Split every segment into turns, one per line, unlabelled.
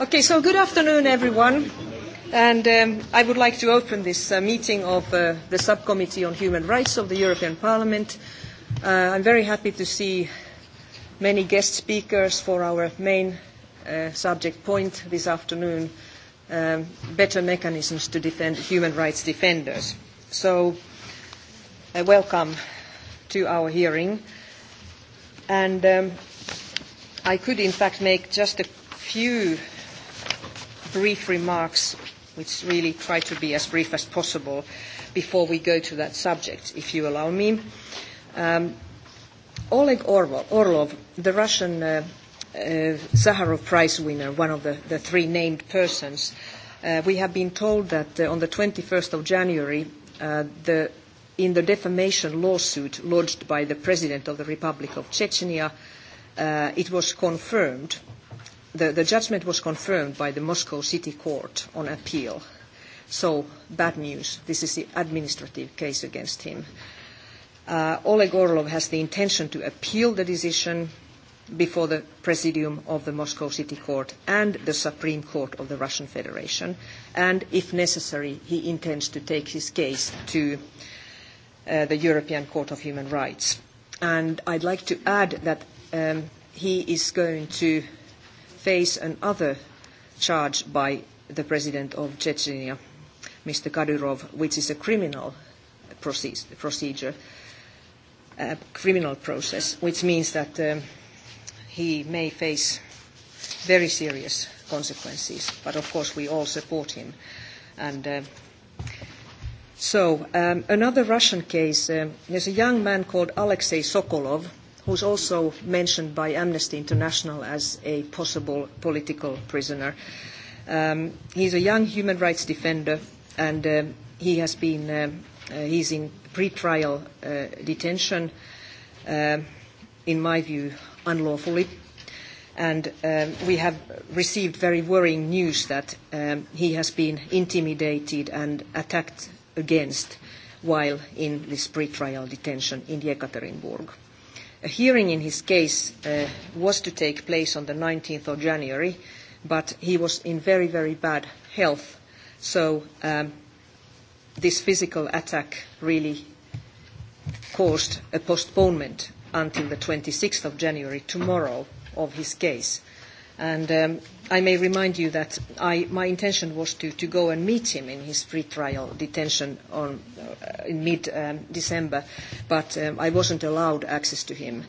Okay, so good afternoon, everyone. And um, I would like to open this uh, meeting of uh, the Subcommittee on Human Rights of the European Parliament. Uh, I'm very happy to see many guest speakers for our main uh, subject point this afternoon, um, better mechanisms to defend human rights defenders. So uh, welcome to our hearing. And um, I could, in fact, make just a few brief remarks, which really try to be as brief as possible before we go to that subject, if you allow me. Um, Oleg Orlov, the Russian uh, uh, Sakharov Prize winner, one of the, the three named persons, uh, we have been told that uh, on the 21st of January, uh, the, in the defamation lawsuit lodged by the President of the Republic of Chechnya, uh, it was confirmed the, the judgment was confirmed by the Moscow City Court on appeal. So bad news. This is the administrative case against him. Uh, Oleg Orlov has the intention to appeal the decision before the Presidium of the Moscow City Court and the Supreme Court of the Russian Federation. And if necessary, he intends to take his case to uh, the European Court of Human Rights. And I'd like to add that um, he is going to face another charge by the president of Chechnya, Mr. Kadyrov, which is a criminal procedure, a criminal process, which means that um, he may face very serious consequences. But of course, we all support him. And uh, so, um, another Russian case. Um, there's a young man called Alexei Sokolov was also mentioned by Amnesty International as a possible political prisoner. Um, he's a young human rights defender, and um, he has been uh, he's in pre-trial uh, detention, uh, in my view, unlawfully. And um, we have received very worrying news that um, he has been intimidated and attacked against while in this pre-trial detention in Yekaterinburg. A hearing in his case uh, was to take place on the 19th of January, but he was in very, very bad health. So um, this physical attack really caused a postponement until the 26th of January, tomorrow, of his case. And um, I may remind you that I, my intention was to, to go and meet him in his pre-trial detention on, uh, in mid-December, but um, I wasn't allowed access to him.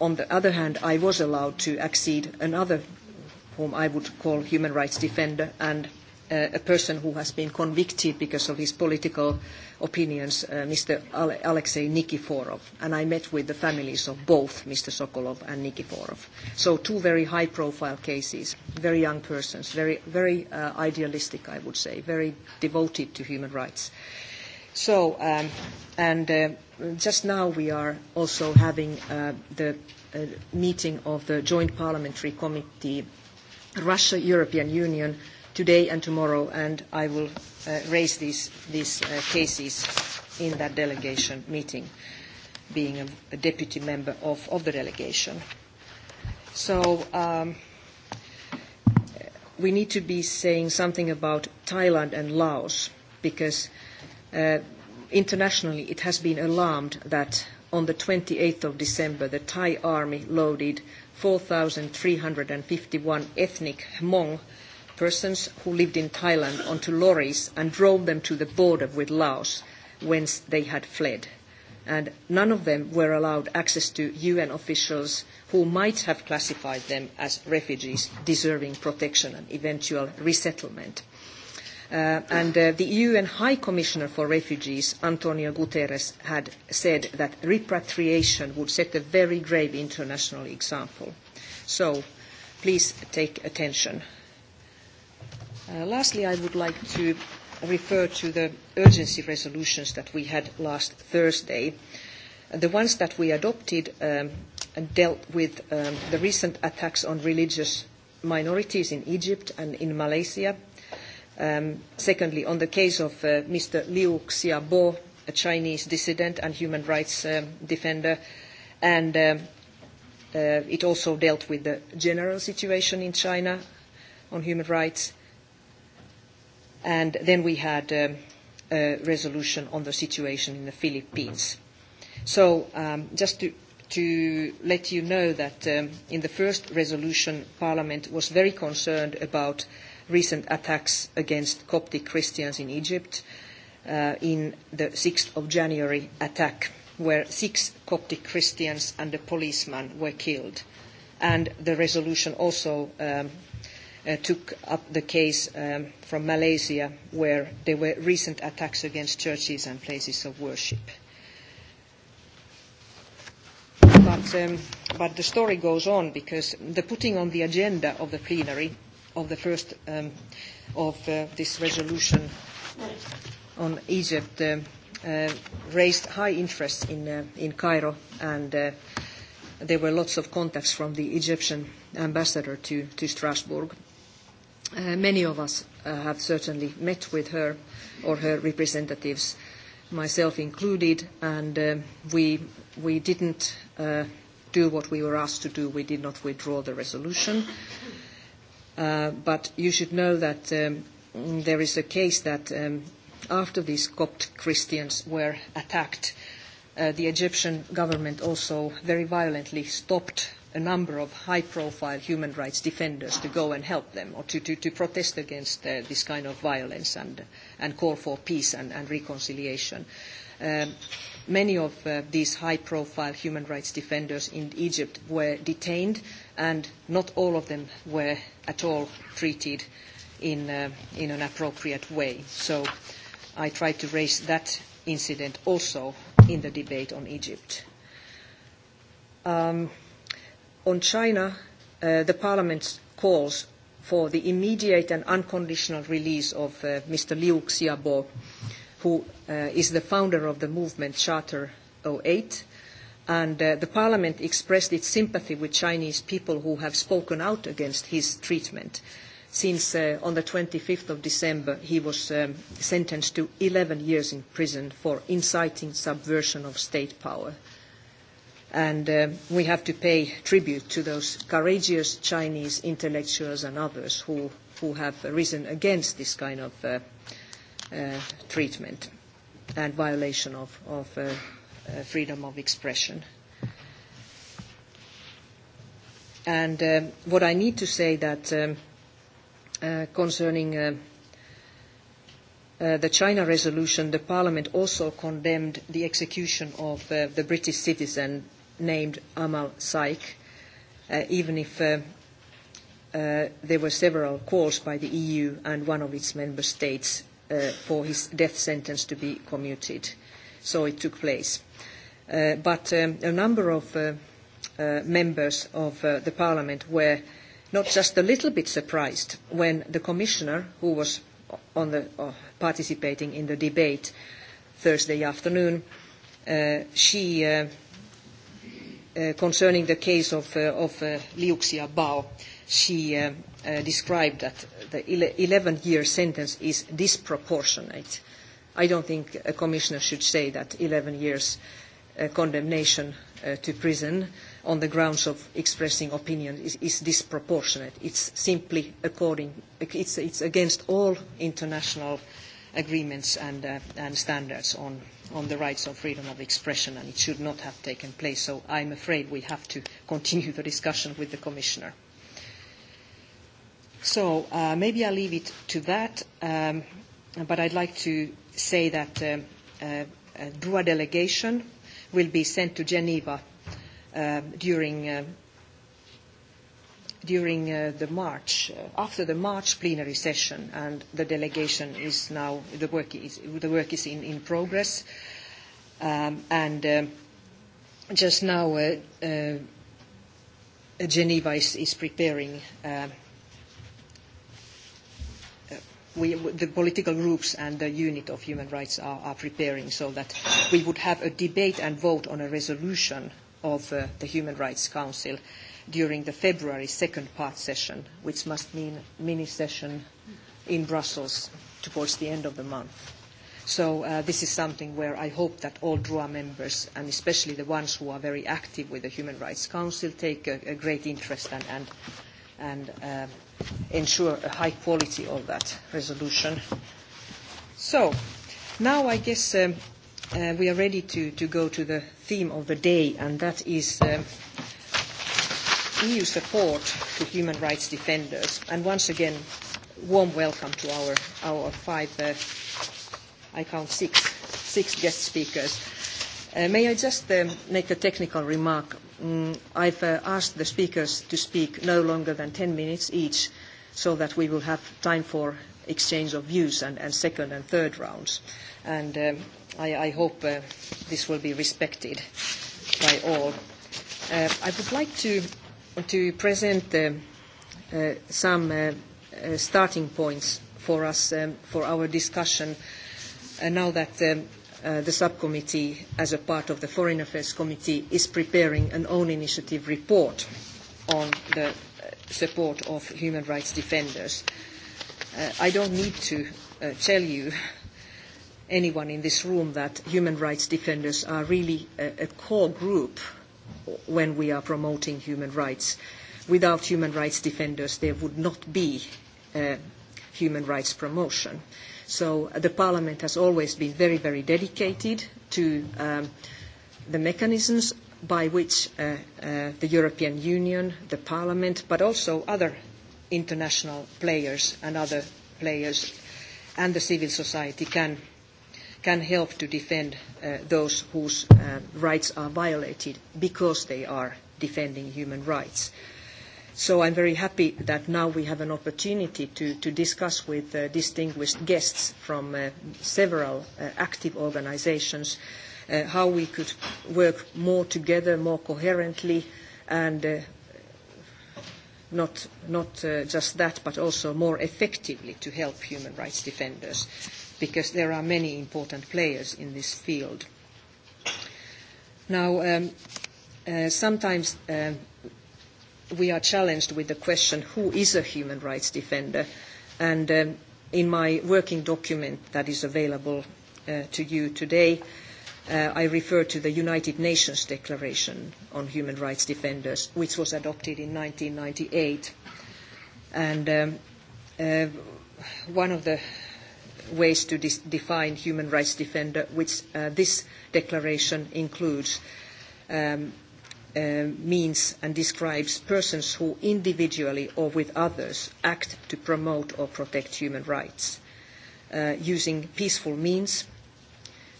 On the other hand, I was allowed to accede another, whom I would call human rights defender and a person who has been convicted because of his political opinions, Mr. Alexei Nikiforov. And I met with the families of both Mr. Sokolov and Nikiforov. So two very high-profile cases, very young persons, very, very uh, idealistic, I would say, very devoted to human rights. So, um, and uh, just now we are also having uh, the uh, meeting of the Joint Parliamentary Committee Russia-European Union today and tomorrow, and I will raise these, these cases in that delegation meeting, being a, a deputy member of, of the delegation. So um, we need to be saying something about Thailand and Laos, because uh, internationally it has been alarmed that on the 28th of December, the Thai army loaded 4,351 ethnic Hmong persons who lived in Thailand onto lorries and drove them to the border with Laos, whence they had fled. And none of them were allowed access to UN officials who might have classified them as refugees deserving protection and eventual resettlement. and the UN High Commissioner for Refugees, Antonio Guterres, had said that repatriation would set a very grave international example. So please take attention Lastly, I would like to refer to the urgency resolutions that we had last Thursday. The ones that we adopted dealt with the recent attacks on religious minorities in Egypt and in Malaysia. secondly, on the case of Mr. Liu Xiaobo, a Chinese dissident and human rights defender, and it also dealt with the general situation in China on human rights. And then we had um, a resolution on the situation in the Philippines. So um, just to, to let you know that um, in the first resolution, Parliament was very concerned about recent attacks against Coptic Christians in Egypt uh, in the 6th of January attack, where six Coptic Christians and a policeman were killed. And the resolution also um, took up the case from Malaysia, where there were recent attacks against churches and places of worship. But, the story goes on because the putting on the agenda of the plenary of the first of this resolution on Egypt raised high interest in, Cairo, and there were lots of contacts from the Egyptian ambassador to, Strasbourg many of us have certainly met with her or her representatives, myself included, and we, we didn't do what we were asked to do. We did not withdraw the resolution. but you should know that there is a case that after these Copt Christians were attacked, the Egyptian government also very violently stopped a number of high-profile human rights defenders to go and help them or to, to, to protest against uh, this kind of violence and, and call for peace and, and reconciliation. Um, many of uh, these high-profile human rights defenders in Egypt were detained and not all of them were at all treated in, uh, in an appropriate way. So I tried to raise that incident also in the debate on Egypt. Um, On China, the Parliament calls for the immediate and unconditional release of Mr. Liu Xiaobo, who is the founder of the movement Charter 08. And the Parliament expressed its sympathy with Chinese people who have spoken out against his treatment since on the 25th of December he was sentenced to eleven years in prison for inciting subversion of state power And we have to pay tribute to those courageous Chinese intellectuals and others who, who have risen against this kind of uh, uh, treatment and violation of, of uh, uh, freedom of expression. And what I need to say that um, uh, concerning uh, the China resolution, the Parliament also condemned the execution of the British citizen named Amal Saik, uh, even if uh, uh, there were several calls by the EU and one of its member states uh, for his death sentence to be commuted. So it took place. Uh, but um, a number of uh, uh, members of uh, the parliament were not just a little bit surprised when the commissioner, who was on the, uh, participating in the debate Thursday afternoon, uh, she uh, concerning the case of, Liu Bao, she described that the eleven year sentence is disproportionate. I don't think a commissioner should say that eleven years condemnation to prison on the grounds of expressing opinion is, is disproportionate. It's simply according, it's, it's against all international uh, agreements and, uh, and standards on, on the rights of freedom of expression, and it should not have taken place. So I'm afraid we have to continue the discussion with the Commissioner. So uh, maybe I'll leave it to that, um, but I'd like to say that uh, uh, a DRUA delegation will be sent to Geneva uh, during uh, during the March, after the March plenary session, and the delegation is now, the work is, the work is in, in progress. Um, and uh, just now, uh, uh, Geneva is, is preparing uh, we, the political groups and the unit of human rights are, are preparing so that we would have a debate and vote on a resolution of uh, the Human Rights Council uh, during the February second part session, which must mean mini session in Brussels towards the end of the month. So This is something where I hope that all DROA members, and especially the ones who are very active with the Human Rights Council, take a great interest and and and ensure a high quality of that resolution. So Now I guess we are ready to go to the theme of the day, and that is EU support to human rights defenders. And once again, warm welcome to our, our five, uh, I count six, six guest speakers. Uh, may I just um, make a technical remark? Mm, I've uh, asked the speakers to speak no longer than 10 minutes each so that we will have time for exchange of views and, and second and third rounds. And um, I, I hope uh, this will be respected by all. Uh, I would like to to present some starting points for us for our discussion now that the subcommittee, as a part of the Foreign Affairs Committee, is preparing an own initiative report on the support of human rights defenders. I don't need to tell you, anyone in this room, that human rights defenders are really a core group when we are promoting human rights. Without human rights defenders, there would not be human rights promotion. So the Parliament has always been very, very dedicated to the mechanisms by which the European Union, the Parliament, but also other international players and other players and the civil society can can help to defend those whose rights are violated because they are defending human rights. So I'm very happy that now we have an opportunity to, to discuss with uh, distinguished guests from uh, several uh, active organizations uh, how we could work more together, more coherently, and uh, not, not uh, just that, but also more effectively to help human rights defenders, because there are many important players in this field. Now, um, uh, sometimes uh, we are challenged with the question, who is a human rights defender? And um, in my working document that is available uh, to you today, uh, I refer to the United Nations Declaration on Human Rights Defenders, which was adopted in 1998. And one of the ways to define human rights defender, which this declaration includes, means and describes persons who individually or with others act to promote or protect human rights using peaceful means –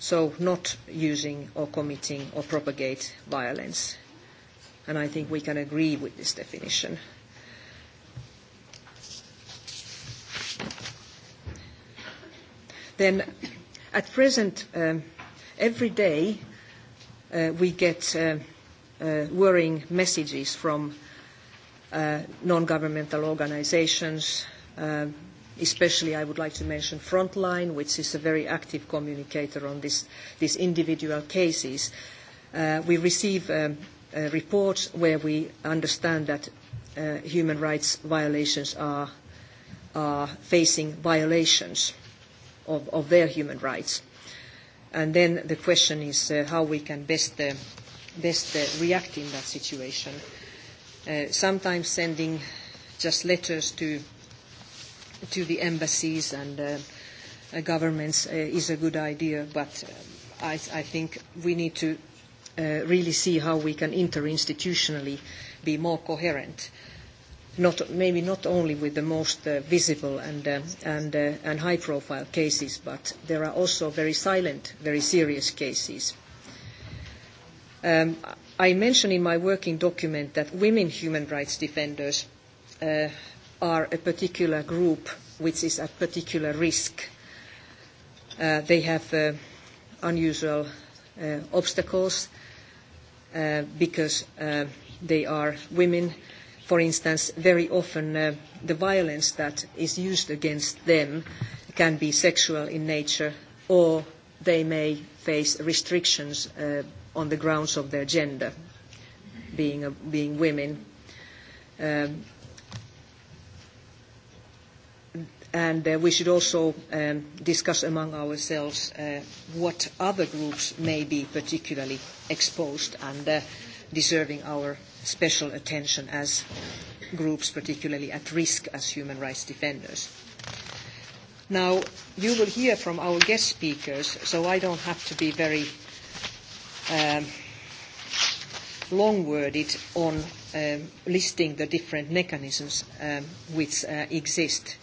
so not using or committing or propagate violence. And I think we can agree with this definition. Then, at present, um, every day uh, we get uh, uh, worrying messages from uh, non-governmental organizations, uh, Especially I would like to mention Frontline, which is a very active communicator on this, these individual cases. Uh, we receive um, uh, reports where we understand that uh, human rights violations are, are facing violations of, of their human rights. And then the question is uh, how we can best, uh, best uh, react in that situation. Uh, sometimes sending just letters to to the embassies and uh, uh, governments uh, is a good idea, but um, I, I think we need to uh, really see how we can interinstitutionally be more coherent. Not, maybe not only with the most uh, visible and, uh, and, uh, and high-profile cases, but there are also very silent, very serious cases. Um, I mention in my working document that women human rights defenders uh are a particular group which is at particular risk. They have unusual obstacles because they are women. For instance, very often the violence that is used against them can be sexual in nature, or they may face restrictions on the grounds of their gender, being women And we should also discuss among ourselves what other groups may be particularly exposed and deserving our special attention as groups particularly at risk as human rights defenders. Now, you will hear from our guest speakers, so I don't have to be very long-worded on listing the different mechanisms which exist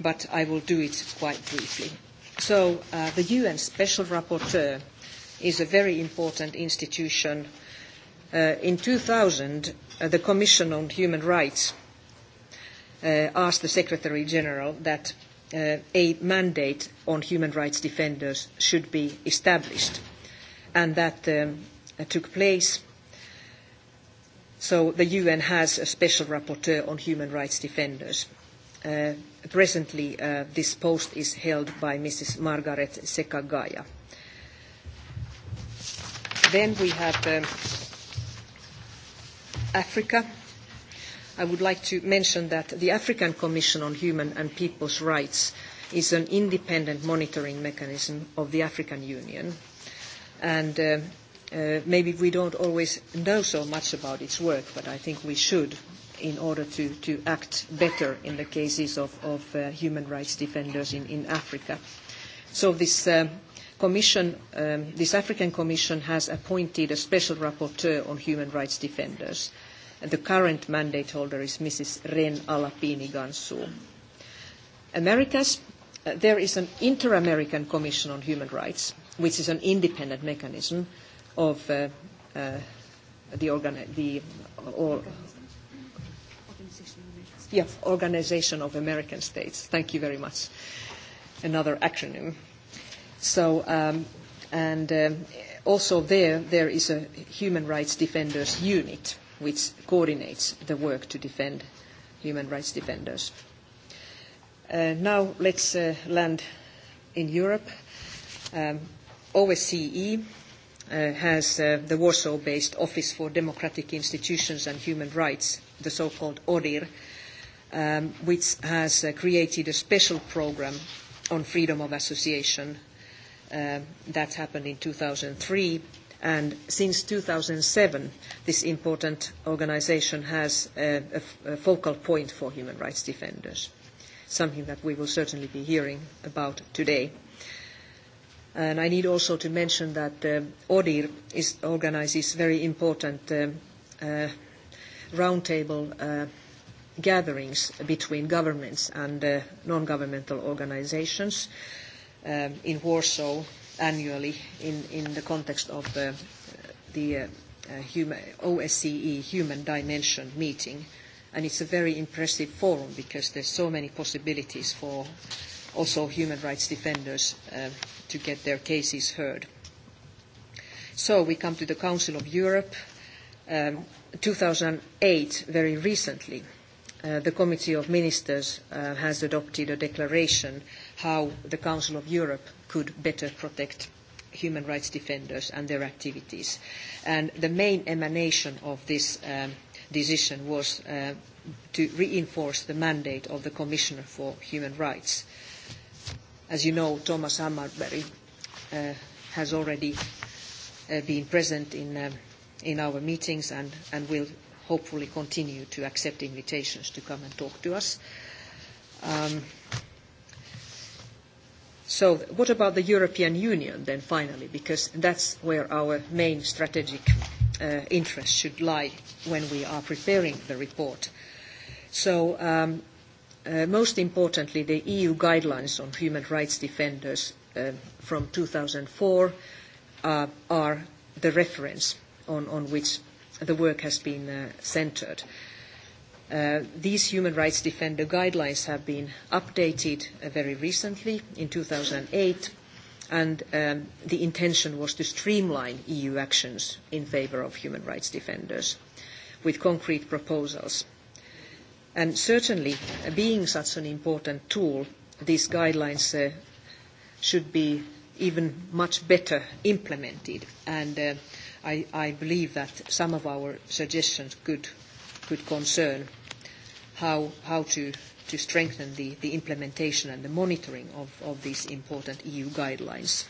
but I will do it quite briefly. So uh, the UN Special Rapporteur is a very important institution. Uh, in 2000, uh, the Commission on Human Rights uh, asked the Secretary General that uh, a mandate on human rights defenders should be established, and that um, took place. So the UN has a special rapporteur on human rights defenders. Uh, presently this post is held by Mrs. Margaret Sekagaya. Then we have Africa. I would like to mention that the African Commission on Human and People's Rights is an independent monitoring mechanism of the African Union. And maybe we don't always know so much about its work, but I think we should in order to, to act better in the cases of, of uh, human rights defenders in, in Africa. So this uh, commission, um, this African Commission has appointed a special rapporteur on human rights defenders. And the current mandate holder is Mrs. Ren Alapini Gansu. Americas, uh, there is an Inter-American Commission on Human Rights, which is an independent mechanism of uh, uh, the, organ- the yeah, Organization of American States. Thank you very much. Another acronym. So, um, and also there, there is a human rights defenders unit which coordinates the work to defend human rights defenders. Uh, now let's uh, land in Europe. Um, OSCE uh, has uh, the Warsaw-based Office for Democratic Institutions and Human Rights, the so-called ODIR, which has created a special programme on freedom of association. that happened in two thousand three and since two thousand seven this important organisation has a, a focal point for human rights defenders, something that we will certainly be hearing about today. And I need also to mention that ODIR is, organises very important roundtable gatherings between governments and uh, non-governmental organizations um, in Warsaw annually in, in the context of the, the uh, human, OSCE Human Dimension meeting. And it's a very impressive forum because there's so many possibilities for also human rights defenders uh, to get their cases heard. So we come to the Council of Europe. Um, 2008, very recently, the Committee of Ministers has adopted a declaration how the Council of Europe could better protect human rights defenders and their activities. And the main emanation of this decision was to reinforce the mandate of the Commissioner for Human Rights. As you know, Thomas Hammarberg has already been present in, our meetings and, will hopefully continue to accept invitations to come and talk to us. Um, so what about the European Union then finally, because that's where our main strategic uh, interest should lie when we are preparing the report. So um, uh, most importantly, the EU guidelines on human rights defenders uh, from 2004 uh, are the reference on, on which the work has been uh, centered. Uh, these human rights defender guidelines have been updated uh, very recently in 2008, and um, the intention was to streamline EU actions in favor of human rights defenders with concrete proposals. And certainly, being such an important tool, these guidelines uh, should be even much better implemented. And uh, I, I believe that some of our suggestions could, could concern how, how to, to strengthen the, the implementation and the monitoring of, of these important EU guidelines,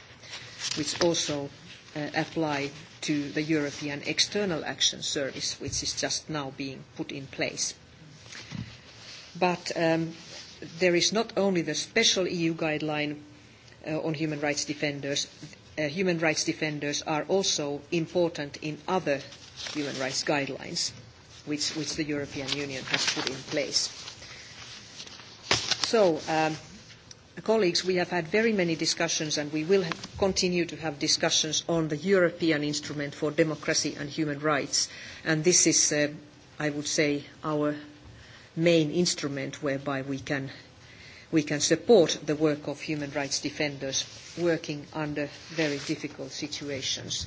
which also uh, apply to the European External Action Service, which is just now being put in place. But um, there is not only the special EU guideline on human rights defenders, human rights defenders are also important in other human rights guidelines which, which the European Union has put in place. So, colleagues, we have had very many discussions and we will continue to have discussions on the European Instrument for Democracy and Human Rights. And this is, I would say, our main instrument whereby we can we can support the work of human rights defenders working under very difficult situations.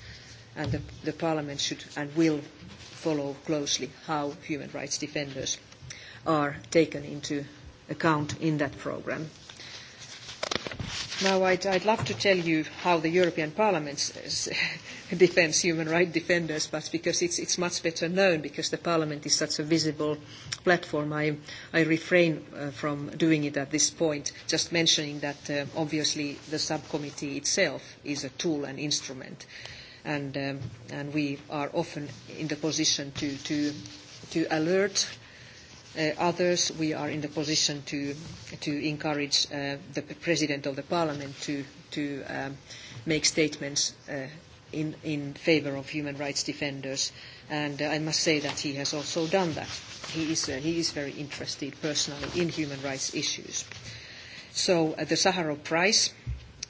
And the, the Parliament should and will follow closely how human rights defenders are taken into account in that programme. Now, I'd, I'd love to tell you how the European Parliament defends human rights defenders, but because it's, it's much better known, because the Parliament is such a visible platform, I, I refrain uh, from doing it at this point, just mentioning that uh, obviously the subcommittee itself is a tool and instrument, and, um, and we are often in the position to, to, to alert others, we are in the position to, to encourage uh, the President of the Parliament to, to um, make statements uh, in, in favour of human rights defenders. And uh, I must say that he has also done that. He is, uh, he is very interested personally in human rights issues. So uh, the Sahara Prize,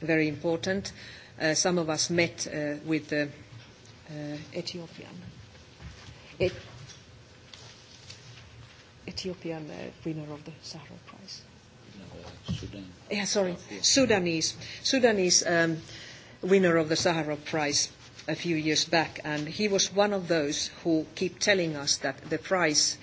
very important. Uh, some of us met uh, with the uh, Ethiopian. It, Ethiopian uh, winner of the Sahara
Prize. Sudan.
Yeah, sorry, Sudanese, Sudanese um, winner of the Sahara Prize a few years back, and he was one of those who keep telling us that the prize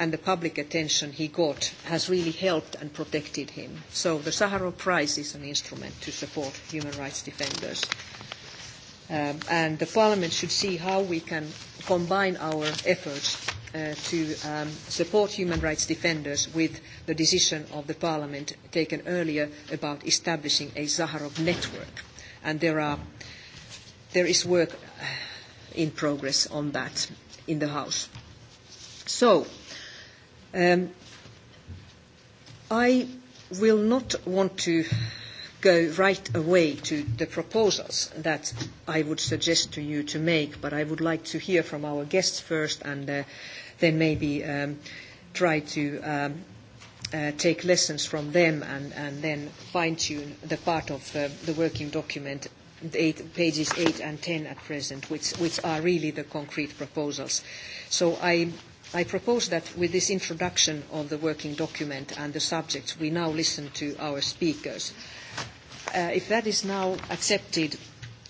and the public attention he got has really helped and protected him. So the Sahara Prize is an instrument to support human rights defenders. Um, and the Parliament should see how we can combine our efforts to support human rights defenders with the decision of the Parliament taken earlier about establishing a Zaharov network. And there, are, there is work in progress on that in the House. So, um, I will not want to go right away to the proposals that I would suggest to you to make, but I would like to hear from our guests first and uh, then maybe um, try to um, uh, take lessons from them and, and then fine-tune the part of uh, the working document eight, pages 8 and 10 at present, which, which are really the concrete proposals. So I, I propose that with this introduction of the working document and the subjects, we now listen to our speakers. If that is now accepted,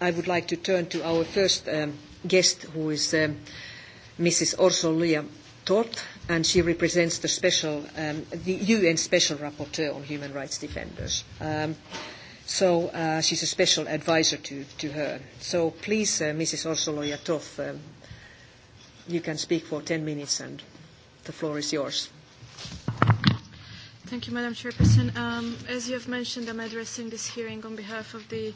I would like to turn to our first guest, who is Mrs. Orsolya Toth, and she represents the special, the UN Special Rapporteur on Human Rights Defenders. So she's a special advisor to, to her. So please, Mrs. Orsolo Yatov, you can speak for 10 minutes and the floor is yours.
Thank you, Madam Chairperson. Um, as you have mentioned, I'm addressing this hearing on behalf of the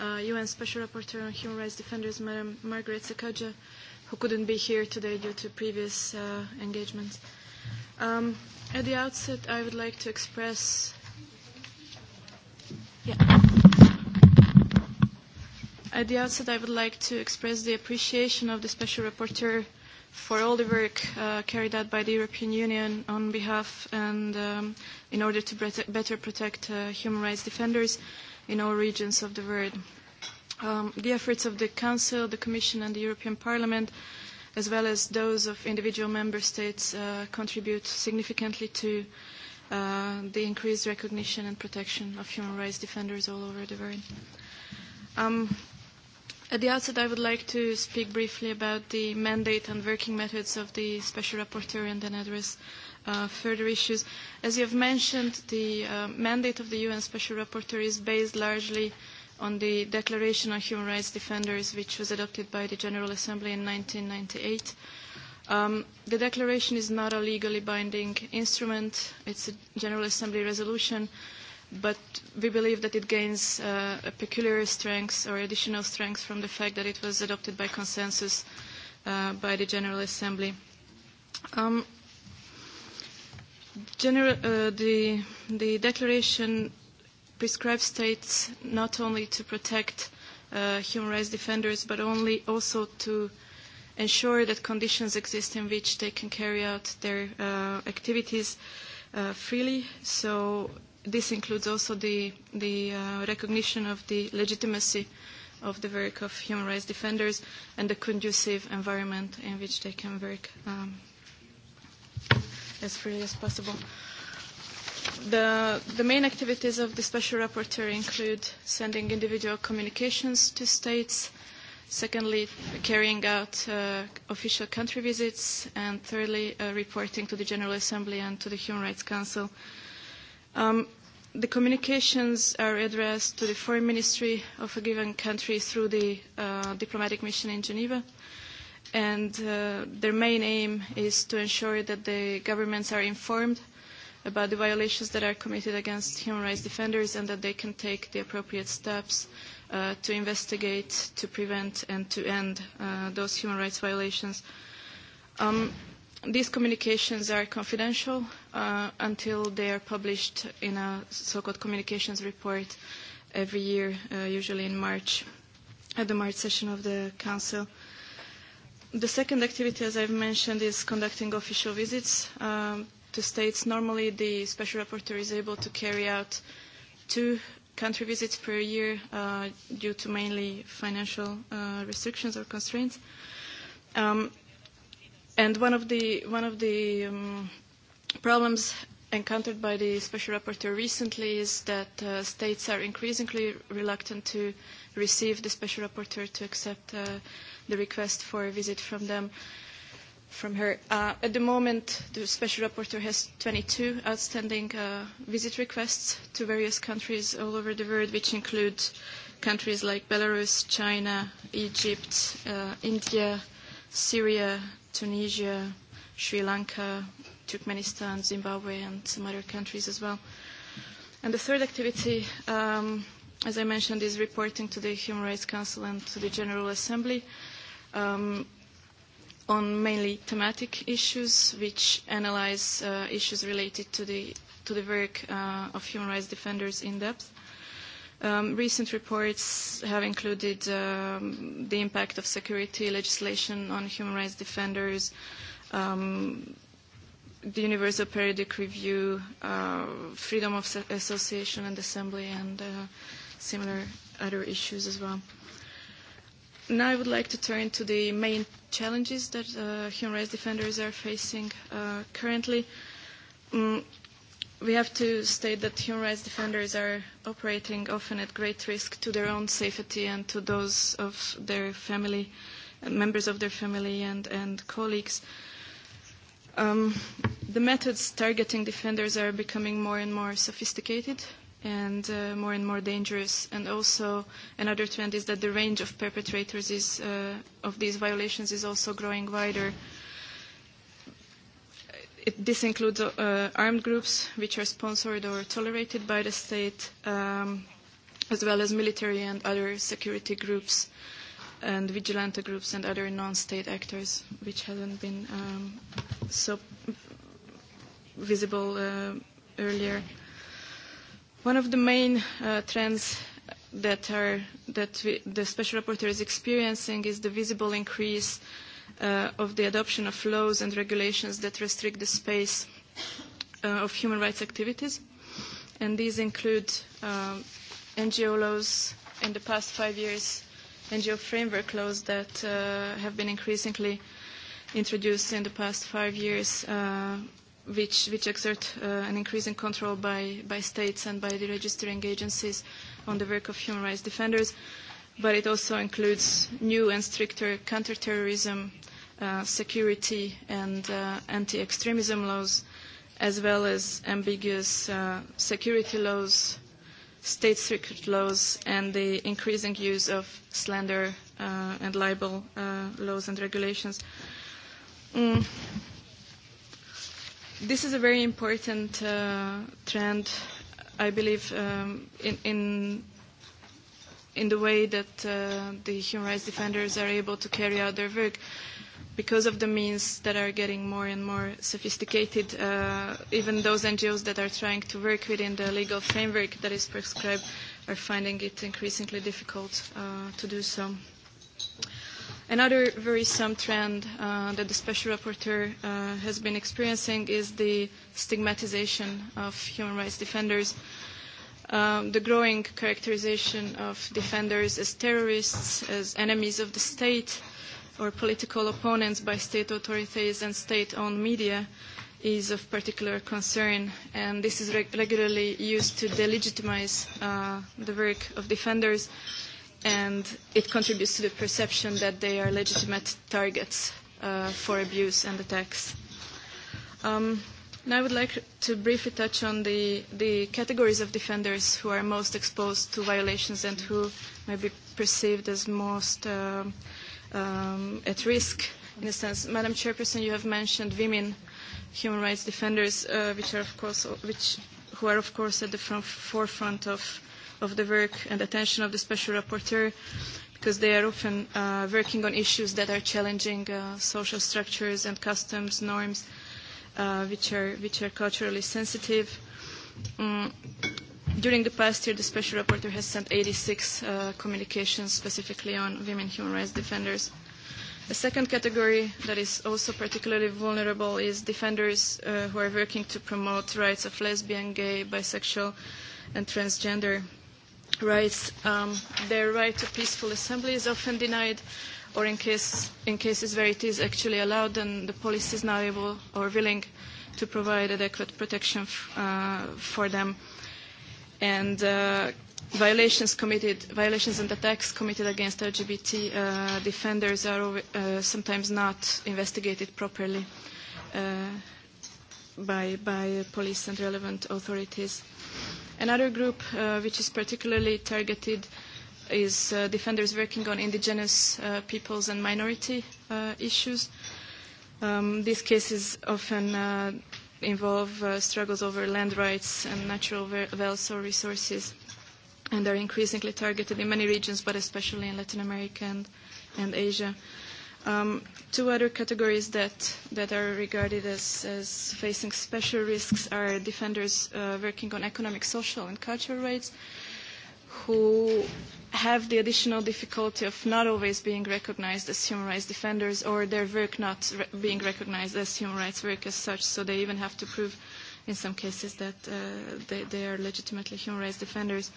uh, UN Special Rapporteur on Human Rights Defenders, Madam Margaret Sakaja, who couldn't be here today due to previous uh, engagements. Um, at the outset, I would like to express... Yeah. At the outset, I would like to express the appreciation of the Special Rapporteur for all the work uh, carried out by the European Union on behalf and um, in order to better protect uh, human rights defenders in all regions of the world. Um, the efforts of the Council, the Commission and the European Parliament, as well as those of individual member states, uh, contribute significantly to uh, the increased recognition and protection of human rights defenders all over the world. Um, At the outset, I would like to speak briefly about the mandate and working methods of the Special Rapporteur and then address uh, further issues. As you have mentioned, the uh, mandate of the UN Special Rapporteur is based largely on the Declaration on Human Rights Defenders, which was adopted by the General Assembly in 1998. Um, the declaration is not a legally binding instrument. It's a General Assembly resolution but we believe that it gains uh, a peculiar strength or additional strength from the fact that it was adopted by consensus uh, by the General Assembly. Um, general, uh, the, the declaration prescribes states not only to protect uh, human rights defenders, but only also to ensure that conditions exist in which they can carry out their uh, activities uh, freely. So this includes also the, the uh, recognition of the legitimacy of the work of human rights defenders and the conducive environment in which they can work um, as freely as possible. The, the main activities of the Special Rapporteur include sending individual communications to states, secondly, carrying out uh, official country visits, and thirdly, uh, reporting to the General Assembly and to the Human Rights Council uh, the communications are addressed to the foreign ministry of a given country through the diplomatic mission in Geneva, and their main aim is to ensure that the governments are informed about the violations that are committed against human rights defenders and that they can take the appropriate steps to investigate, to prevent, and to end those human rights violations. Um, These communications are confidential uh, until they are published in a so-called communications report every year, uh, usually in March, at the March session of the Council. The second activity, as I've mentioned, is conducting official visits um, to states. Normally, the Special Rapporteur is able to carry out two country visits per year uh, due to mainly financial uh, restrictions or constraints. Um, And one of the, one of the um, problems encountered by the Special Rapporteur recently is that uh, states are increasingly reluctant to receive the Special Rapporteur to accept uh, the request for a visit from them from her. Uh, at the moment, the Special Rapporteur has 22 outstanding uh, visit requests to various countries all over the world, which include countries like Belarus, China, Egypt, uh, India, Syria, Tunisia, Sri Lanka, Turkmenistan, Zimbabwe, and some other countries as well. And the third activity, um, as I mentioned, is reporting to the Human Rights Council and to the General Assembly um, on mainly thematic issues, which analyze uh, issues related to the, to the work uh, of human rights defenders in depth. Um, recent reports have included um, the impact of security legislation on human rights defenders, um, the Universal Periodic Review, uh, freedom of association and assembly, and uh, similar other issues as well. Now I would like to turn to the main challenges that uh, human rights defenders are facing uh, currently. Um, we have to state that human rights defenders are operating often at great risk to their own safety and to those of their family, members of their family and, and colleagues. Um, the methods targeting defenders are becoming more and more sophisticated and uh, more and more dangerous. And also another trend is that the range of perpetrators is, uh, of these violations is also growing wider it, this includes uh, armed groups which are sponsored or tolerated by the state, um, as well as military and other security groups and vigilante groups and other non-state actors, which hasn't been um, so visible uh, earlier. One of the main uh, trends that, are, that we, the Special Rapporteur is experiencing is the visible increase uh, of the adoption of laws and regulations that restrict the space of human rights activities. And these include NGO laws in the past five years, NGO framework laws that have been increasingly introduced in the past five years, which, which exert an increasing control by, by states and by the registering agencies on the work of human rights defenders. But it also includes new and stricter counterterrorism uh, security and uh, anti-extremism laws, as well as ambiguous uh, security laws, state secret laws, and the increasing use of slander uh, and libel uh, laws and regulations. Mm. This is a very important uh, trend, I believe, um, in, in in the way that uh, the human rights defenders are able to carry out their work because of the means that are getting more and more sophisticated, uh, even those NGOs that are trying to work within the legal framework that is prescribed are finding it increasingly difficult uh, to do so. Another worrisome trend uh, that the Special Rapporteur uh, has been experiencing is the stigmatization of human rights defenders um, the growing characterization of defenders as terrorists, as enemies of the state, or political opponents by state authorities and state-owned media is of particular concern, and this is regularly used to delegitimize uh, the work of defenders, and it contributes to the perception that they are legitimate targets uh, for abuse and attacks. Um, now I would like to briefly touch on the, the categories of defenders who are most exposed to violations and who may be perceived as most uh, um, at risk in a sense. Madam Chairperson, you have mentioned women human rights defenders, uh, which are of course, which who are of course at the front, forefront of of the work and attention of the special rapporteur, because they are often uh, working on issues that are challenging uh, social structures and customs norms, uh, which are which are culturally sensitive. Um, During the past year, the Special Rapporteur has sent 86 uh, communications specifically on women human rights defenders. A second category that is also particularly vulnerable is defenders uh, who are working to promote rights of lesbian, gay, bisexual, and transgender rights. Um, their right to peaceful assembly is often denied, or in, case, in cases where it is actually allowed, then the police is not able or willing to provide adequate protection uh, for them and uh, violations committed, violations and attacks committed against LGBT uh, defenders are uh, sometimes not investigated properly uh, by, by police and relevant authorities. Another group uh, which is particularly targeted is uh, defenders working on indigenous uh, peoples and minority uh, issues. Um, these cases often uh, involve uh, struggles over land rights and natural wealth or resources and are increasingly targeted in many regions, but especially in Latin America and, and Asia. Um, two other categories that, that are regarded as, as facing special risks are defenders uh, working on economic, social, and cultural rights who have the additional difficulty of not always being recognized as human rights defenders or their work not re- being recognized as human rights work as such. So they even have to prove in some cases that uh, they, they are legitimately human rights defenders.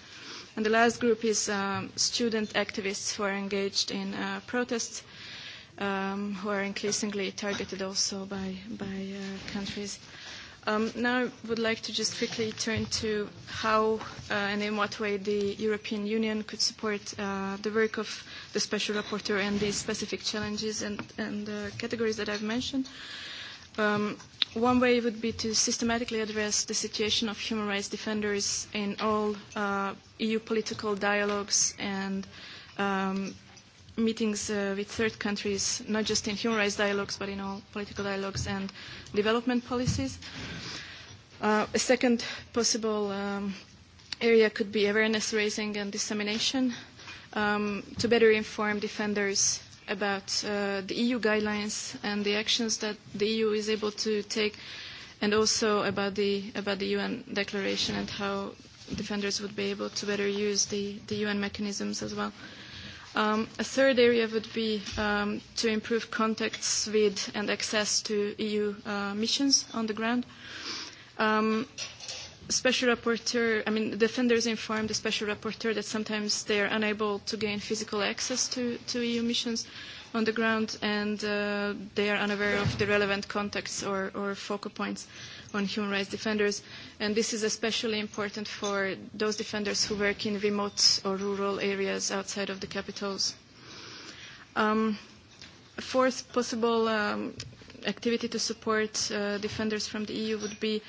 And the last group is um, student activists who are engaged in uh, protests, um, who are increasingly targeted also by, by uh, countries. Um, now I would like to just quickly turn to how uh, and in what way the European Union could support uh, the work of the Special Rapporteur and these specific challenges and, and uh, categories that I've mentioned. Um, one way would be to systematically address the situation of human rights defenders in all uh, EU political dialogues and um, meetings uh, with third countries, not just in human rights dialogues, but in all political dialogues and development policies. Uh, a second possible um, area could be awareness raising and dissemination um, to better inform defenders about uh, the EU guidelines and the actions that the EU is able to take, and also about the, about the UN declaration and how defenders would be able to better use the, the UN mechanisms as well. Uh, Um, a third area would be um, to improve contacts with and access to EU uh, missions on the ground. Um, special rapporteur, I mean, the defenders informed the special rapporteur that sometimes they are unable to gain physical access to, to EU missions on the ground and uh, they are unaware of the relevant contacts or, or focal points on human rights defenders, and this is especially important for those defenders who work in remote or rural areas outside of the capitals. Um, a fourth possible um, activity to support uh, defenders from the EU would be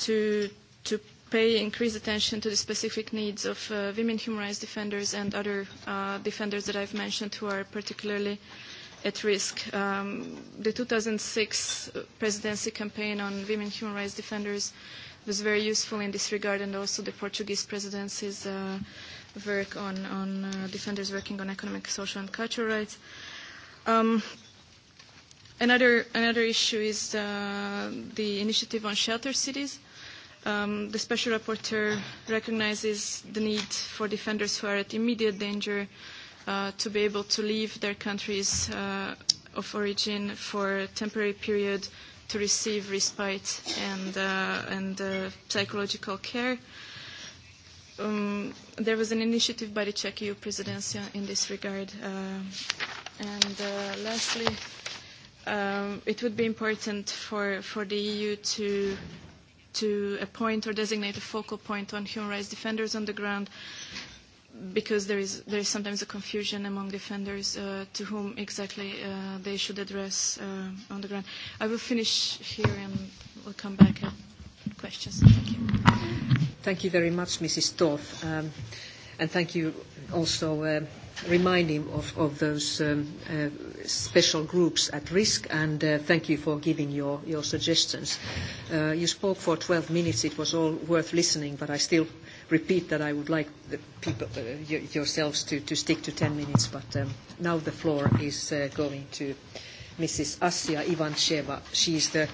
to, to pay increased attention to the specific needs of uh, women human rights defenders and other uh, defenders that I've mentioned who are particularly uh, at risk. Um, the 2006 presidency campaign on women human rights defenders was very useful in this regard, and also the Portuguese presidency's uh, work on, on uh, defenders working on economic, social, and cultural rights. Um, another, another issue is uh, the initiative on shelter cities. Um, the special rapporteur recognizes the need for defenders who are at immediate danger uh, to be able to leave their countries uh, of origin for a temporary period to receive respite and, uh, and uh, psychological care. Um, there was an initiative by the Czech EU presidency in this regard. Uh, and uh, lastly, um, it would be important for, for the EU to to appoint or designate a focal point on human rights defenders on the ground because there is, there is sometimes a confusion among defenders uh, to whom exactly uh, they should address uh, on the ground. I will finish here and we'll come back at questions. Thank you.
Thank you very much, Mrs. Toth. Um, and thank you also uh, reminding of, of those um, uh, special groups at risk and uh, thank you for giving your, your suggestions. Uh, you spoke for 12 minutes. It was all worth listening, but I still repeat that I would like the people, uh, yourselves to, to stick to 10 minutes, but um, now the floor is uh, going to Mrs. Asya Ivancheva. She is the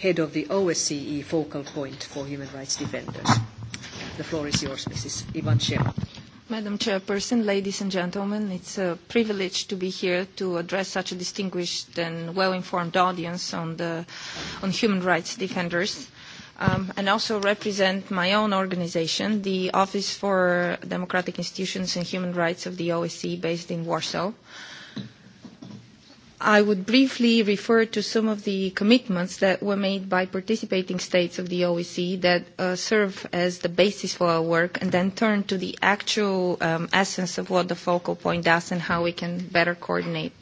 head of the OSCE focal point for human rights defenders. The floor is yours, Mrs. Ivancheva.
Madam Chairperson, ladies and gentlemen, it's a privilege to be here to address such a distinguished and well-informed audience on, the, on human rights defenders um, and also represent my own organization, the Office for Democratic Institutions and Human Rights of the OSCE, based in Warsaw. I would briefly refer to some of the commitments that were made by participating states of the OEC that uh, serve as the basis for our work and then turn to the actual um, essence of what the focal point does and how we can better coordinate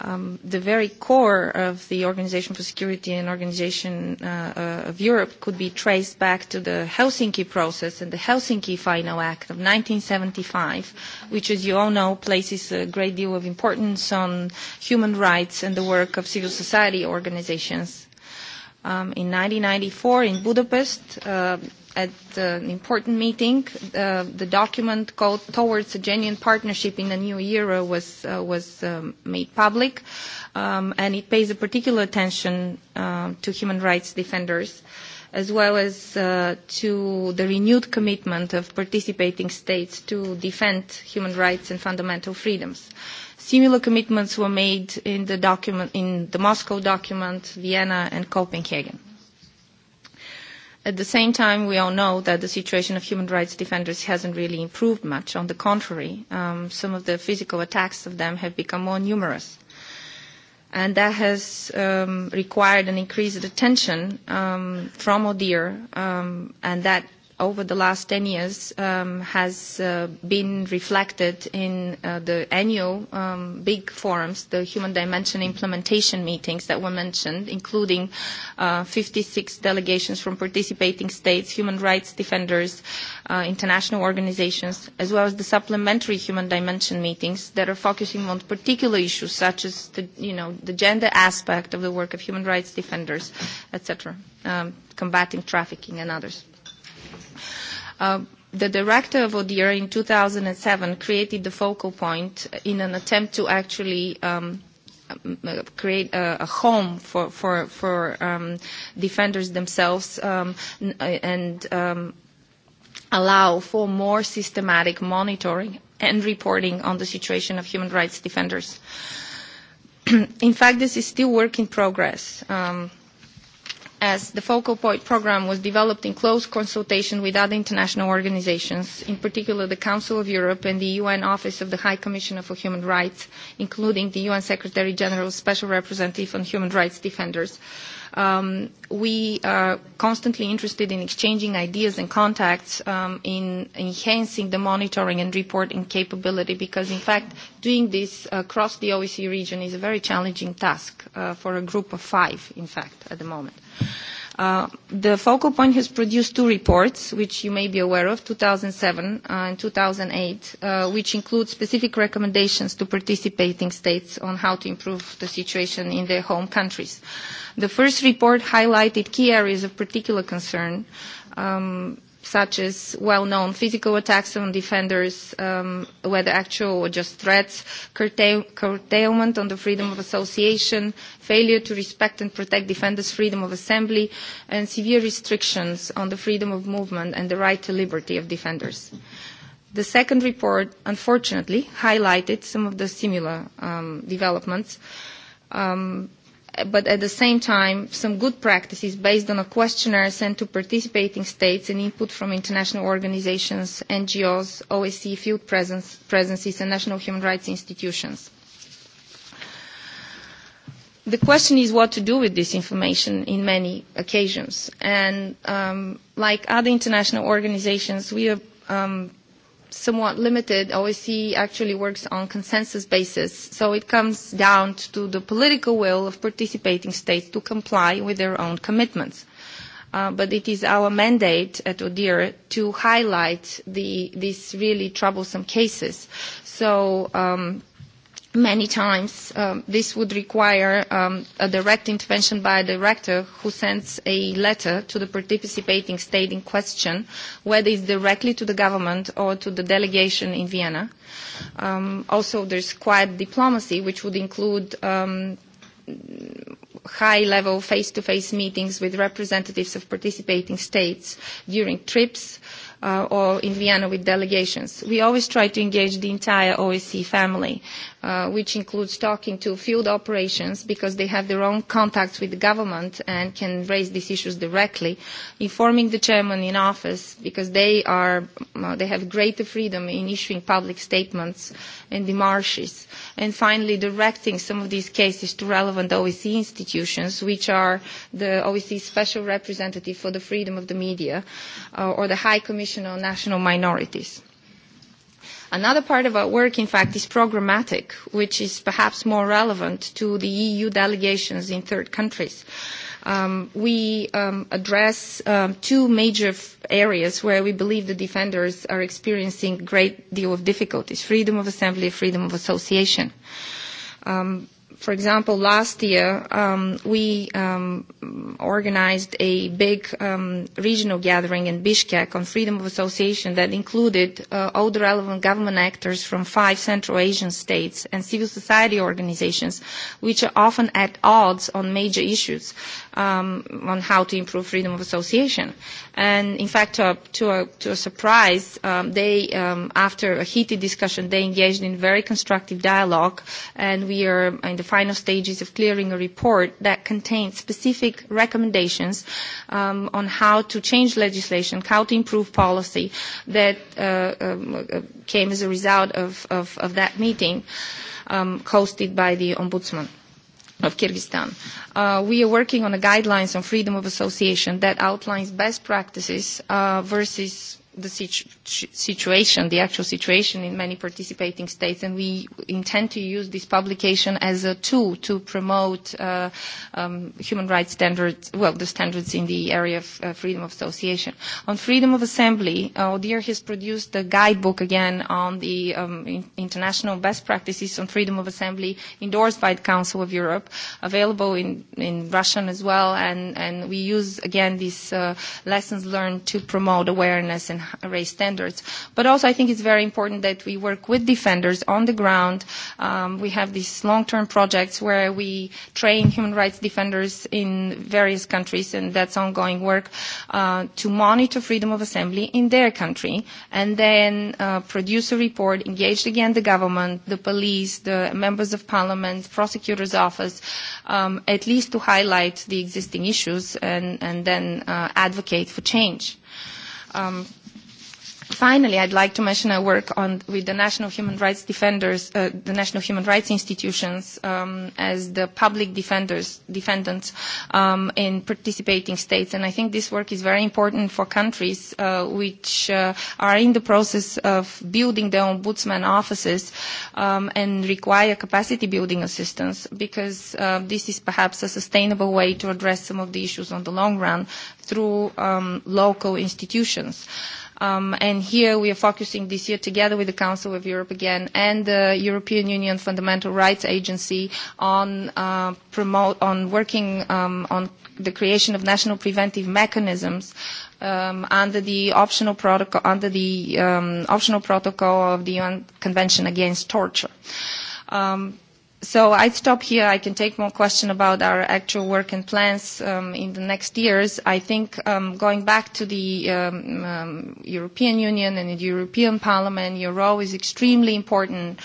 um, the very core of the Organization for Security and Organization uh, uh, of Europe could be traced back to the Helsinki process and the Helsinki Final Act of 1975, which, as you all know, places a great deal of importance on human rights and the work of civil society organizations um, in 1994 in Budapest uh, at an important meeting. Uh, the document called Towards a Genuine Partnership in a New Era was, uh, was um, made public, um, and it pays a particular attention uh, to human rights defenders. Uh, as well as uh, to the renewed commitment of participating states to defend human rights and fundamental freedoms. Similar commitments were made in the, document, in the Moscow document, Vienna and Copenhagen. At the same time, we all know that the situation of human rights defenders hasn't really improved much. On the contrary, um, some of the physical attacks of them have become more numerous and that has um, required an increased attention um, from ODIHR, um, and that over the last 10 years um, has uh, been reflected in uh, the annual um, big forums, the Human Dimension implementation meetings that were mentioned, including uh, 56 delegations from participating states, human rights defenders, uh, international organizations, as well as the supplementary Human Dimension meetings that are focusing on particular issues such as the, you know, the gender aspect of the work of human rights defenders, etc., um, combating trafficking and others the director of ODIHR in 2007 created the focal point in an attempt to actually um, create a, a home for for for um, defenders themselves um, and um, allow for more systematic monitoring and reporting on the situation of human rights defenders. in fact, this is still work in progress. Um, as the focal point programme was developed in close consultation with other international organisations, in particular the Council of Europe and the UN Office of the High Commissioner for Human Rights, including the UN Secretary General's Special Representative on Human Rights Defenders, Um, we are constantly interested in exchanging ideas and contacts um, in enhancing the monitoring and reporting capability because, in fact, doing this across the OEC region is a very challenging task uh, for a group of five, in fact, at the moment. Uh, the focal point has produced two reports, which you may be aware of, 2007 uh, and 2008, uh, which include specific recommendations to participating states on how to improve the situation in their home countries. The first report highlighted key areas of particular concern. Um, such as well-known physical attacks on defenders, um, whether actual or just threats, curtail- curtailment on the freedom of association, failure to respect and protect defenders' freedom of assembly, and severe restrictions on the freedom of movement and the right to liberty of defenders. The second report, unfortunately, highlighted some of the similar um, developments. Um, but at the same time, some good practices based on a questionnaire sent to participating states and input from international organizations, NGOs, OSCE field presence, presences, and national human rights institutions. The question is what to do with this information in many occasions. And um, like other international organizations, we are um, somewhat limited. OSCE actually works on consensus basis, so it comes down to the political will of participating states to comply with their own commitments. Uh, but it is our mandate at ODIHR to highlight the, these really troublesome cases. So um, many times um, this would require um, a direct intervention by a director who sends a letter to the participating state in question, whether it's directly to the government or to the delegation in Vienna. Um, also, there's quiet diplomacy, which would include um, high-level face-to-face meetings with representatives of participating states during trips, uh, or in Vienna with delegations. We always try to engage the entire OSCE family, which includes talking to field operations because they have their own contacts with the government and can raise these issues directly, informing the chairman in office because they are they have greater freedom in issuing public statements and demarches, and finally directing some of these cases to relevant OEC institutions, which are the OEC special representative for the freedom of the media uh, or the High Commission on National Minorities. Another part of our work, in fact, is programmatic, which is perhaps more relevant to the EU delegations in third countries. Um, we um, address um, two major areas where we believe the defenders are experiencing a great deal of difficulties, freedom of assembly, freedom of association. Um, for example, last year um, we um, organized a big um, regional gathering in Bishkek on freedom of association that included uh, all the relevant government actors from five Central Asian states and civil society organizations, which are often at odds on major issues um, on how to improve freedom of association. And in fact, to a, to a, to a surprise, um, they, um, after a heated discussion, they engaged in very constructive dialogue, and we are in the final stages of clearing a report that contains specific recommendations um, on how to change legislation, how to improve policy that uh, um, came as a result of, of, of that meeting um, hosted by the Ombudsman of Kyrgyzstan. Uh, we are working on the guidelines on freedom of association that outlines best practices uh, versus the situ- situation, the actual situation in many participating states, and we intend to use this publication as a tool to promote uh, um, human rights standards, well, the standards in the area of uh, freedom of association. On freedom of assembly, ODIHR has produced a guidebook again on the um, in- international best practices on freedom of assembly endorsed by the Council of Europe, available in, in Russian as well, and, and we use again these uh, lessons learned to promote awareness and raise standards. But also I think it's very important that we work with defenders on the ground. Um, we have these long-term projects where we train human rights defenders in various countries, and that's ongoing work, uh, to monitor freedom of assembly in their country, and then uh, produce a report, engage again the government, the police, the members of parliament, prosecutor's office, um, at least to highlight the existing issues and, and then uh, advocate for change. Um, Finally, I'd like to mention our work on, with the national human rights defenders, uh, the national human rights institutions um, as the public defenders, defendants um, in participating states. And I think this work is very important for countries uh, which uh, are in the process of building their ombudsman offices um, and require capacity building assistance because uh, this is perhaps a sustainable way to address some of the issues on the long run through um, local institutions. Um, and here we are focusing this year together with the Council of Europe again and the European Union Fundamental Rights Agency on uh, promote on working um, on the creation of national preventive mechanisms um, under the optional protocol under the um, optional protocol of the UN Convention against Torture. Um, So I stop here. I can take more question about our actual work and plans in the next years. I think going back to the European Union and the European Parliament, your role is extremely important.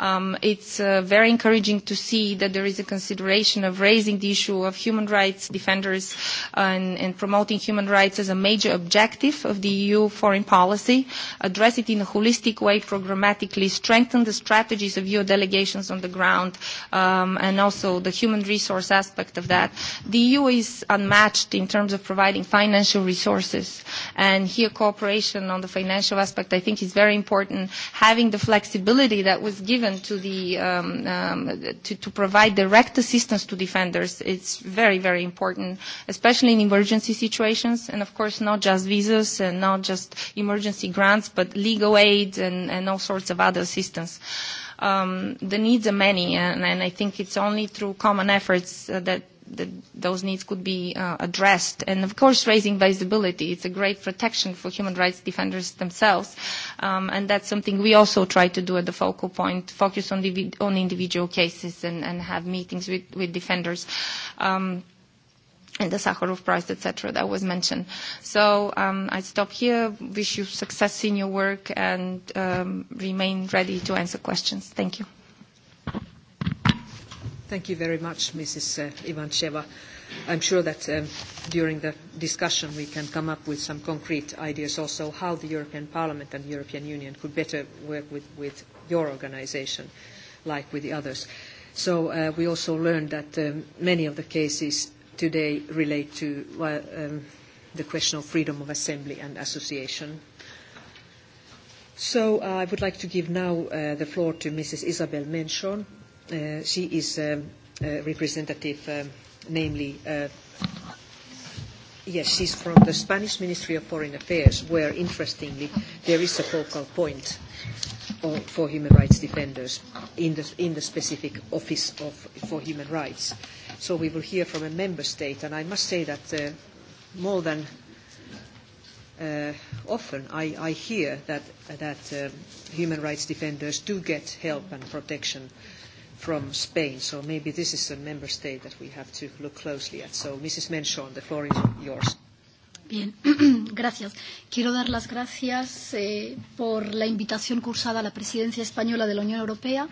it's very encouraging to see that there is a consideration of raising the issue of human rights defenders and, and promoting human rights as a major objective of the EU foreign policy, address it in a holistic way, programmatically, strengthen the strategies of your delegations on the ground, um, and also the human resource aspect of that, the EU is unmatched in terms of providing financial resources. And here cooperation on the financial aspect I think is very important. Having the flexibility that was given to the um, um, to, to provide direct assistance to defenders, it's very, very important, especially in emergency situations. And of course, not just visas and not just emergency grants, but legal aid and, and all sorts of other assistance um, the needs are many, and, and I think it's only through common efforts uh, that that those needs could be uh, addressed. And of course, raising visibility, it's a great protection for human rights defenders themselves. Um, and that's something we also try to do at the focal point, focus on, on individual cases and, and have meetings with, with defenders. Um, and the Sakharov Prize, etc., that was mentioned. So um, I stop here. Wish you success in your work and um, remain ready to answer questions. Thank you.
Thank you very much, Mrs. Ivancheva. I'm sure that um, during the discussion we can come up with some concrete ideas also how the European Parliament and the European Union could better work with, with your organization like with the others. So uh, we also learned that um, many of the cases today relate to the question of freedom of assembly and association. So I would like to give now the floor to Mrs. Isabel Menchon. She is a representative, namely, yes, she's from the Spanish Ministry of Foreign Affairs, where, interestingly, there is a focal point for human rights defenders in the specific office for human rights So we will hear from a member state. And I must say that uh, more than uh, often I, I hear that, that uh, human rights defenders do get help and protection from Spain. So maybe this is a member state that we have to look closely at. So Mrs. Menchon, the floor is yours.
Bien, gracias. Quiero dar las gracias eh, por la invitación cursada a la presidencia española de la Unión Europea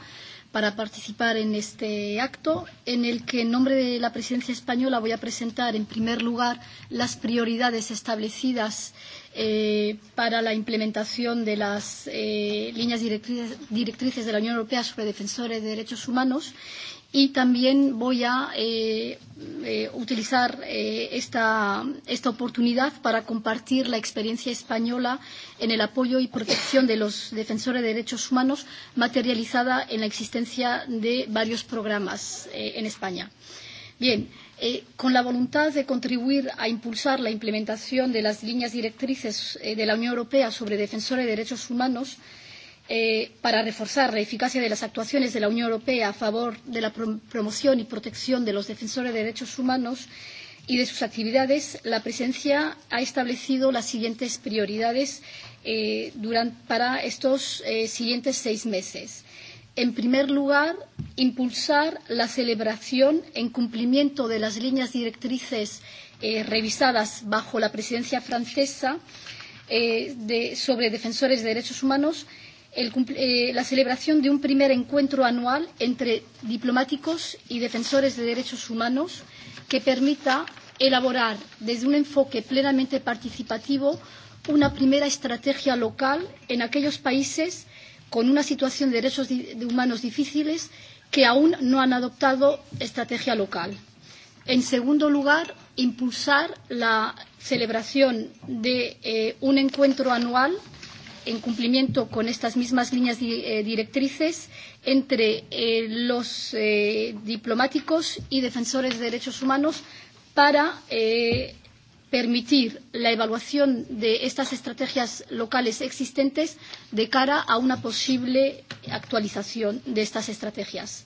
para participar en este acto, en el que en nombre de la presidencia española voy a presentar, en primer lugar, las prioridades establecidas eh, para la implementación de las eh, líneas directrices, directrices de la Unión Europea sobre defensores de derechos humanos Y también voy a eh, eh, utilizar eh, esta, esta oportunidad para compartir la experiencia española en el apoyo y protección de los defensores de derechos humanos materializada en la existencia de varios programas eh, en España. Bien, eh, con la voluntad de contribuir a impulsar la implementación de las líneas directrices eh, de la Unión Europea sobre defensores de derechos humanos, eh, para reforzar la eficacia de las actuaciones de la Unión Europea a favor de la promoción y protección de los defensores de derechos humanos y de sus actividades, la Presidencia ha establecido las siguientes prioridades eh, durante, para estos eh, siguientes seis meses. En primer lugar, impulsar la celebración en cumplimiento de las líneas directrices eh, revisadas bajo la presidencia francesa eh, de, sobre defensores de derechos humanos el, eh, la celebración de un primer encuentro anual entre diplomáticos y defensores de derechos humanos que permita elaborar desde un enfoque plenamente participativo una primera estrategia local en aquellos países con una situación de derechos humanos difíciles que aún no han adoptado estrategia local. En segundo lugar, impulsar la celebración de eh, un encuentro anual eh, en cumplimiento con estas mismas líneas directrices entre los diplomáticos y defensores de derechos humanos para permitir la evaluación de estas estrategias locales existentes de cara a una posible actualización de estas estrategias.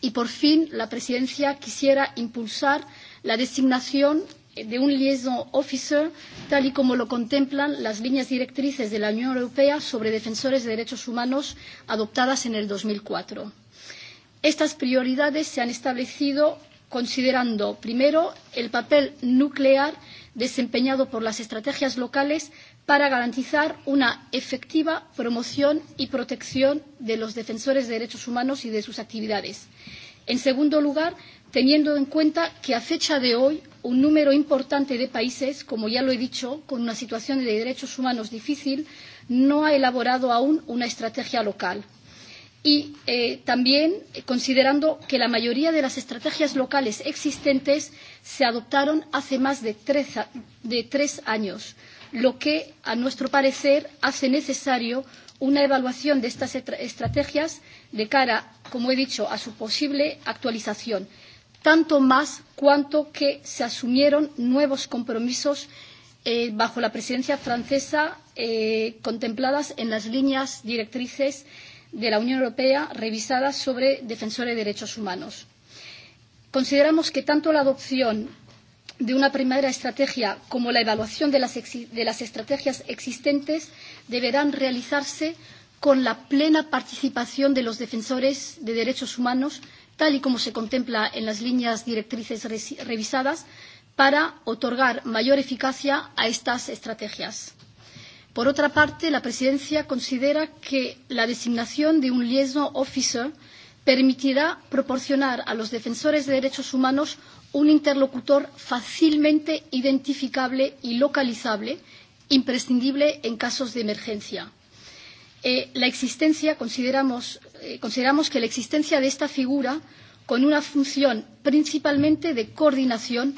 Y, por fin, la Presidencia quisiera impulsar la designación de un liaison officer, tal y como lo contemplan las líneas directrices de la Unión Europea sobre defensores de derechos humanos adoptadas en el dos mil cuatro. Estas prioridades se han establecido considerando, primero, el papel nuclear desempeñado por las estrategias locales para garantizar una efectiva promoción y protección de los defensores de derechos humanos y de sus actividades. Y En segundo lugar, teniendo en cuenta que a fecha de hoy un número importante de países, como ya lo he dicho, con una situación de derechos humanos difícil, no ha elaborado aún una estrategia local. Y eh, también considerando que la mayoría de las estrategias locales existentes se adoptaron hace más de tres, de tres años, lo que, a nuestro parecer, hace necesario una evaluación de estas estrategias de cara, como he dicho, a su posible actualización, tanto más cuanto que se asumieron nuevos compromisos eh, bajo la presidencia francesa eh, contempladas en las líneas directrices de la Unión Europea revisadas sobre defensores de derechos humanos. Consideramos que tanto la adopción de una primera estrategia como la evaluación de las, estrategias existentes deberán realizarse con la plena participación de los defensores de derechos humanos, tal y como se contempla en las líneas directrices revisadas, para otorgar mayor eficacia a estas estrategias. Por otra parte, la Presidencia considera que la designación de un liaison officer permitirá proporcionar a los defensores de derechos humanos un interlocutor fácilmente identificable y localizable, imprescindible en casos de emergencia eh, la existencia, consideramos, eh, consideramos que la existencia de esta figura, con una función principalmente de coordinación,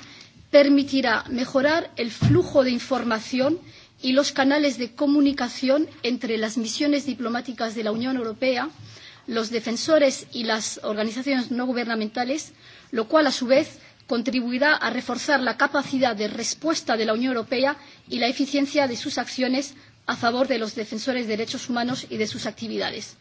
permitirá mejorar el flujo de información y los canales de comunicación entre las misiones diplomáticas de la Unión Europea, los defensores y las organizaciones no gubernamentales, lo cual, a su vez, contribuirá a reforzar la capacidad de respuesta de la Unión Europea y la eficiencia de sus acciones a favor de los defensores de derechos humanos y de sus actividades.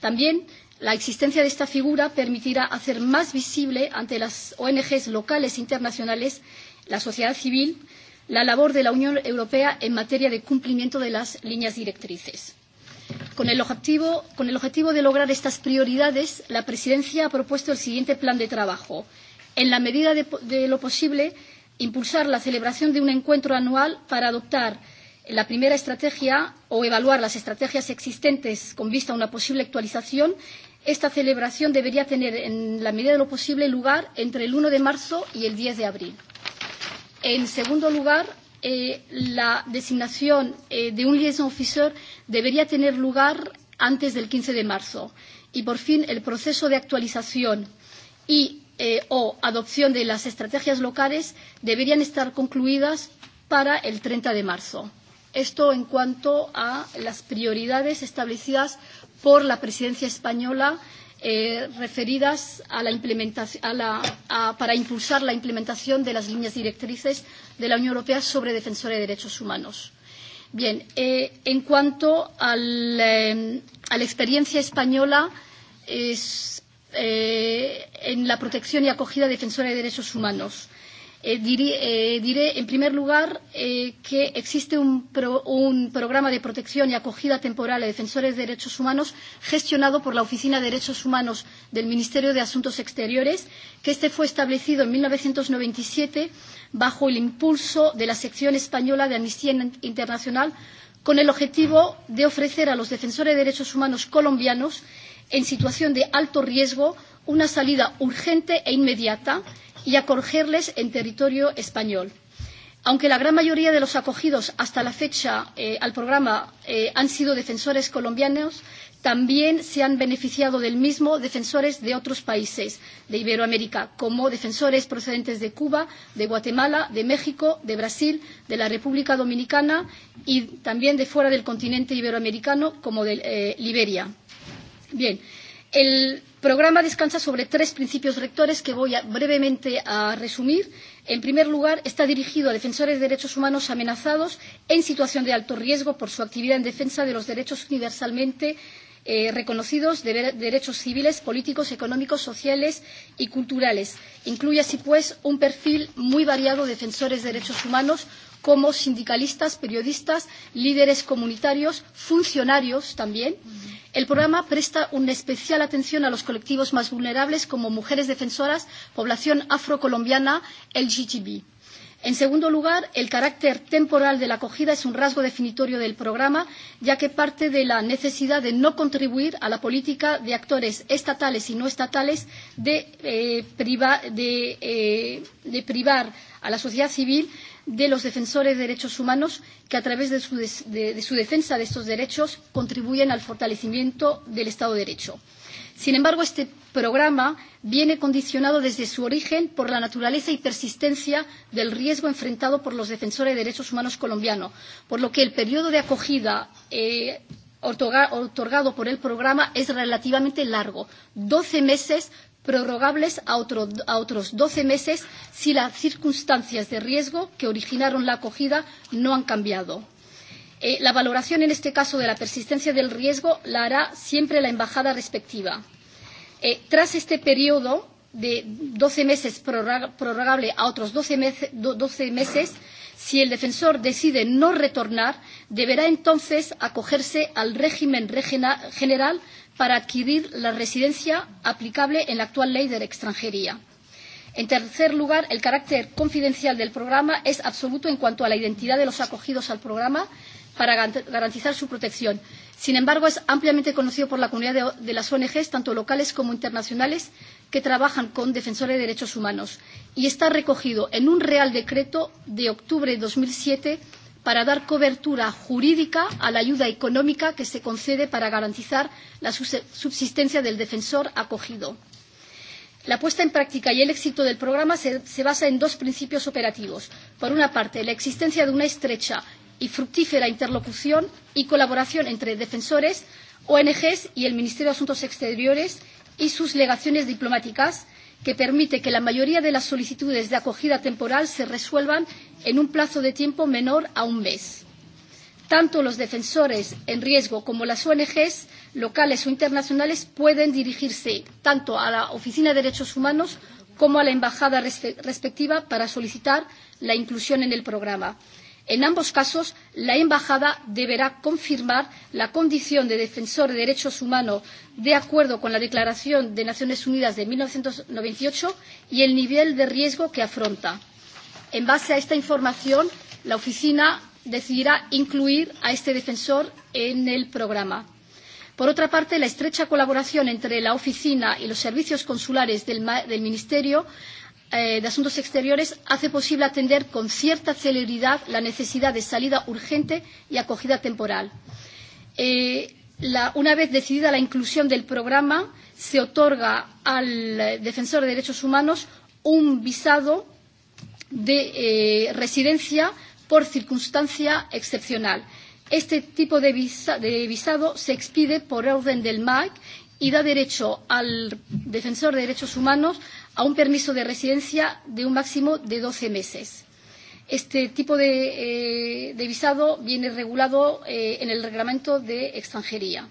También la existencia de esta figura permitirá hacer más visible ante las ONG locales e internacionales, la sociedad civil, la labor de la Unión Europea en materia de cumplimiento de las líneas directrices. Con el, objetivo, con el objetivo de lograr estas prioridades, la Presidencia ha propuesto el siguiente plan de trabajo. En la medida de, de lo posible, impulsar la celebración de un encuentro anual para adoptar La primera estrategia, o evaluar las estrategias existentes con vista a una posible actualización, esta celebración debería tener, en la medida de lo posible, lugar entre el 1 de marzo y el 10 de abril. En segundo lugar, eh, la designación eh, de un liaison officer debería tener lugar antes del 15 de marzo. Y, por fin, el proceso de actualización y eh, o adopción de las estrategias locales deberían estar concluidas para el 30 de marzo. Esto en cuanto a las prioridades establecidas por la presidencia española eh, referidas a la implementación, a la, a, para impulsar la implementación de las líneas directrices de la Unión Europea sobre defensores de derechos humanos. Bien, eh, en cuanto al, eh, a la experiencia española es, eh, en la protección y acogida de defensores de derechos humanos, Eh, diré, eh, diré, en primer lugar, eh, que existe un, pro, un programa de protección y acogida temporal a defensores de derechos humanos gestionado por la Oficina de Derechos Humanos del Ministerio de Asuntos Exteriores, que este fue establecido en 1997 bajo el impulso de la sección española de Amnistía Internacional con el objetivo de ofrecer a los defensores de derechos humanos colombianos en situación de alto riesgo una salida urgente e inmediata y acogerles en territorio español. Aunque la gran mayoría de los acogidos hasta la fecha eh, al programa eh, han sido defensores colombianos, también se han beneficiado del mismo defensores de otros países de Iberoamérica, como defensores procedentes de Cuba, de Guatemala, de México, de Brasil, de la República Dominicana y también de fuera del continente iberoamericano, como de eh, Liberia. Bien, el, programa descansa sobre tres principios rectores que voy a, brevemente a resumir. En primer lugar, está dirigido a defensores de derechos humanos amenazados en situación de alto riesgo por su actividad en defensa de los derechos universalmente eh, reconocidos de derechos civiles, políticos, económicos, sociales y culturales. Incluye así pues un perfil muy variado de defensores de derechos humanos como sindicalistas, periodistas, líderes comunitarios, funcionarios también. El programa presta una especial atención a los colectivos más vulnerables como mujeres defensoras, población afrocolombiana, LGTB. En segundo lugar, el carácter temporal de la acogida es un rasgo definitorio del programa, ya que parte de la necesidad de no contribuir a la política de actores estatales y no estatales de, eh, priva, de, eh, de privar a la sociedad civil de los defensores de derechos humanos que a través de su, de, de su defensa de estos derechos contribuyen al fortalecimiento del Estado de Derecho. Sin embargo, este programa viene condicionado desde su origen por la naturaleza y persistencia del riesgo enfrentado por los defensores de derechos humanos colombianos, por lo que el periodo de acogida eh, otorgado por el programa es relativamente largo, 12 meses prorrogables a, otro, a otros 12 meses si las circunstancias de riesgo que originaron la acogida no han cambiado. Eh, la valoración en este caso de la persistencia del riesgo la hará siempre la embajada respectiva. Eh, tras este periodo de 12 meses prorrogable a otros 12, meses 12 meses, si el defensor decide no retornar, deberá entonces acogerse al régimen general para adquirir la residencia aplicable en la actual ley de la extranjería. En tercer lugar, el carácter confidencial del programa es absoluto en cuanto a la identidad de los acogidos al programa, para garantizar su protección. Sin embargo, es ampliamente conocido por la comunidad de, las ONG, tanto locales como internacionales, que trabajan con defensores de derechos humanos. Y está recogido en un Real Decreto de octubre de dos mil siete para dar cobertura jurídica a la ayuda económica que se concede para garantizar la subsistencia del defensor acogido. La puesta en práctica y el éxito del programa se, basa en dos principios operativos. Por una parte, la existencia de una estrecha y fructífera interlocución y colaboración entre defensores, ONGs y el Ministerio de Asuntos Exteriores y sus legaciones diplomáticas, que permite que la mayoría de las solicitudes de acogida temporal se resuelvan en un plazo de tiempo menor a un mes. Tanto los defensores en riesgo como las ONG locales o internacionales pueden dirigirse tanto a la Oficina de Derechos Humanos como a la embajada respectiva para solicitar la inclusión en el programa. En ambos casos, la embajada deberá confirmar la condición de defensor de derechos humanos de acuerdo con la Declaración de Naciones Unidas de 1998 y el nivel de riesgo que afronta. En base a esta información, la oficina decidirá incluir a este defensor en el programa. Por otra parte, la estrecha colaboración entre la oficina y los servicios consulares del, Ministerio eh, de Asuntos Exteriores hace posible atender con cierta celeridad la necesidad de salida urgente y acogida temporal. Eh, la, una vez decidida la inclusión del programa, se otorga al defensor de derechos humanos un visado de eh, residencia por circunstancia excepcional. Este tipo de, visa, de visado se expide por orden del MAC y da derecho al defensor de derechos humanos a un permiso de residencia de un máximo de 12 meses. Este tipo de, eh, de visado viene regulado eh, en el reglamento de extranjería.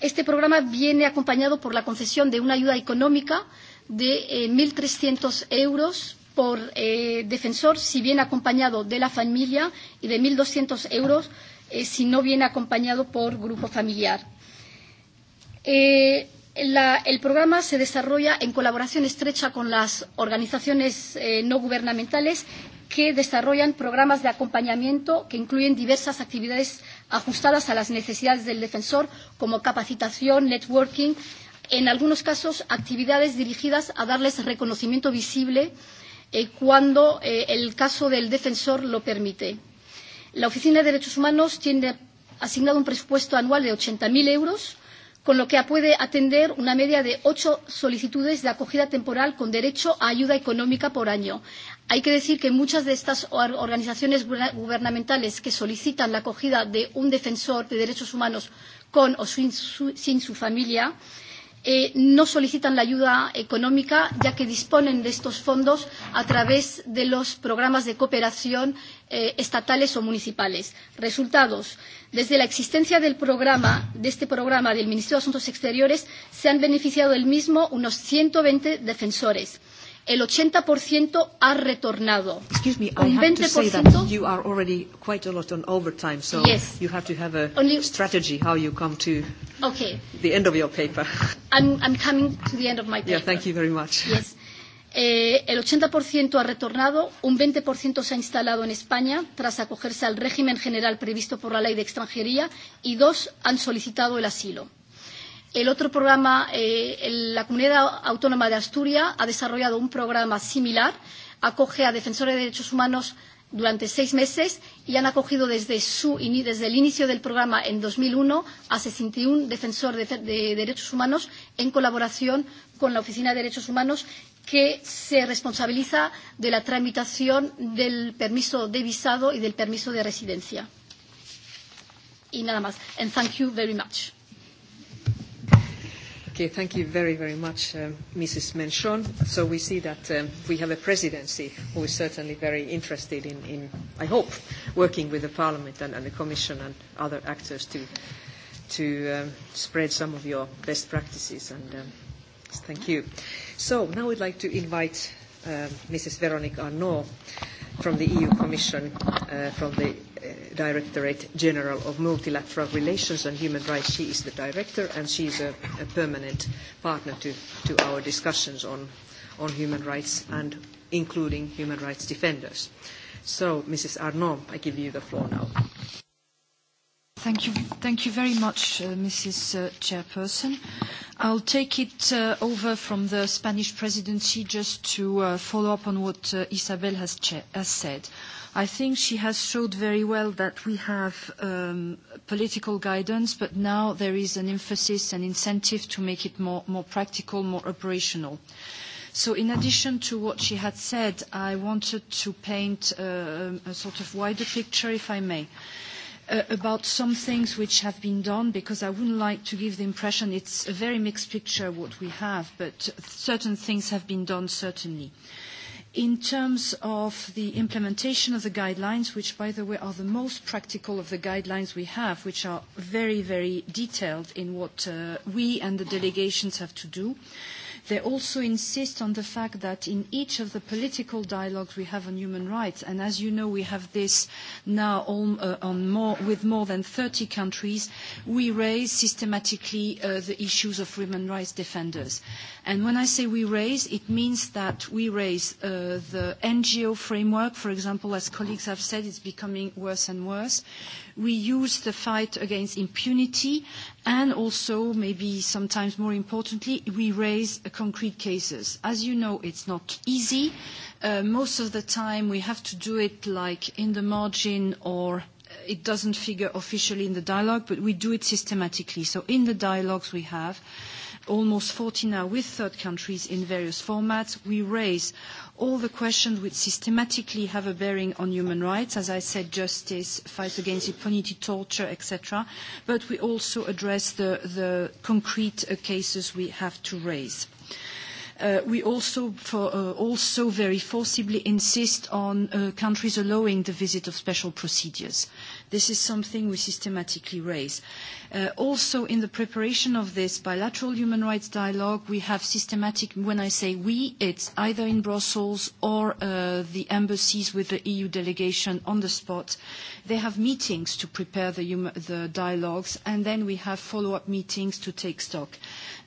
Este programa viene acompañado por la concesión de una ayuda económica de eh, 1.300 euros por eh, defensor si viene acompañado de la familia y de 1.200 euros eh, si no viene acompañado por grupo familiar. Eh, La, el programa se desarrolla en colaboración estrecha con las organizaciones eh, no gubernamentales que desarrollan programas de acompañamiento que incluyen diversas actividades ajustadas a las necesidades del defensor, como capacitación, networking, en algunos casos actividades dirigidas a darles reconocimiento visible eh, cuando eh, el caso del defensor lo permite. La Oficina de Derechos Humanos tiene asignado un presupuesto anual de 80.000 euros con lo que puede atender una media de ocho solicitudes de acogida temporal con derecho a ayuda económica por año. Hay que decir que muchas de estas organizaciones gubernamentales que solicitan la acogida de un defensor de derechos humanos con o sin su, familia eh, eh, no solicitan la ayuda económica, ya que disponen de estos fondos a través de los programas de cooperación eh, estatales o municipales. Resultados. Desde la existencia del programa, de este programa del Ministerio de Asuntos Exteriores, se han beneficiado del mismo unos 120 defensores el 80% ha retornado. Excuse me, I have to say that you
are already quite a lot on overtime, so yes. you have to have a Only strategy how you come to okay. the end of your paper.
I'm, I'm coming to the end of my paper. Yeah, thank you
very much. Yes.
Eh, el 80% ha retornado, un 20% se ha instalado en España tras acogerse al régimen general previsto por la ley de extranjería y dos han solicitado el asilo. El otro programa, eh, la comunidad autónoma de Asturias ha desarrollado un programa similar, acoge a defensores de derechos humanos durante seis meses y han acogido desde, su, desde el inicio del programa en 2001 a 61 defensores de, de derechos humanos en colaboración con la Oficina de Derechos Humanos que se responsabiliza de la tramitación del permiso de visado y del permiso de residencia. Y nada más. And thank you very much.
Okay,
thank you very, very much, Mrs. Menchon. So we see that um, we have a presidency who is certainly very interested in, in I hope, working with the Parliament and, and the Commission and other actors to, to um, spread some of your best practices. And thank you. So now we'd like to invite uh, Mrs. Véronique Arnault from the EU Commission, uh, from the Directorate General of Multilateral Relations and Human Rights. She is the director and she is a, a permanent partner to, to our discussions on, on human rights and including human rights defenders. So, Mrs. Arnaud, I give you the floor now.
Thank you, thank you very much, uh, Mrs. Uh, Chairperson. I'll take it uh, over from the Spanish presidency just to uh, follow up on what uh, Isabel has, has said. I think she has showed very well that we have um, political guidance, but now there is an emphasis and incentive to make it more, more practical, more operational. So in addition to what she had said, I wanted to paint uh, a sort of wider picture, if I may. Uh, about some things which have been done, because I wouldn't like to give the impression it's a very mixed picture what we have, but certain things have been done, certainly. In terms of the implementation of the guidelines, which, by the way, are the most practical of the guidelines we have, which are very, very detailed in what we and the delegations have to do, uh, They also insist on the fact that in each of the political dialogues we have on human rights, and as you know, we have this now on more, with more than 30 countries, we raise systematically the issues of human rights defenders. And when I say we raise, it means that we raise the NGO framework, for example, as colleagues have said, it's becoming worse and worse. We use the fight against impunity And also, maybe sometimes more importantly, we raise concrete cases. As you know, it's not easy. Most of the time, we have to do it like in the margin or it doesn't figure officially in the dialogue, but we do it systematically. So in the dialogues we have, almost 40 now with third countries in various formats. We raise all the questions which systematically have a bearing on human rights, as I said, justice, fight against impunity, torture, etc. But we also address the, the concrete cases we have to raise we also, also very forcibly insist on countries allowing the visit of special procedures. This is something we systematically raise. also, in the preparation of this bilateral human rights dialogue, we have systematic, when I say we, it's either in Brussels or the embassies with the EU delegation on the spot. They have meetings to prepare the, dialogues, and then we have follow-up meetings to take stock.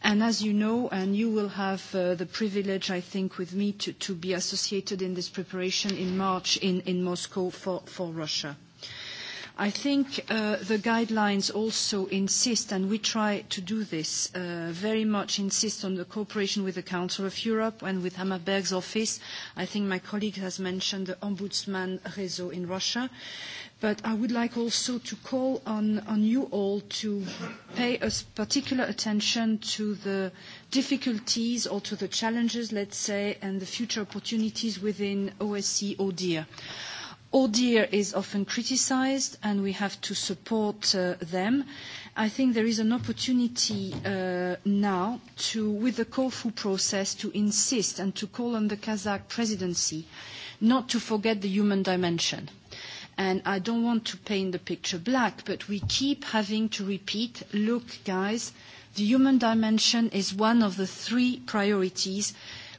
And as you know, and you will have the privilege, I think, with me to, be associated in this preparation in March in, Moscow for Russia. I think the guidelines also insist, and we try to do this, very much insist on the cooperation with the Council of Europe and with Hammerberg's office. I think my colleague has mentioned the Ombudsman Réseau in Russia. But I would like also to call on, you all to pay particular attention to the difficulties or to the challenges, let's say, and the future opportunities within OSCE ODIHR. ODIHR is often criticised, and we have to support them. I think there is an opportunity now to, with the Corfu process, to insist and to call on the Kazakh presidency not to forget the human dimension. And I don't want to paint the picture black, but we keep having to repeat, look, guys, the human dimension is one of the three priorities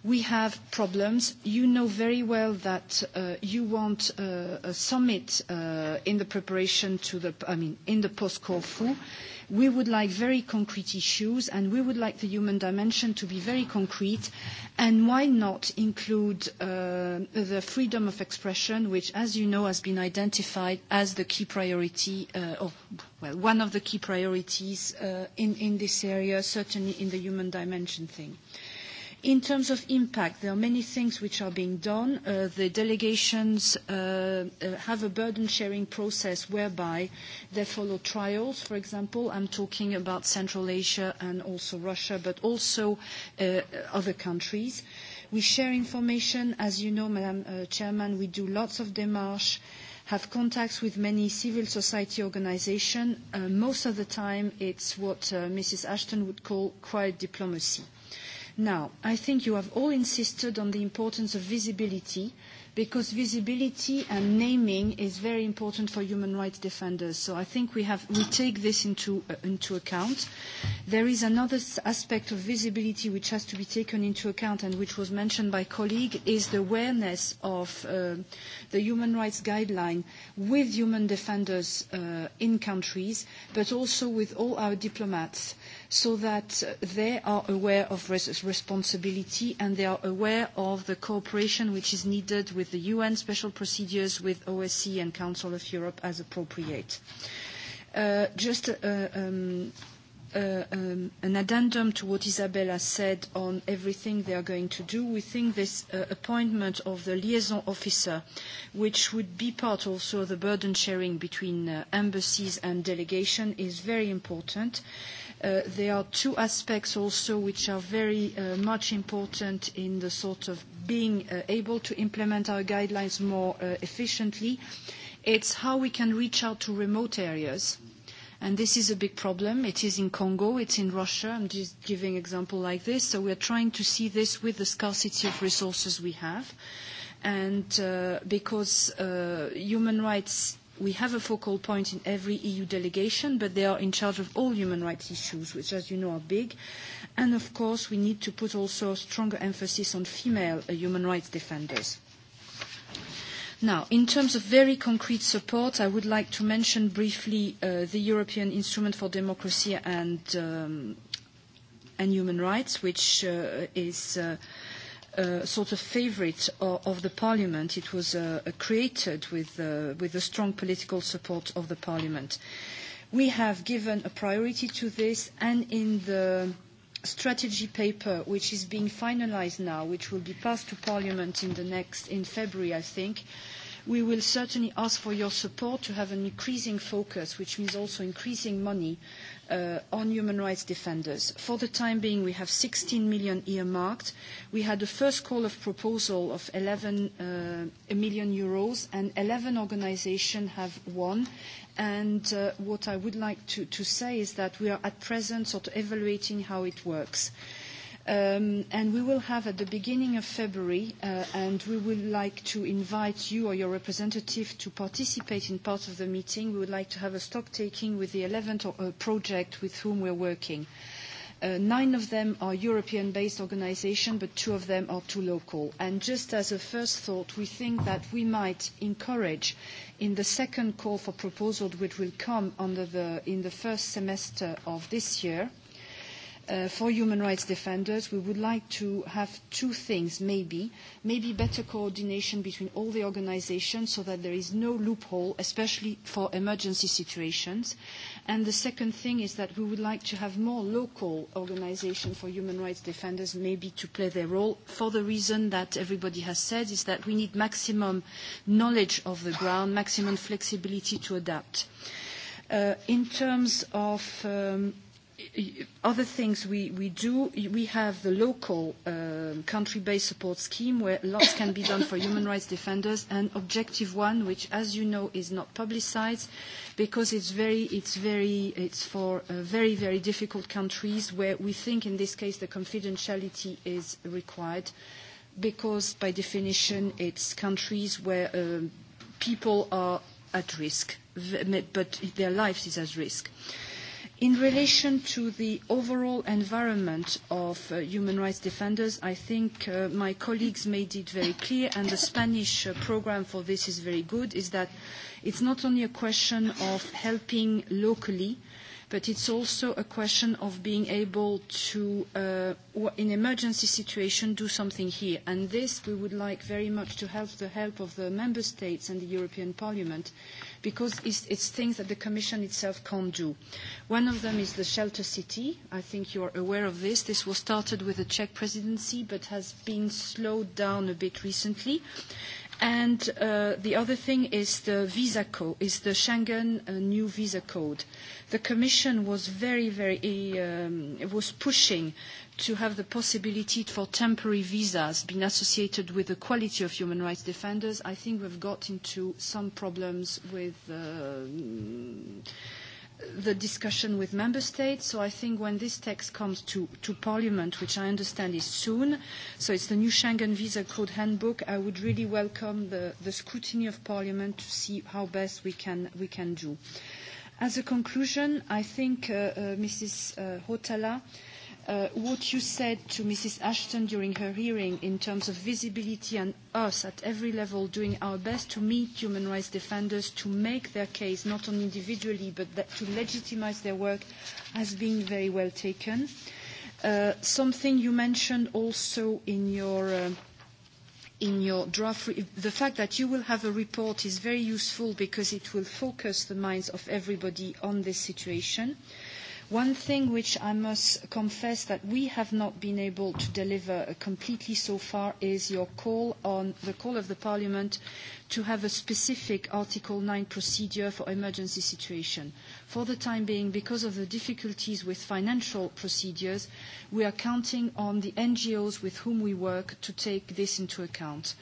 We have problems. You know very well that you want a summit in the preparation to the, I mean, in the post-Corfu. We would like very concrete issues, and we would like the human dimension to be very concrete. And why not include the freedom of expression, which, as you know, has been identified as the key priority, or well, one of the key priorities in this area, certainly in the human dimension thing. In terms of impact, there are many things which are being done. the delegations have a burden-sharing process whereby they follow trials, for example. I'm talking about Central Asia and also Russia, but also other countries. We share information. As you know, Madam Chairman, we do lots of démarches have contacts with many civil society organisations. most of the time, it's what Mrs. Ashton would call quiet diplomacy. Now, I think you have all insisted on the importance of visibility because visibility and naming is very important for human rights defenders. So I think we, have, we take this into, uh, into account. There is another aspect of visibility which has to be taken into account and which was mentioned by colleague is the awareness of uh, the human rights guideline with human defenders uh, in countries, but also with all our diplomats so that they are aware of responsibility and they are aware of the cooperation which is needed with the UN special procedures, with OSCE and Council of Europe as appropriate. just an addendum to what Isabella said on everything they are going to do. We think this appointment of the liaison officer, which would be part also of the burden sharing between embassies and delegation, is very important there are two aspects also which are very much important in the sort of being able to implement our guidelines more efficiently. It's how we can reach out to remote areas, and this is a big problem. It is in Congo, it's in Russia. I'm just giving example like this. So we are trying to see this with the scarcity of resources we have. And because human rights we have a focal point in every EU delegation, but they are in charge of all human rights issues, which, as you know, are big. And of course, we need to put also a stronger emphasis on female human rights defenders. Now, in terms of very concrete support, I would like to mention briefly the European Instrument for Democracy and, Human Rights, which is uh, sort of favourite of, of the Parliament. It was uh, created with, uh, with the strong political support of the Parliament. We have given a priority to this, and in the strategy paper, which is being finalised now, which will be passed to Parliament in the next in February, I think. We will certainly ask for your support to have an increasing focus, which means also increasing money on human rights defenders. For the time being, we have 16 million earmarked. We had a first call of proposal of 11 million euros, and 11 organizations have won. And what I would like to say is that we are at present sort of evaluating how it works. Um, and we will have at the beginning of February, uh, and we would like to invite you or your representative to participate in part of the meeting. We would like to have a stock taking with the 11 uh, project with whom we're working. Uh, nine of them are European-based organizations, but two of them are too local. And just as a first thought, we think that we might encourage in the second call for proposals, which will come under the, in the first semester of this year, for human rights defenders, we would like to have two things, maybe. Maybe better coordination between all the organisations so that there is no loophole, especially for emergency situations. And the second thing is that we would like to have more local organisations for human rights defenders, maybe to play their role, for the reason that everybody has said, is that we need maximum knowledge of the ground, maximum flexibility to adapt. in terms of other things we, we do, we have the local country-based support scheme where lots can be done for human rights defenders and Objective One, which as you know is not publicised because it's, very, it's, very, it's for very, very difficult countries where we think in this case the confidentiality is required because by definition it's countries where people are at risk, but their lives is at risk. Uh, In relation to the overall environment of human rights defenders, I think my colleagues made it very clear, and the Spanish programme for this is very good, is that it is not only a question of helping locally, but it is also a question of being able to, in emergency situation, do something here. And this we would like very much to have the help of the Member States and the European Parliament. Uh, because it's, it's things that the Commission itself can't do. One of them is the shelter city. I think you are aware of this. This was started with the Czech presidency but has been slowed down a bit recently. And the other thing is the visa code, is the Schengen new visa code. The Commission was very, very, was pushing to have the possibility for temporary visas being associated with the quality of human rights defenders, I think we've got into some problems with the discussion with member states. So I think when this text comes to, to Parliament, which I understand is soon, so it's the new Schengen Visa Code Handbook, I would really welcome the, the scrutiny of Parliament to see how best we can, we can do. As a conclusion, I think, uh, uh, Mrs. Uh, Hotala, what you said to Mrs. Ashton during her hearing in terms of visibility and us at every level doing our best to meet human rights defenders to make their case, not only individually, but that to legitimise their work, has been very well taken. something you mentioned also in your in your draft, the fact that you will have a report is very useful because it will focus the minds of everybody on this situation. Uh, One thing which I must confess that we have not been able to deliver completely so far is your call on the call of the Parliament to have a specific Article 9 procedure for emergency situation. For the time being, because of the difficulties with financial procedures, we are counting on the NGOs with whom we work to take this into account.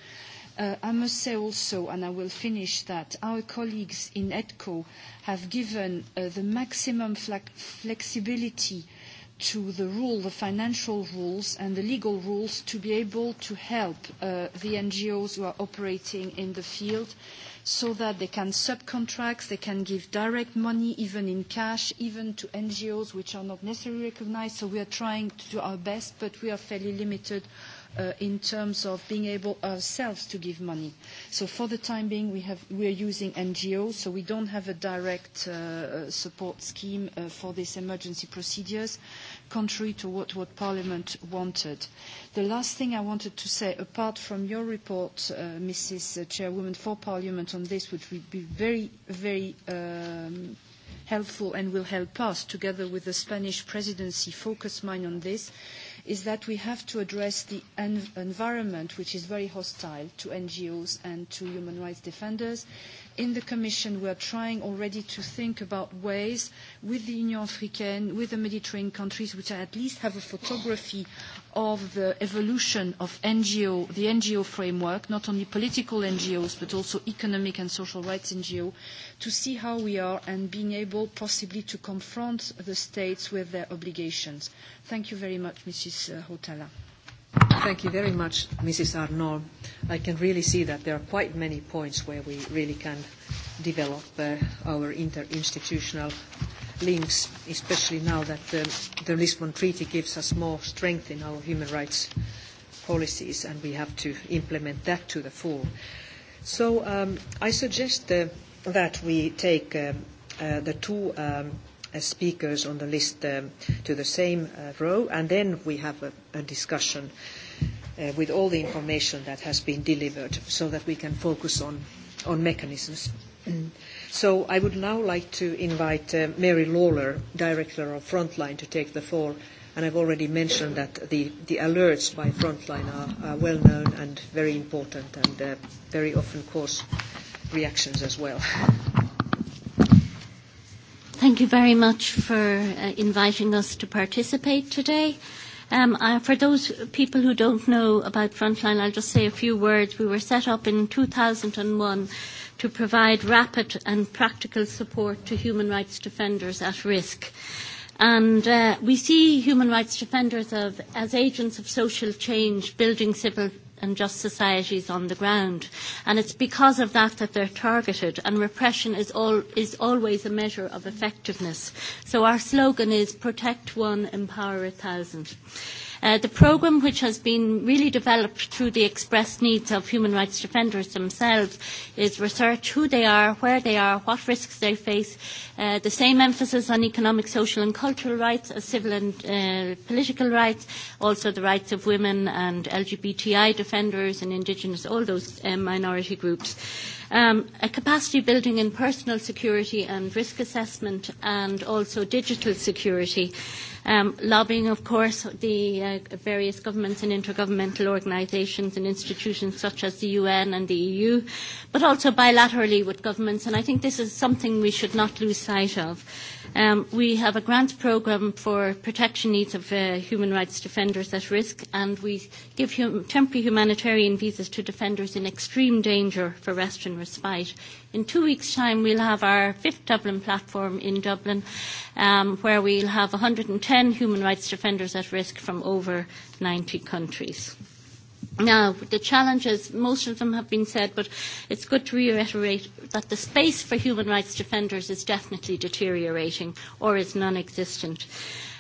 I must say also, and I will finish that, our colleagues in EDCO have given the maximum flexibility to the rule, the financial rules and the legal rules to be able to help the NGOs who are operating in the field so that they can subcontract, they can give direct money, even in cash, even to NGOs which are not necessarily recognised. So we are trying to do our best, but we are fairly limited in terms of being able ourselves to give money. So for the time being, we have we are using NGOs, so we don't have a direct support scheme for these emergency procedures, contrary to what, what Parliament wanted. The last thing I wanted to say, apart from your report, Mrs. Chairwoman, for Parliament on this, which would be very, very helpful and will help us, together with the Spanish presidency, focus mine on this, is that we have to address the environment which is very hostile to NGOs and to human rights defenders in the Commission, we are trying already to think about ways with the Union Africaine, with the Mediterranean countries, which at least have a photography of the evolution of NGO, the NGO framework, not only political NGOs, but also economic and social rights NGO, to see how we are and being able possibly to confront the states with their obligations. Thank you very much, Mrs.
Hotala. Thank you very much, Mrs. Arnault. I can really see that there are quite many points where we really can develop our interinstitutional links, especially now that the Lisbon Treaty gives us more strength in our human rights policies, and we have to implement that to the full. So I suggest that we take the two speakers on the list to the same row, and then we have a discussion with all the information that has been delivered so that we can focus on, on mechanisms. so I would now like to invite Mary Lawler, Director of Frontline, to take the floor. And I've already mentioned that the, the alerts by Frontline are, are well known and very important and uh, very often cause reactions as well.
Thank you very much for uh, inviting us to participate today. Um, I for those people who don't know about Frontline, I'll just say a few words. We were set up in 2001 to provide rapid and practical support to human rights defenders at risk. And uh, we see human rights defenders of, as agents of social change, building civil and just societies on the ground. And it's because of that that they're targeted, and repression is, all, is always a measure of effectiveness. So our slogan is protect one, empower a thousand the programme, which has been really developed through the expressed needs of human rights defenders themselves, is research who they are, where they are, what risks they face, the same emphasis on economic, social and cultural rights as civil and political rights, also the rights of women and LGBTI defenders and indigenous, all those minority groups um, a capacity building in personal security and risk assessment and also digital security. Um, lobbying, of course, the uh, various governments and intergovernmental organisations and institutions such as the UN and the EU, but also bilaterally with governments. And I think this is something we should not lose sight of Um, we have a grant programme for protection needs of uh, human rights defenders at risk, and we give hum- temporary humanitarian visas to defenders in extreme danger for rest and respite. In two weeks' time, we'll have our fifth Dublin platform in Dublin, um, where we'll have 110 human rights defenders at risk from over 90 countries. Now, the challenges, most of them have been said, but it's good to reiterate that the space for human rights defenders is definitely deteriorating or is non-existent.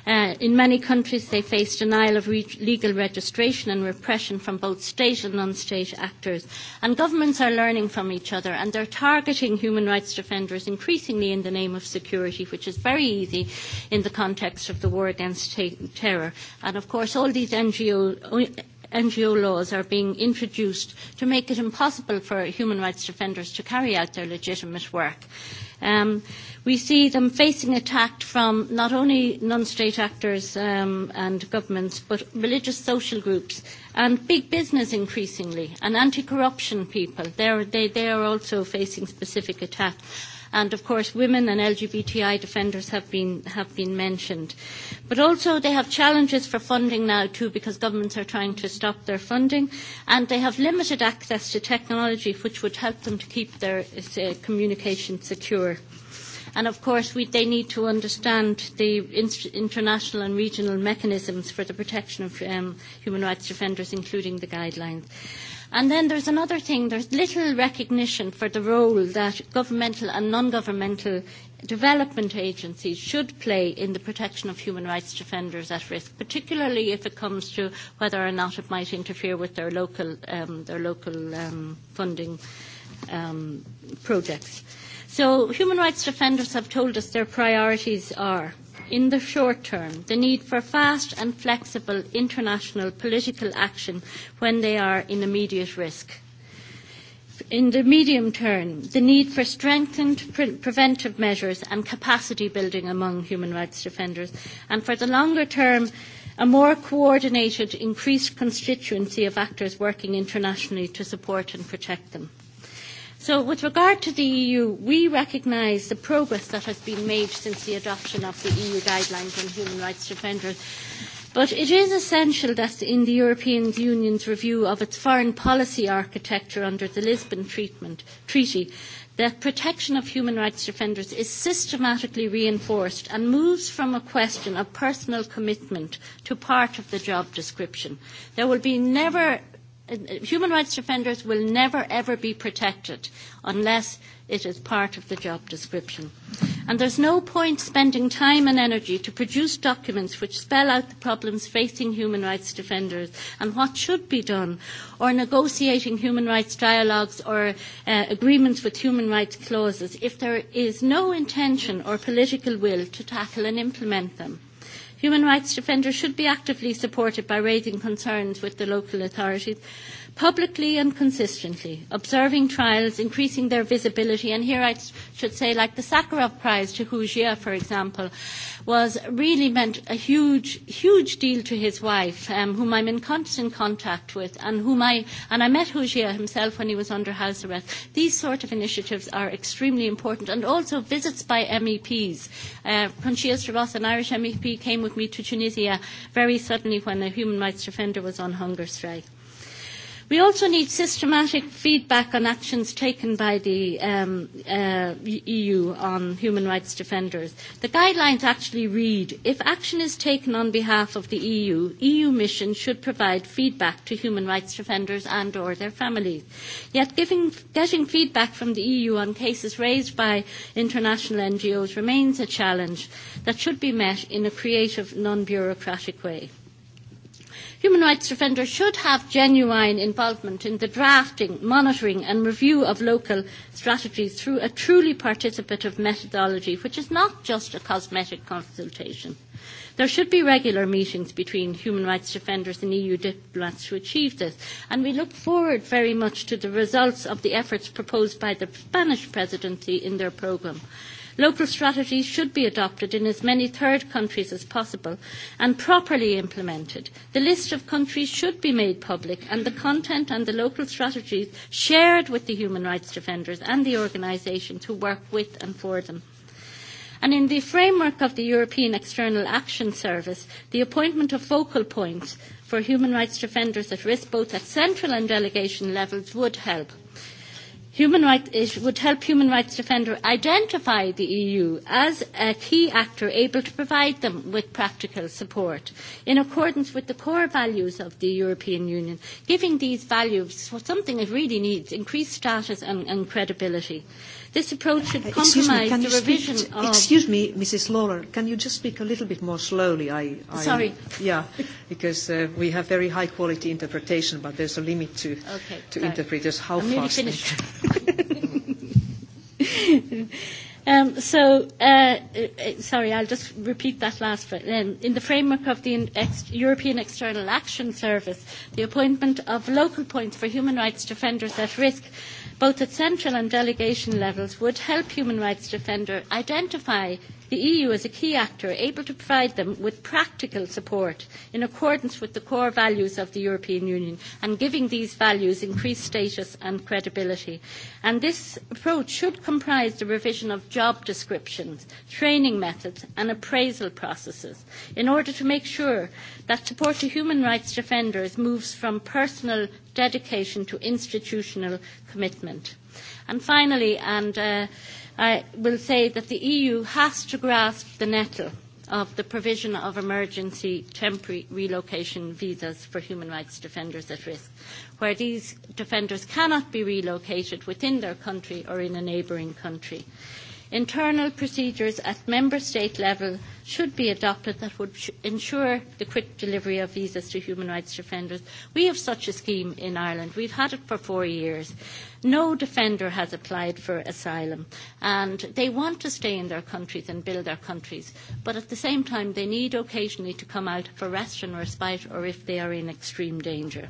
Uh, in many countries, they face denial of re- legal registration and repression from both state and non-state actors. And governments are learning from each other, and they're targeting human rights defenders increasingly in the name of security, which is very easy in the context of the war against ta- terror. And of course, all these NGO, NGO laws are being introduced to make it impossible for human rights defenders to carry out their legitimate work. Um, we see them facing attack from not only non-state actors um, and governments, but religious social groups and big business increasingly, and anti-corruption people. They're, they, they are also facing specific attacks. And of course, women and LGBTI defenders have been, have been mentioned. But also they have challenges for funding now too because governments are trying to stop their funding and they have limited access to technology which would help them to keep their uh, communication secure. And of course, we, they need to understand the international and regional mechanisms for the protection of um, human rights defenders, including the guidelines. And then there's another thing, there's little recognition for the role that governmental and non-governmental development agencies should play in the protection of human rights defenders at risk, particularly if it comes to whether or not it might interfere with their local, um, their local um, funding um, projects. So human rights defenders have told us their priorities are – in the short term the need for fast and flexible international political action when they are in immediate risk. In the medium term, the need for strengthened pre- preventive measures and capacity building among human rights defenders. And for the longer term, a more coordinated, increased constituency of actors working internationally to support and protect them. So with regard to the EU, we recognise the progress that has been made since the adoption of the EU guidelines on human rights defenders. But it is essential that in the European Union's review of its foreign policy architecture under the Lisbon treatment, Treaty, that protection of human rights defenders is systematically reinforced and moves from a question of personal commitment to part of the job description. There will be never human rights defenders will never ever be protected unless it is part of the job description. And there's no point spending time and energy to produce documents which spell out the problems facing human rights defenders and what should be done, or negotiating human rights dialogues or uh, agreements with human rights clauses if there is no intention or political will to tackle and implement them. Human rights defenders should be actively supported by raising concerns with the local authorities publicly and consistently, observing trials, increasing their visibility. And here I should say, like the Sakharov Prize to Hu Jia, for example, was really meant a huge, huge deal to his wife, um, whom I'm in constant contact with, and whom I and I met Hu Jia himself when he was under house arrest. These sort of initiatives are extremely important, and also visits by MEPs. Uh, Conchia Strabos, an Irish MEP, came with me to Tunisia very suddenly when a human rights defender was on hunger strike. We also need systematic feedback on actions taken by the um, uh, EU on human rights defenders. The guidelines actually read, if action is taken on behalf of the EU, EU missions should provide feedback to human rights defenders and or their families. Yet giving, getting feedback from the EU on cases raised by international NGOs remains a challenge that should be met in a creative, non-bureaucratic way. Human rights defenders should have genuine involvement in the drafting, monitoring and review of local strategies through a truly participative methodology which is not just a cosmetic consultation. There should be regular meetings between human rights defenders and EU diplomats to achieve this, and we look forward very much to the results of the efforts proposed by the Spanish presidency in their programme. Local strategies should be adopted in as many third countries as possible and properly implemented. The list of countries should be made public and the content and the local strategies shared with the human rights defenders and the organisations who work with and for them. And in the framework of the European External Action Service, the appointment of focal points for human rights defenders at risk, both at central and delegation levels, would help. Human rights it would help human rights defenders identify the EU as a key actor able to provide them with practical support in accordance with the core values of the European Union, giving these values something it really needs, increased status and, and credibility. This approach should compromise the revision speak, of... Excuse
me, Mrs. Lawler, can you just speak a little bit more slowly? I, I, Sorry. Yeah, because uh, we have very high quality interpretation, but there's a limit to,
okay, to interpreters
how I'm fast... Nearly finished.
Um, so, uh, sorry, I'll just repeat that last bit. Um, in the framework of the ex- European External Action Service, the appointment of local points for human rights defenders at risk both at central and delegation levels, would help human rights defenders identify the EU is a key actor able to provide them with practical support in accordance with the core values of the European Union and giving these values increased status and credibility. And this approach should comprise the revision of job descriptions, training methods and appraisal processes in order to make sure that support to human rights defenders moves from personal dedication to institutional commitment. And finally, and uh, I will say that the EU has to grasp the nettle of the provision of emergency temporary relocation visas for human rights defenders at risk, where these defenders cannot be relocated within their country or in a neighbouring country. Internal procedures at member state level should be adopted that would ensure the quick delivery of visas to human rights defenders. We have such a scheme in Ireland. We've had it for four years. No defender has applied for asylum, and they want to stay in their countries and build their countries. But at the same time, they need occasionally to come out for rest and respite or if they are in extreme danger.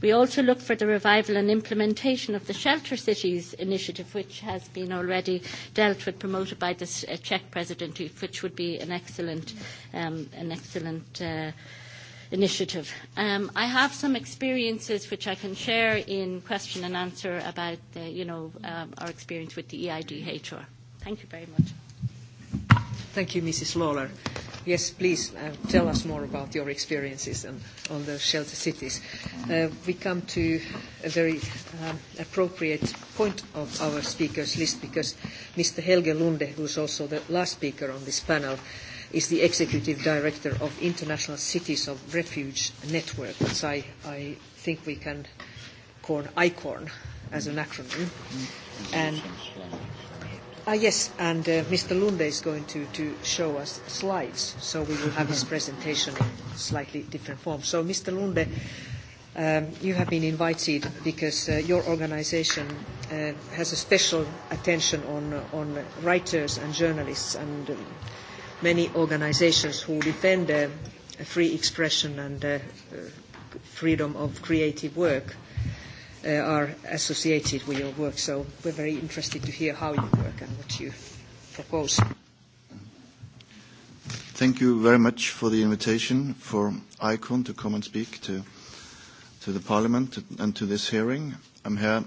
We also look for the revival and implementation of the Shelter Cities initiative, which has been already dealt with, promoted by the Czech presidency, which would be an excellent, um, an excellent uh, initiative. Um, I have some experiences which I can share in question and answer about, the you know, um, our experience with the EIDHR. Thank you very much. Thank you, Mrs. Lawler. Yes,
please uh, tell us more about your experiences on, on the shelter cities. Uh, we come to a very um, appropriate point of our speakers list because Mr. Helge Lunde, who is also the last speaker on this panel, uh, is the Executive Director of International Cities of Refuge Network, which I, I think we can call ICORN as an acronym. And, ah, yes, and uh, Mr. Lunde is going to, to show us slides, so we will have his presentation in slightly different form. So, Mr. Lunde, um, you have been invited because uh, your organization uh, has a special attention on, on writers and journalists and um, many organizations who defend uh, free expression and uh, freedom of creative work uh, are associated with your work. So we're very interested to hear how you work and what you propose.
Thank you very much for the invitation for ICON to come and speak to, to the Parliament and to this hearing. I'm here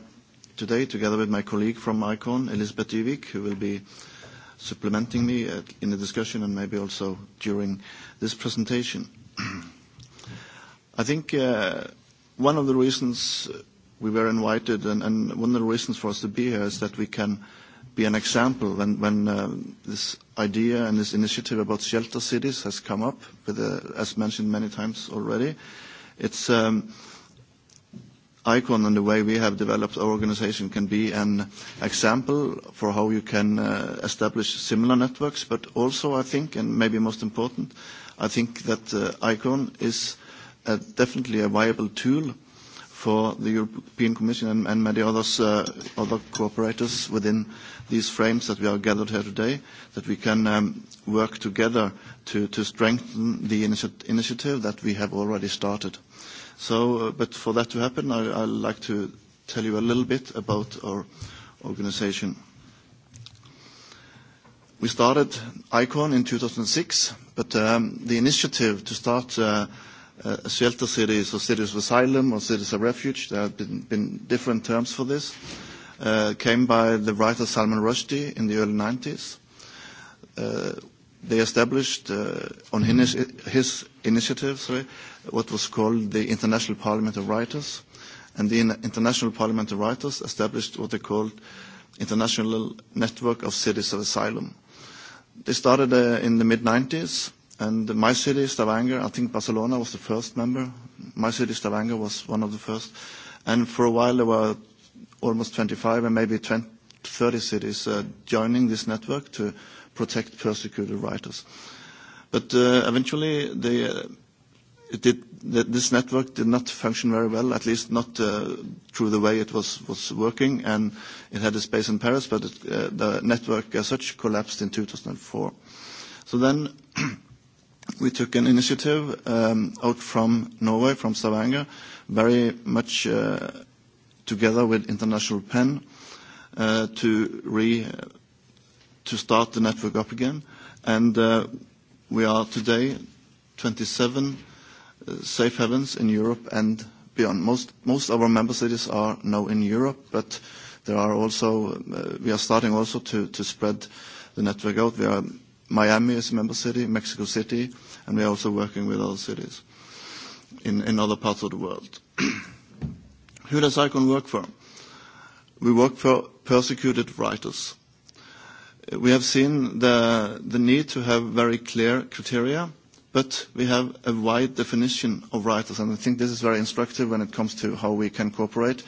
today together with my colleague from ICON, Elisabeth Ivik, who will be supplementing me in the discussion and maybe also during this presentation. I think one of the reasons we were invited and, and one of the reasons for us to be here is that we can be an example when, when this idea and this initiative about shelter cities has come up, with, uh, as mentioned many times already. It's um, ICON and the way we have developed our organization can be an example for how you can establish similar networks. But also, I think, and maybe most important, I think that ICON is definitely a viable tool for the European Commission and, and many others, other cooperators within these frames that we are gathered here today, that we can work together to, to strengthen the initiative that we have already started. So, but for that to happen, I, I'd like to tell you a little bit about our organization. We started ICON in 2006, but um, the initiative to start uh, uh, shelter cities or cities of asylum or cities of refuge, there have been, been different terms for this, uh, came by the writer Salman Rushdie in the early 1990 s Uh, they established uh, on his, his initiative sorry, what was called the International Parliament of Writers. And the International Parliament of Writers established what they called International Network of Cities of Asylum. They started uh, in the mid-90s, and my city, Stavanger, I think Barcelona was the first member. My city, Stavanger, was one of the first. And for a while there were almost 25 and maybe 20, 30 cities uh, joining this network to protect persecuted writers. But uh, eventually, they, uh, it did, this network did not function very well, at least not uh, through the way it was, was working, and it had a space in Paris, but it, uh, the network as such collapsed in 2004. So then we took an initiative um, out from Norway, from Stavanger, very much uh, together with International PEN, uh, to re- to start the network up again. And uh, we are today 27 uh, safe havens in Europe and beyond. Most, most of our member cities are now in Europe, but there are also, uh, we are starting also to, to spread the network out. We are, Miami is a member city, Mexico City, and we are also working with other cities in, in other parts of the world. Who does ICON work for? We work for persecuted writers We have seen the need to have very clear criteria, but we have a wide definition of writers, and I think this is very instructive when it comes to how we can cooperate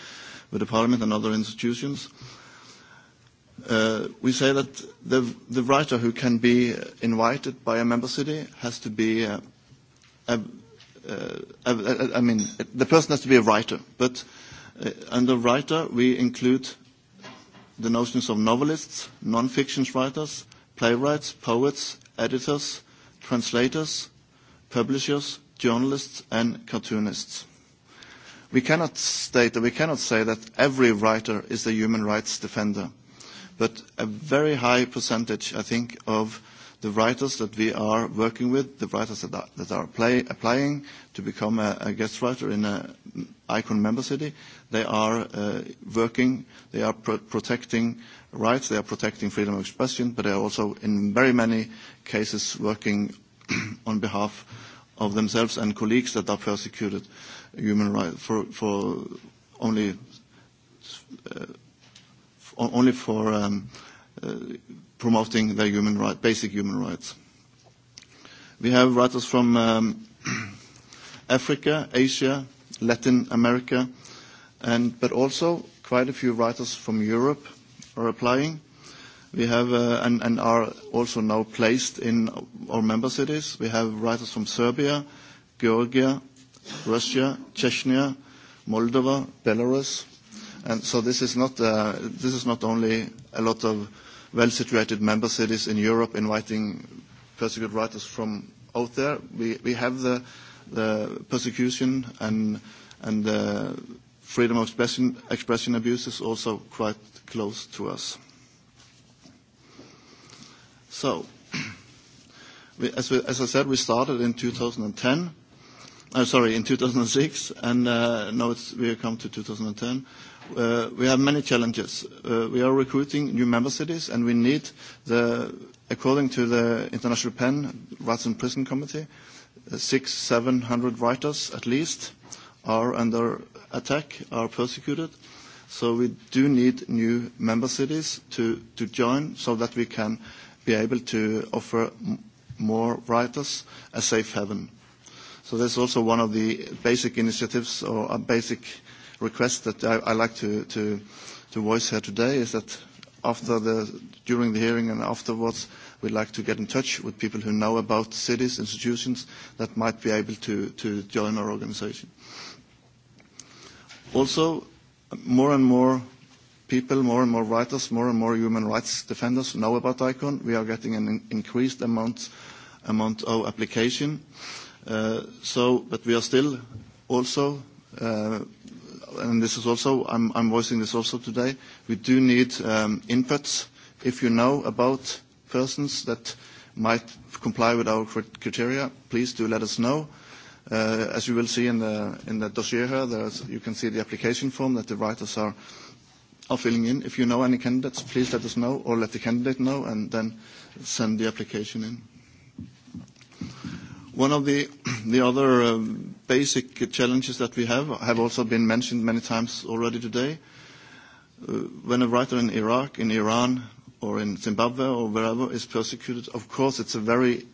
with the parliament and other institutions. We say that the writer who can be invited by a member city has to be a I mean, the person has to be a writer, but under writer, we include the notions of novelists, non-fiction writers, playwrights, poets, editors, translators, publishers, journalists, and cartoonists. We cannot state that we cannot say that every writer is a human rights defender, but a very high percentage, I think, of the writers that we are working with, the writers that are, that are play, applying to become a, a guest writer in an ICON member city, They are uh, working, they are pro- protecting rights, they are protecting freedom of expression, but they are also, in very many cases, working on behalf of themselves and colleagues that are persecuted human rights for, for only uh, only for um, uh, promoting their human right, basic human rights. We have writers from um, Africa, Asia, Latin America, and but also quite a few writers from Europe are applying. We have uh, and, and are also now placed in our member cities. We have writers from Serbia, Georgia, Russia, Chechnya, Moldova, Belarus, and so this is not uh, this is not only a lot of well-situated member cities in Europe inviting persecuted writers from out there. We we have the the persecution and and the freedom of expression abuse is also quite close to us. So, we as we as I said, we started in 2010. I'm sorry, in 2006, and uh now it's we have come to 2010. We have many challenges. Uh We are recruiting new member cities, and we need the, according to the International PEN Rights and Prison Committee, uh six, seven hundred writers at least are under attack are persecuted. So we do need new member cities to, to join so that we can be able to offer more writers a safe haven. So that's also one of the basic initiatives or a basic request that I, I like to, to, to voice here today is that after the, during the hearing and afterwards, we'd like to get in touch with people who know about cities, institutions that might be able to, to join our organization. Also, more and more people, more and more writers, more and more human rights defenders know about ICON. We are getting an increased amount amount of application. So, but we are still also, and this is also, I'm I'm voicing this also today, we do need um inputs. If you know about persons that might comply with our criteria, please do let us know As you will see in the in the dossier here, there's you can see the application form that the writers are are filling in. If you know any candidates, please let us know or let the candidate know, and then send the application in. One of the the other basic challenges that we have have also been mentioned many times already today. When a writer in Iraq, in Iran, or in Zimbabwe or wherever is persecuted, of course, it's a very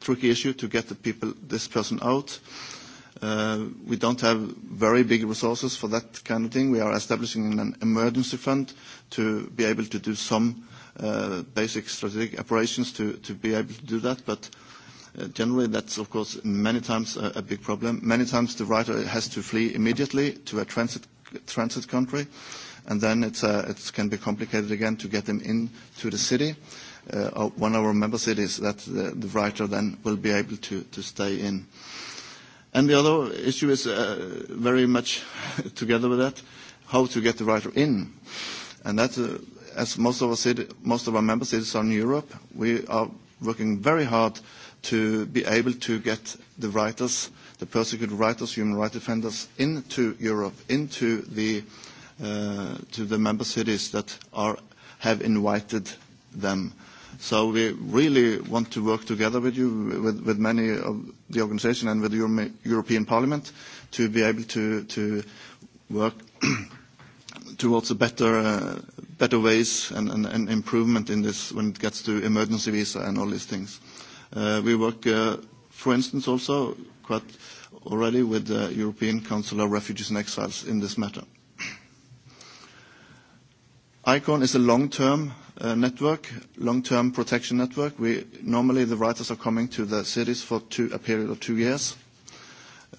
tricky issue to get the people, this person out. we don't have very big resources for that kind of thing. We are establishing an emergency fund to be able to do some basic strategic operations to, to be able to do that. But generally that's of course many times a, big problem. Many times the writer has to flee immediately to a transit transit country, and then it's, uh, it can be complicated again to get them into the city uh, one of our member cities that the, the writer then will be able to, to stay in. And the other issue is uh, very much together with that, how to get the writer in. And that's, uh, as most of, our most of our member cities are in Europe, we are working very hard to be able to get the writers, the persecuted writers, human rights defenders into Europe, into the, uh, to the member cities that are, have invited them. So we really want to work together with you, with, with many of the organization and with the European Parliament to be able to, to work towards a better, uh, better ways and, and, and improvement in this when it gets to emergency visa and all these things. Uh, we work, uh, for instance, also quite already with the European Council of Refugees and Exiles in this matter. ICON is a long-term network, long-term protection network. We normally, the writers are coming to the cities for two, a period of two years.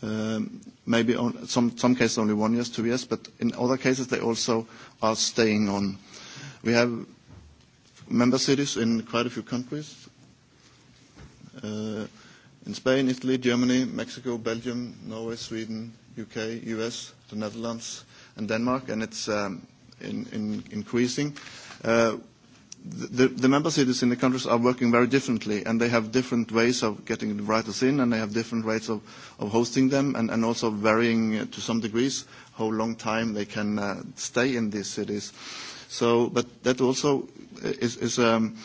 Maybe on some, some cases, only one year, two years, but in other cases, they also are staying on. We have member cities in quite a few countries, in Spain, Italy, Germany, Mexico, Belgium, Norway, Sweden, U.K., U.S., the Netherlands, and Denmark, and it's um in, in increasing. the, member cities in the countries are working very differently, and they have different ways of getting the writers in, and they have different ways of, of hosting them, and, and also varying to some degrees how long time they can stay in these cities. So, but that also is, is, um,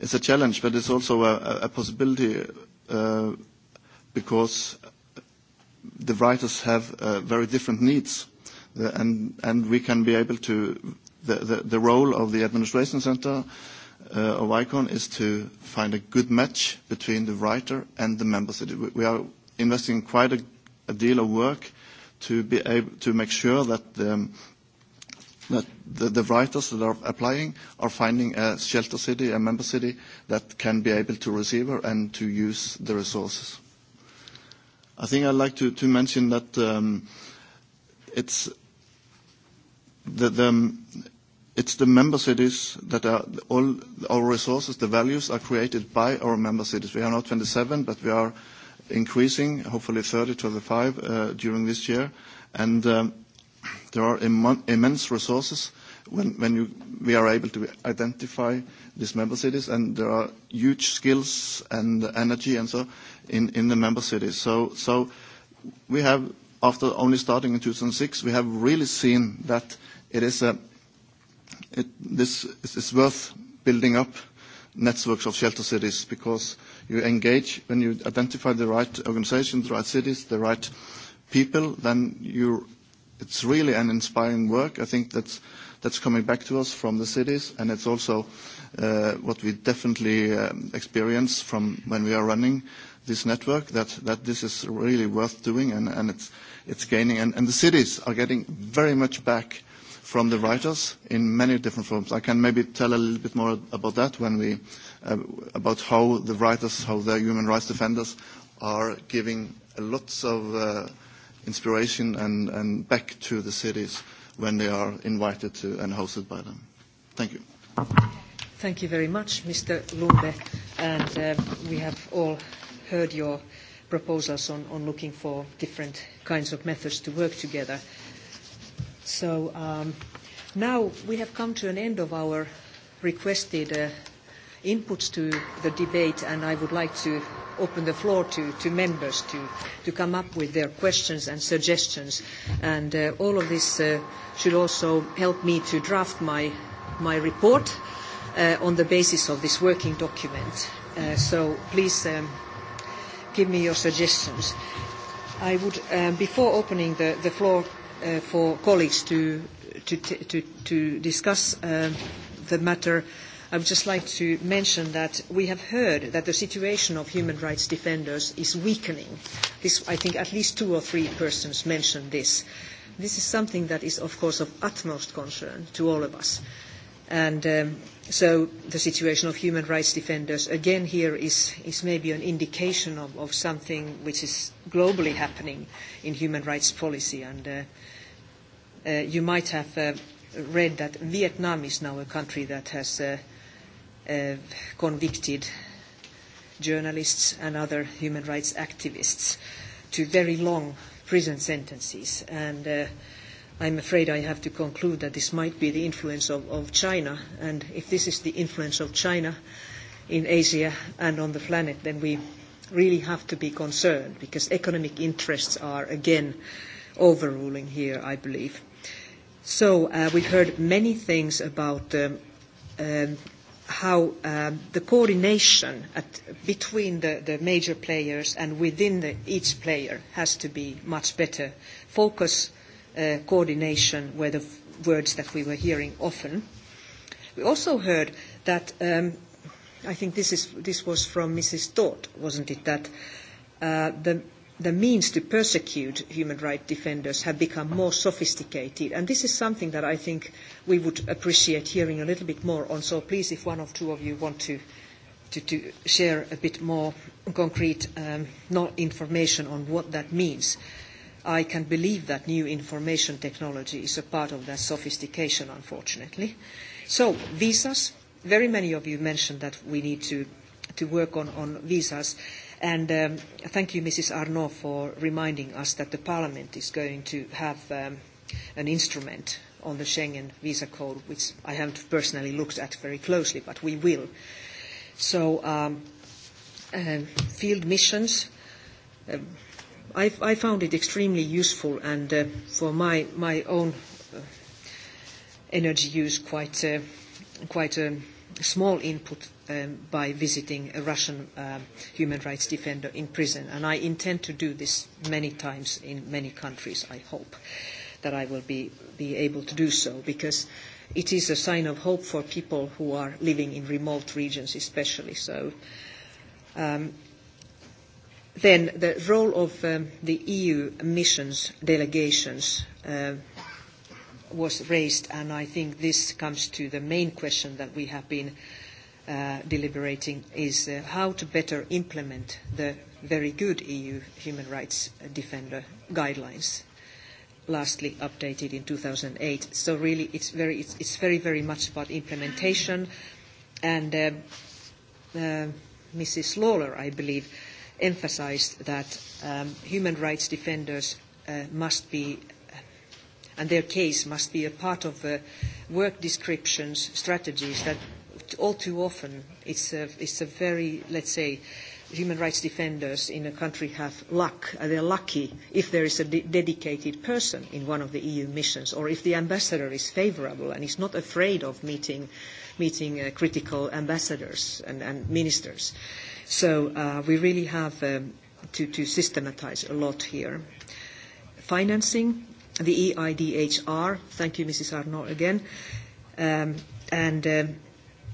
is a challenge, but it's also a, a possibility uh, because the writers have uh, very different needs and and we can be able to. The the the role of the administration center of ICON is to find a good match between the writer and the member city. We are investing quite a deal of work to be able to make sure that the that the the writers that are applying are finding a shelter city, a member city, that can be able to receive her and to use the resources. I think I'd like to to mention that um it's the, the, it's the member cities that are all our resources, the values are created by our member cities. We are now 27, but we are increasing, hopefully 30, 25 uh, during this year. And um, there are Im- immense resources when, when you, we are able to identify these member cities, and there are huge skills and energy and so in, in the member cities. So, so we have, after only starting in 2006, we have really seen that it is a, it, this is worth building up networks of shelter cities because you engage when you identify the right organization, the right cities, the right people, then you it's really an inspiring work. I think that's that's coming back to us from the cities, and it's also uh, what we definitely experience from when we are running this network that that this is really worth doing, and, and it's it's gaining, and, and the cities are getting very much back from the writers in many different forms. I can maybe tell a little bit more about that when we uh, about how the writers, how the human rights defenders are giving lots of uh, inspiration and, and back to the cities when they are invited to and hosted by them. Thank you.
Thank you very much, Mr. Lumbe, And uh, we have all heard your proposals on, on looking for different kinds of methods to work together. So um, now we have come to an end of our requested uh, inputs to the debate, and I would like to open the floor to, to members to, to come up with their questions and suggestions. And all of this uh, should also help me to draft my, my report uh, on the basis of this working document. Uh, so please um, give me your suggestions. I would, um, before opening the, the floor for colleagues to, to, to, to discuss the matter. I would just like to mention that we have heard that the situation of human rights defenders is weakening. This, I think at least two or three persons mentioned this. This is something that is, of course, of utmost concern to all of us. And So the situation of human rights defenders, again, here is, is maybe an indication of, of something which is globally happening in human rights policy. And uh, uh, you might have uh, read that Vietnam is now a country that has uh, uh, convicted journalists and other human rights activists to very long prison sentences. And uh, I'm afraid I have to conclude that this might be the influence of, of China, and if this is the influence of China in Asia and on the planet, then we really have to be concerned because economic interests are again overruling here, I believe. So uh, we've heard many things about um, um, how the coordination at, between the, the major players and within the, each player has to be much better. Focus coordination were the words that we were hearing often. We also heard that, um, I think this, is, this was from Mrs. Todd, wasn't it, that uh, the, the means to persecute human rights defenders have become more sophisticated. And this is something that I think we would appreciate hearing a little bit more on. So please, if one or two of you want to, to, to share a bit more concrete um, information on what that means I can believe that new information technology is a part of that sophistication, unfortunately. So visas, very many of you mentioned that we need to, to work on, on visas. And um, thank you, Mrs. Arnaud, for reminding us that the Parliament is going to have um, an instrument on the Schengen visa code, which I haven't personally looked at very closely, but we will. So um, field missions, I, I found it extremely useful and uh, for my, my own uh, energy use quite, uh, quite a small input um, by visiting a Russian uh, human rights defender in prison. And I intend to do this many times in many countries, I hope that I will be, be able to do so because it is a sign of hope for people who are living in remote regions especially. So um, Then the role of the EU missions delegations was raised, and I think this comes to the main question that we have been deliberating is how to better implement the very good EU human rights defender guidelines, lastly updated in 2008. So really, it's very, it's, it's very, very much about implementation. And Mrs. Lawler, I believe, emphasised that human rights defenders must be and their case must be a part of work descriptions, strategies that all too often it's a, it's a very, let's say, human rights defenders in a country have luck. They're lucky if there is a de- dedicated person in one of the EU missions or if the ambassador is favourable and is not afraid of meeting, meeting uh, critical ambassadors and, and ministers. Uh, So uh, we really have um, to, to systematize a lot here. Financing, the EIDHR, thank you, Mrs. Arnault, again, um, and um,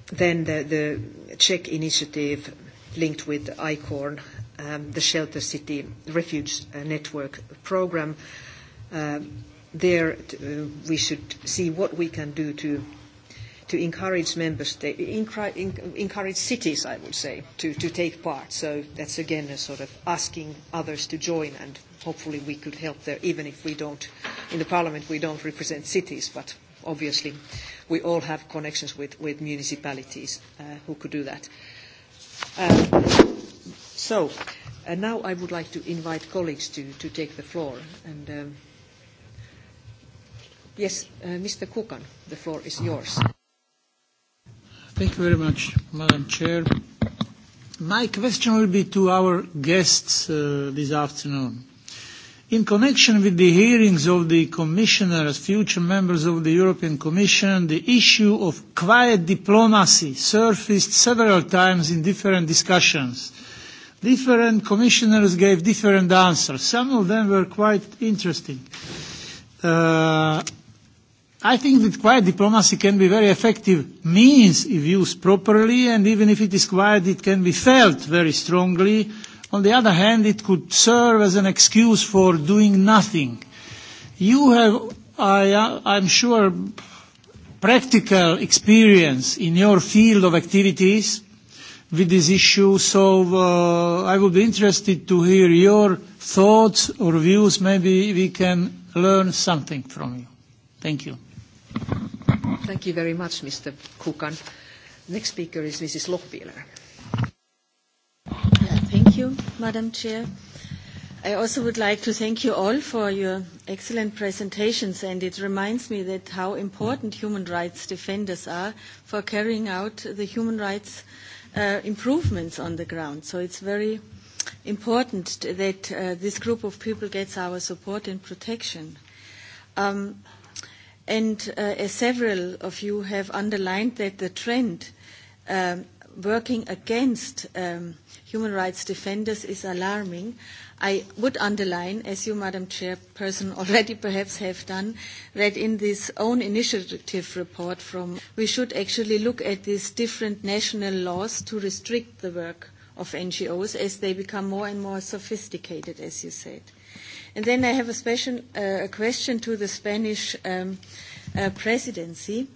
then the, the Czech initiative linked with ICORN, um, the Shelter City Refuge Network program. Um, there uh, we should see what we can do to to encourage member states, encourage cities, I would say, to, to take part. So that's again a sort of asking others to join, and hopefully we could help there, even if we don't, in the parliament we don't represent cities, but obviously we all have connections with, with municipalities uh, who could do that. Um, so now I would like to invite colleagues to, to take the floor. And um, yes, uh, Mr. Kukan, the floor is yours.
Thank you very much, Madam Chair. My question will
be to our guests uh, this afternoon. In connection with the hearings of the commissioners, future members of the European Commission, the issue of quiet diplomacy surfaced several times in different discussions. Different commissioners gave different answers. Some of them were quite interesting. Uh, I think that quiet diplomacy can be very effective means if used properly, and even if it is quiet, it can be felt very strongly. On the other hand, it could serve as an excuse for doing nothing. You have, I, I'm sure, practical experience in your field of activities with this issue, so uh, I would be interested to hear your thoughts or views. Maybe we can learn something from you. Thank you.
Thank you very much, Mr. Kukan. Next speaker is Mrs. Lochbihler.
Thank you, Madam Chair. I also would like to thank you all for your excellent presentations, and it reminds me that how important human rights defenders are for carrying out the human rights improvements on the ground. So it's very important that this group of people gets our support and protection. And as several of you have underlined that the trend working against human rights defenders is alarming, I would underline, as you, Madam Chairperson, already perhaps have done, that in this own initiative report from, we should actually look at these different national laws to restrict the work of NGOs as they become more and more sophisticated, as you said. And then I have a special uh, a question to the Spanish um, uh, presidency.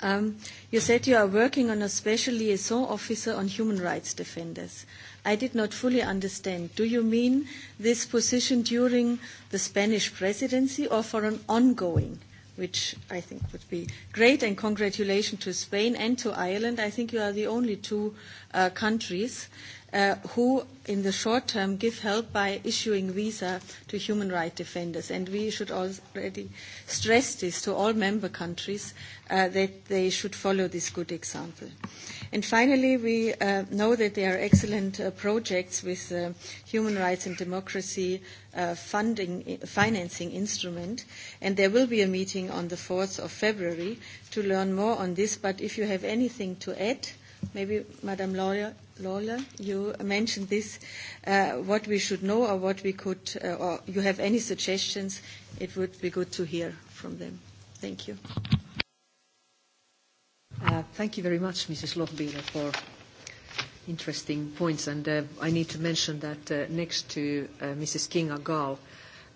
Um, you said you are working on a special liaison officer on human rights defenders. I did not fully understand. Do you mean this position during the Spanish presidency or for an ongoing which I think would be great, and congratulations to Spain and to Ireland. I think you are the only two uh, countries who in the short term give help by issuing visa to human rights defenders. And we should already stress this to all member countries that they should follow this good example. And finally, we know that there are excellent projects with the Human Rights and Democracy funding, financing instrument, and there will be a meeting on the 4th of February to learn more on this. But if you have anything to add, Maybe, Madam Lawler, you mentioned this, uh, what we should know or what we could, uh, or you have any suggestions, it would be good to hear from them. Thank you.
Uh, thank you very much, Mrs. Lochbieler, for interesting points. And uh, I need to mention that uh, next to uh, Mrs. King Agal,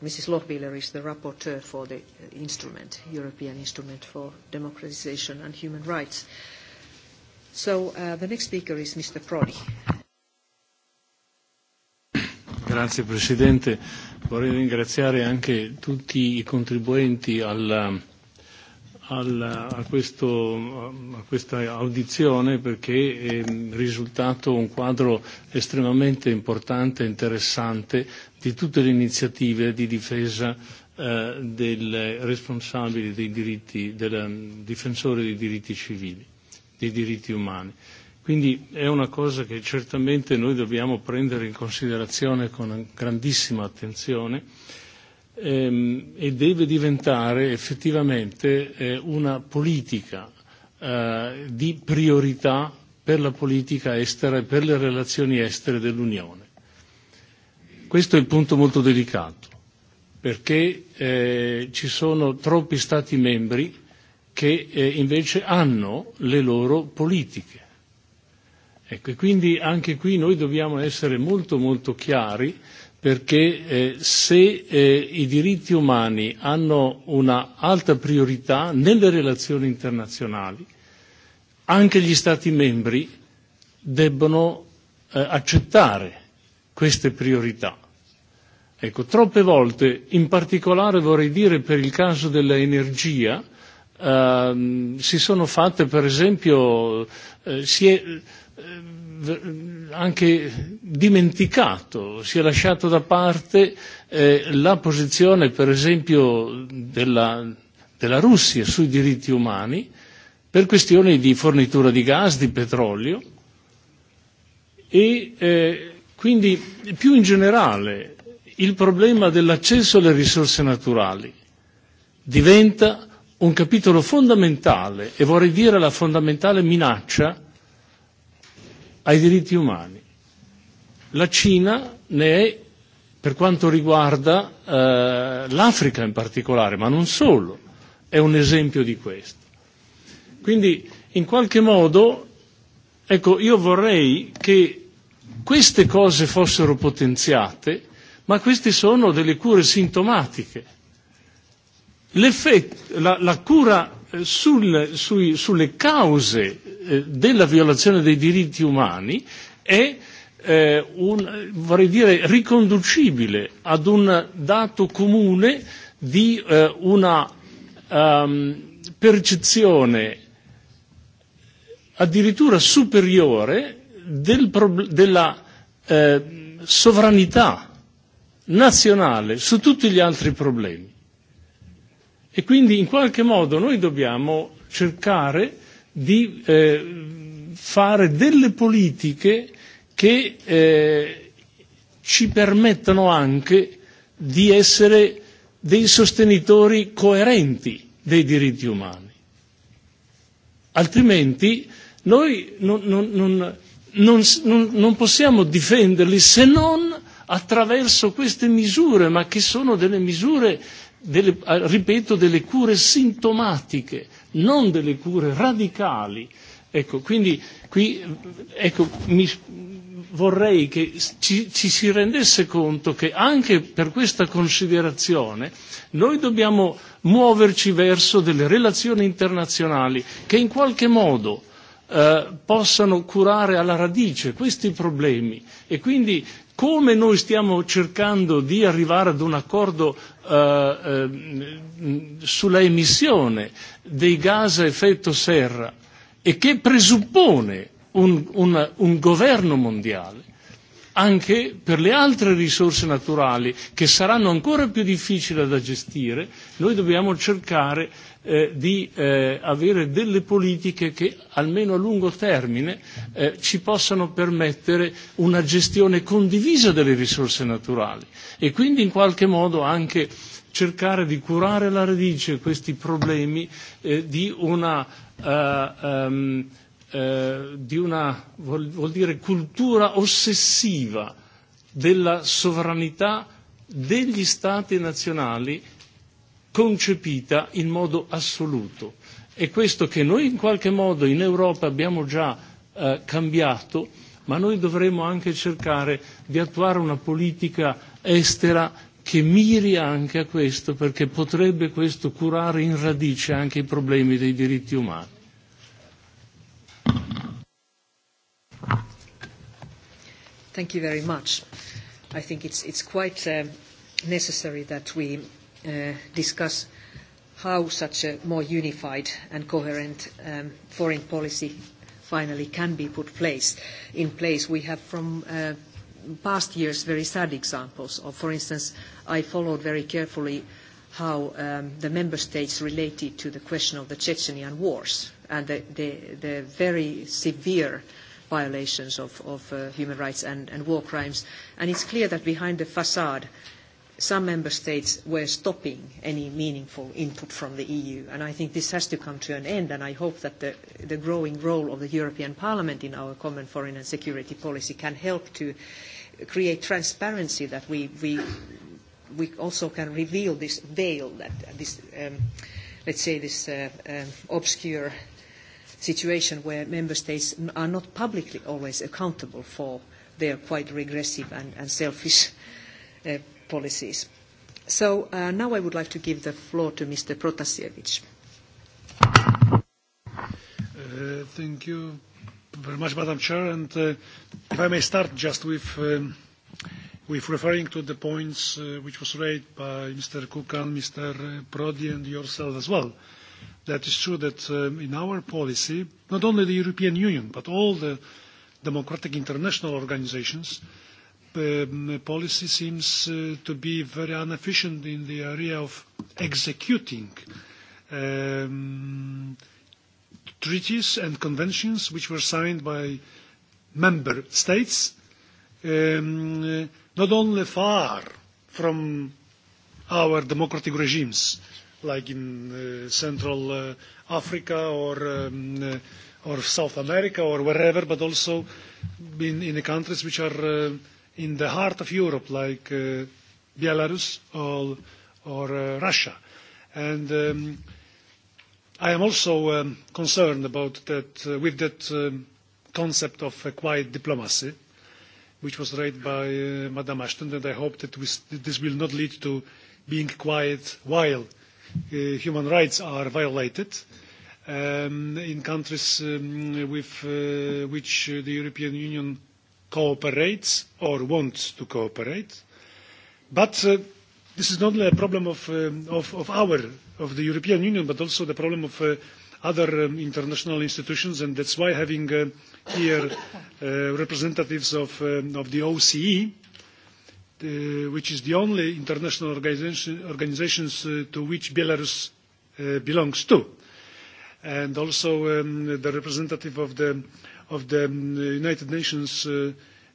Mrs. Lochbieler is the rapporteur for the instrument, European Instrument for Democratization and Human Rights. Uh, Signor the next speaker is Mr. Prodi.
Grazie Presidente, vorrei ringraziare anche tutti i contribuenti alla, alla, a, questo, a questa audizione perché è risultato un quadro estremamente importante e interessante di tutte le iniziative di difesa eh, del responsabile dei diritti, del difensore dei diritti civili dei diritti umani. Quindi è una cosa che certamente noi dobbiamo prendere in considerazione con grandissima attenzione ehm, e deve diventare effettivamente eh, una politica eh, di priorità per la politica estera e per le relazioni estere dell'Unione. Questo è il punto molto delicato, perché eh, ci sono troppi Stati membri che eh, invece hanno le loro politiche. Ecco, e quindi anche qui noi dobbiamo essere molto molto chiari perché eh, se eh, i diritti umani hanno una alta priorità nelle relazioni internazionali, anche gli Stati membri debbono eh, accettare queste priorità. Ecco, troppe volte, in particolare vorrei dire per il caso dell'energia, si sono fatte per esempio si è anche dimenticato, si è lasciato da parte la posizione per esempio della, della Russia sui diritti umani per questioni di fornitura di gas, di petrolio e eh, quindi più in generale il problema dell'accesso alle risorse naturali diventa un capitolo fondamentale e vorrei dire la fondamentale minaccia ai diritti umani. La Cina ne è per quanto riguarda eh, l'Africa in particolare, ma non solo, è un esempio di questo. Quindi in qualche modo ecco, io vorrei che queste cose fossero potenziate, ma queste sono delle cure sintomatiche la, cura sulle cause della violazione dei diritti umani è un, vorrei dire, riconducibile ad un dato comune di una percezione addirittura superiore del della sovranità nazionale su tutti gli altri problemi. E quindi in qualche modo noi dobbiamo cercare di eh, fare delle politiche che eh, ci permettano anche di essere dei sostenitori coerenti dei diritti umani. Altrimenti noi non, non, non, non, non, non possiamo difenderli se non attraverso queste misure, ma che sono delle misure delle, ripeto, delle cure sintomatiche, non delle cure radicali. Ecco, quindi qui ecco, mi, vorrei che ci, ci si rendesse conto che anche per questa considerazione noi dobbiamo muoverci verso delle relazioni internazionali che in qualche modo eh, possano curare alla radice questi problemi e quindi come noi stiamo cercando di arrivare ad un accordo sulla emissione dei gas a effetto serra e che presuppone un governo mondiale, anche per le altre risorse naturali che saranno ancora più difficili da gestire, noi dobbiamo cercare eh, di eh, avere delle politiche che almeno a lungo termine eh, ci possano permettere una gestione condivisa delle risorse naturali e quindi in qualche modo anche cercare di curare alla radice questi problemi eh, di una eh, um, di una vuol, vuol dire cultura ossessiva della sovranità degli stati nazionali concepita in modo assoluto. È questo che noi in qualche modo in Europa abbiamo già eh, cambiato, ma noi dovremmo anche cercare di attuare una politica estera che miri anche a questo, perché potrebbe questo curare in radice anche i problemi dei diritti umani.
Thank you very much. I think it's, it's quite uh, necessary that we uh, discuss how such a more unified and coherent um, foreign policy finally can be put place, in place. We have from uh, past years very sad examples of, for instance, I followed very carefully how um, the member states related to the question of the Chechenian wars and the, the, the very severe uh, violations of, human rights and, war crimes. And it's clear that behind the facade, some member states were stopping any meaningful input from the EU. And I think this has to come to an end, and I hope that the, the growing role of the European Parliament in our common foreign and security policy can help to create transparency that we, we, we also can reveal this veil, that this, um, let's say, this uh, um, obscure situation where member states are not publicly always accountable for their quite regressive and, and selfish uh, policies. So uh, now I would like to
give the floor to Mr. Protasiewicz. Uh, thank you very much, Madam Chair. And uh, if I may start just with, um, with referring to the points uh, which was raised by Mr. Kukan, Mr. Prodi, and yourself as well. Uh, that is true that in our policy, not only the European Union, but all the democratic international organizations, policy seems to be very inefficient in the area of executing treaties and conventions which were signed by member states, not only far from our democratic regimes, like in Central Africa or South America or wherever, but also in the countries which are in the heart of Europe, like Belarus or or Russia. And I am also um concerned about that with that concept of quiet diplomacy, which was raised by Madam Ashton, and I hope that this will not lead to being quiet while human rights are violated in countries with which the European Union cooperates or wants to cooperate. But this is not only a problem of, our, of the European Union, but also the problem of other international institutions, and that's why having here representatives of, the OCE which is the only international organisation to which Belarus belongs to. And also the representative of the, United Nations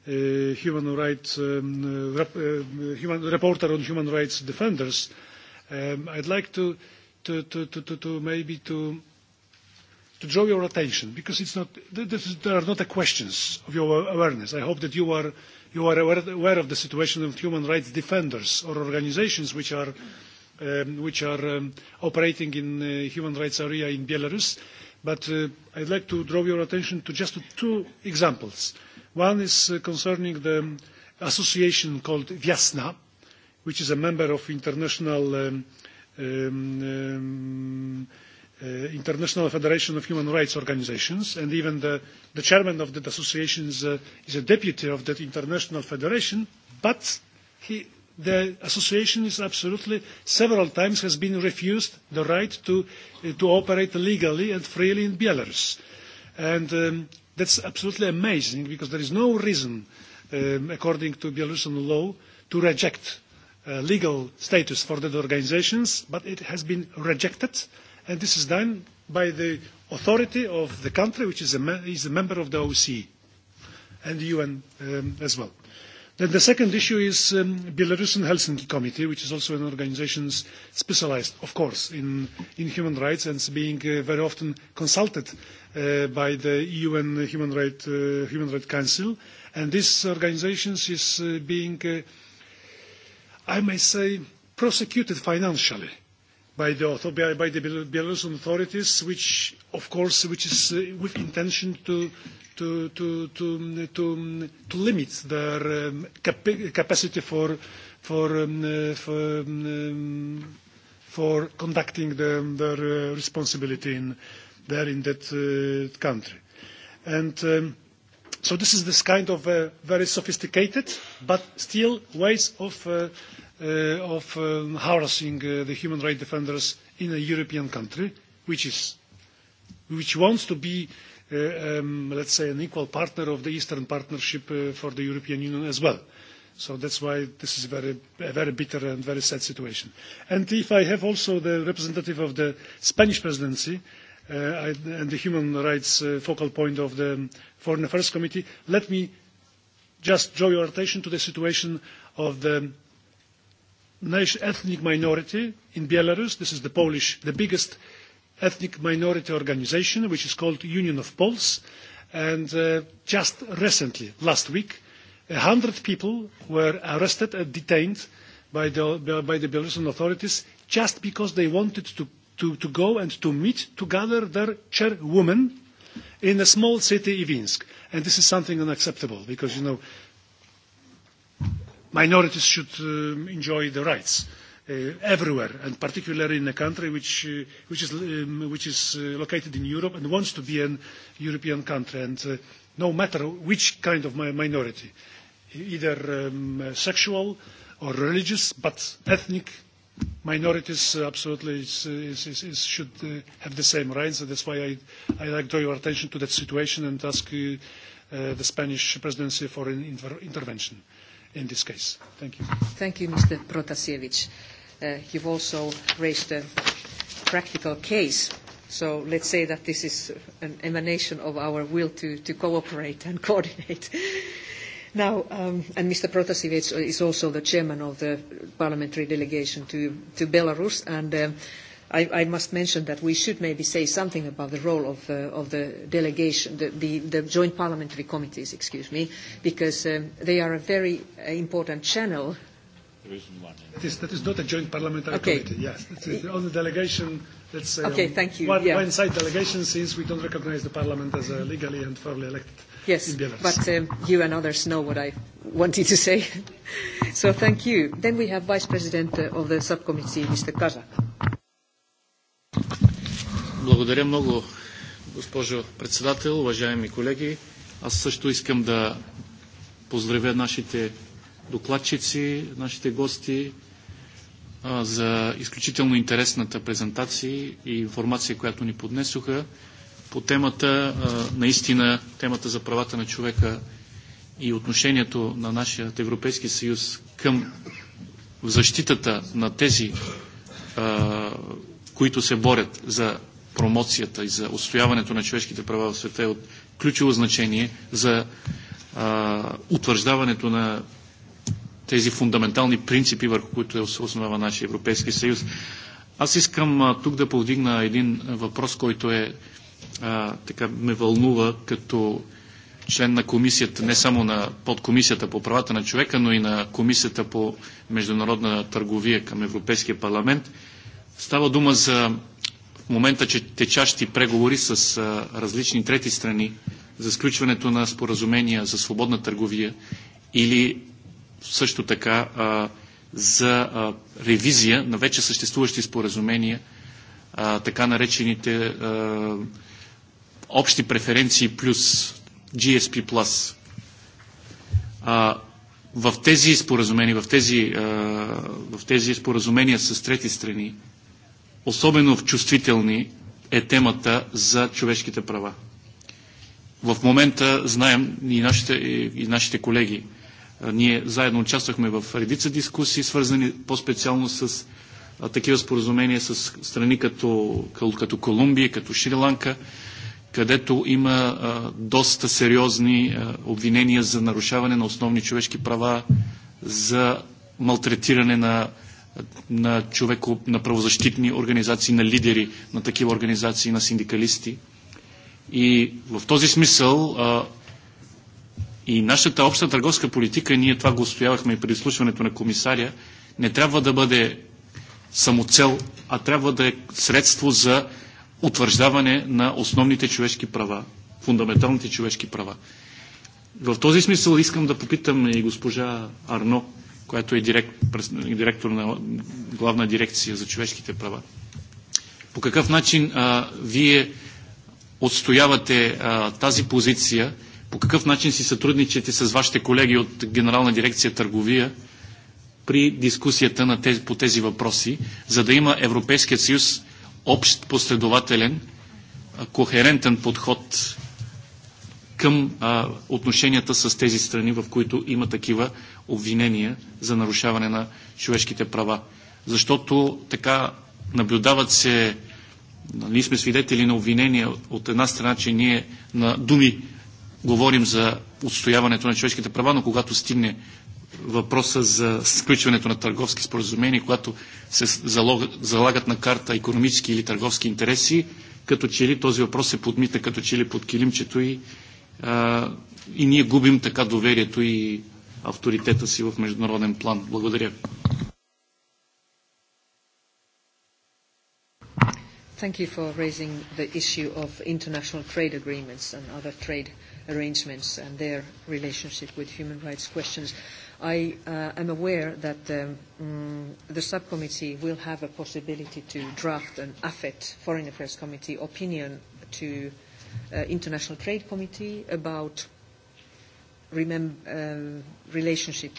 human rights reporter on human rights defenders. Um, I'd like to, to, to, to, to maybe to to draw your attention because it's not, this is, there are not the questions of your awareness. I hope that you are You are aware of the situation of human rights defenders or organisations which are which are operating in the human rights area in Belarus. But I would like to draw your attention to just two examples. One is concerning the association called Vyasna, which is a member of international International Federation of Human Rights Organizations, and even the, the chairman of that association is a, is a deputy of that international federation, but he, the association is absolutely several times has been refused the right to, uh, to operate legally and freely in Belarus. And um, that's absolutely amazing because there is no reason, um, according to Belarusian law, to reject uh, legal status for the organizations, but it has been rejected uh, and this is done by the authority of the country, which is a, is a member of the OEC and the UN um, as well. Then the second issue is um, Belarusian Helsinki Committee, which is also an organization specialized, of course, in, in human rights and is being uh, very often consulted uh, by the UN Human Rights uh, Human Right Council. And this organization is uh, being, uh, I may say, prosecuted financially by the, by the Belarusian authorities, which, of course, which is with intention to, to, to, to, to, to limit their capacity for, for, for, for conducting their, their responsibility in, there in that country. And so this is this kind of very sophisticated, but still ways of of harassing the human rights defenders in a European country, which is which wants to be, let's say, an equal partner of the Eastern Partnership for the European Union as well. So that's why this is very, a very bitter and very sad situation. And if I have also the representative of the Spanish presidency and the human rights focal point of the Foreign Affairs Committee, let me just draw your attention to the situation of the nation ethnic minority in Belarus. This is the Polish, the biggest ethnic minority organisation, which is called Union of Poles. And just recently, last week, a hundred people were arrested and detained by the, by the Belarusian authorities just because they wanted to, to, to go and to meet together their chairwoman in a small city, Ivinsk. And this is something unacceptable because, you know, minorities should enjoy the rights everywhere, and particularly in a country which, is, located in Europe and wants to be a European country, and no matter which kind of minority, either sexual or religious, but ethnic minorities absolutely should have the same rights, and that's why I, I like draw your attention to that situation and ask the Spanish presidency for an intervention in this case. Thank you.
Thank you, Mr. Protasevich. Uh, you've also raised a practical case. So let's say that this is an emanation of our will to, to cooperate and coordinate. Now, um, and Mr. Protasevich is also the chairman of the parliamentary delegation to, to Belarus, and um, I must mention that we should maybe say something about the role of the delegation, the joint parliamentary committees, excuse me, because they are a very
important channel. There isn't one. That is not a joint parliamentary committee. Yes. It's on the delegation, let's say. Okay, thank you. One side delegation, since we don't recognize the parliament as legally and fairly elected
Yes, but you and others know what I wanted to say. So thank you. Then we have Vice President of the subcommittee, Mr. Kazak.
Благодаря много, госпожо председател, уважаеми колеги. Аз също искам да поздравя нашите докладчици, нашите гости а, за изключително интересната презентация и информация, която ни поднесоха по темата, а, наистина темата за правата на човека и отношението на нашия Европейски съюз към защитата на тези, а, които се борят за промоцията и за устояването на човешките права в света е от ключово значение за а, утвърждаването на тези фундаментални принципи, върху които е се основава нашия Европейски съюз. Аз искам а, тук да повдигна един въпрос, който е а, така ме вълнува като член на комисията, не само на подкомисията по правата на човека, но и на комисията по международна търговия към Европейския парламент. Става дума за в момента че течащи преговори с различни трети страни за сключването на споразумения за свободна търговия или също така за ревизия на вече съществуващи споразумения, така наречените общи преференции плюс GSP Plus. В тези споразумения, в тези, в тези споразумения с трети страни особено в чувствителни е темата за човешките права. В момента знаем и нашите, и нашите колеги, ние заедно участвахме в редица дискусии, свързани по-специално с а, такива споразумения с страни като, като Колумбия, като Шри-Ланка, където има а, доста сериозни а, обвинения за нарушаване на основни човешки права, за малтретиране на на човеко, на правозащитни организации, на лидери на такива организации, на синдикалисти. И в този смисъл а, и нашата обща търговска политика, ние това го устоявахме и при изслушването на комисаря, не трябва да бъде самоцел, а трябва да е средство за утвърждаване на основните човешки права, фундаменталните човешки права. В този смисъл искам да попитам и госпожа Арно, която е директ, директор на главна дирекция за човешките права. По какъв начин а, вие отстоявате а, тази позиция? По какъв начин си сътрудничате с вашите колеги от Генерална дирекция търговия при дискусията на тези, по тези въпроси, за да има Европейският съюз общ, последователен, а, кохерентен подход към а, отношенията с тези страни, в които има такива обвинения за нарушаване на човешките права. Защото така наблюдават се, ние нали, сме свидетели на обвинения от една страна, че ние на думи говорим за отстояването на човешките права, но когато стигне въпроса за сключването на търговски споразумения, когато се залагат на карта економически или търговски интереси, като че ли този въпрос се подмита, като че ли под килимчето и а, и ние губим така доверието и авторитета си в международен план. Благодаря.
Thank you for raising the issue of international trade agreements and other trade arrangements and their relationship with human rights questions. I am aware that the subcommittee will have a possibility to draft an AFET, Foreign Affairs Committee, opinion to uh, International Trade Committee about remem- uh, relationship,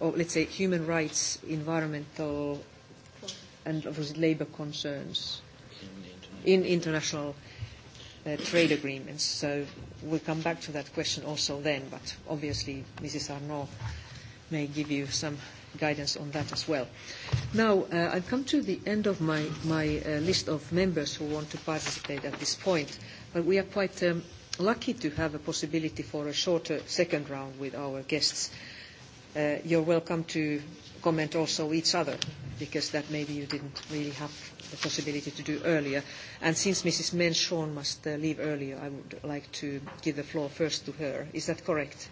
or let's say human rights, environmental, and labour concerns in international uh, trade agreements. So we'll come back to that question also then, but obviously Mrs. Arnaud may give you some guidance on that as well. Now, uh, I've come to the end of my, my uh, list of members who want to participate at this point. But we are quite um, lucky to have a possibility for a shorter second round with our guests. Uh, you're welcome to comment also each other, because that maybe you didn't really have the possibility to do earlier. And since Mrs. Menshon must uh, leave earlier, I would like to give the floor first to her. Is that correct?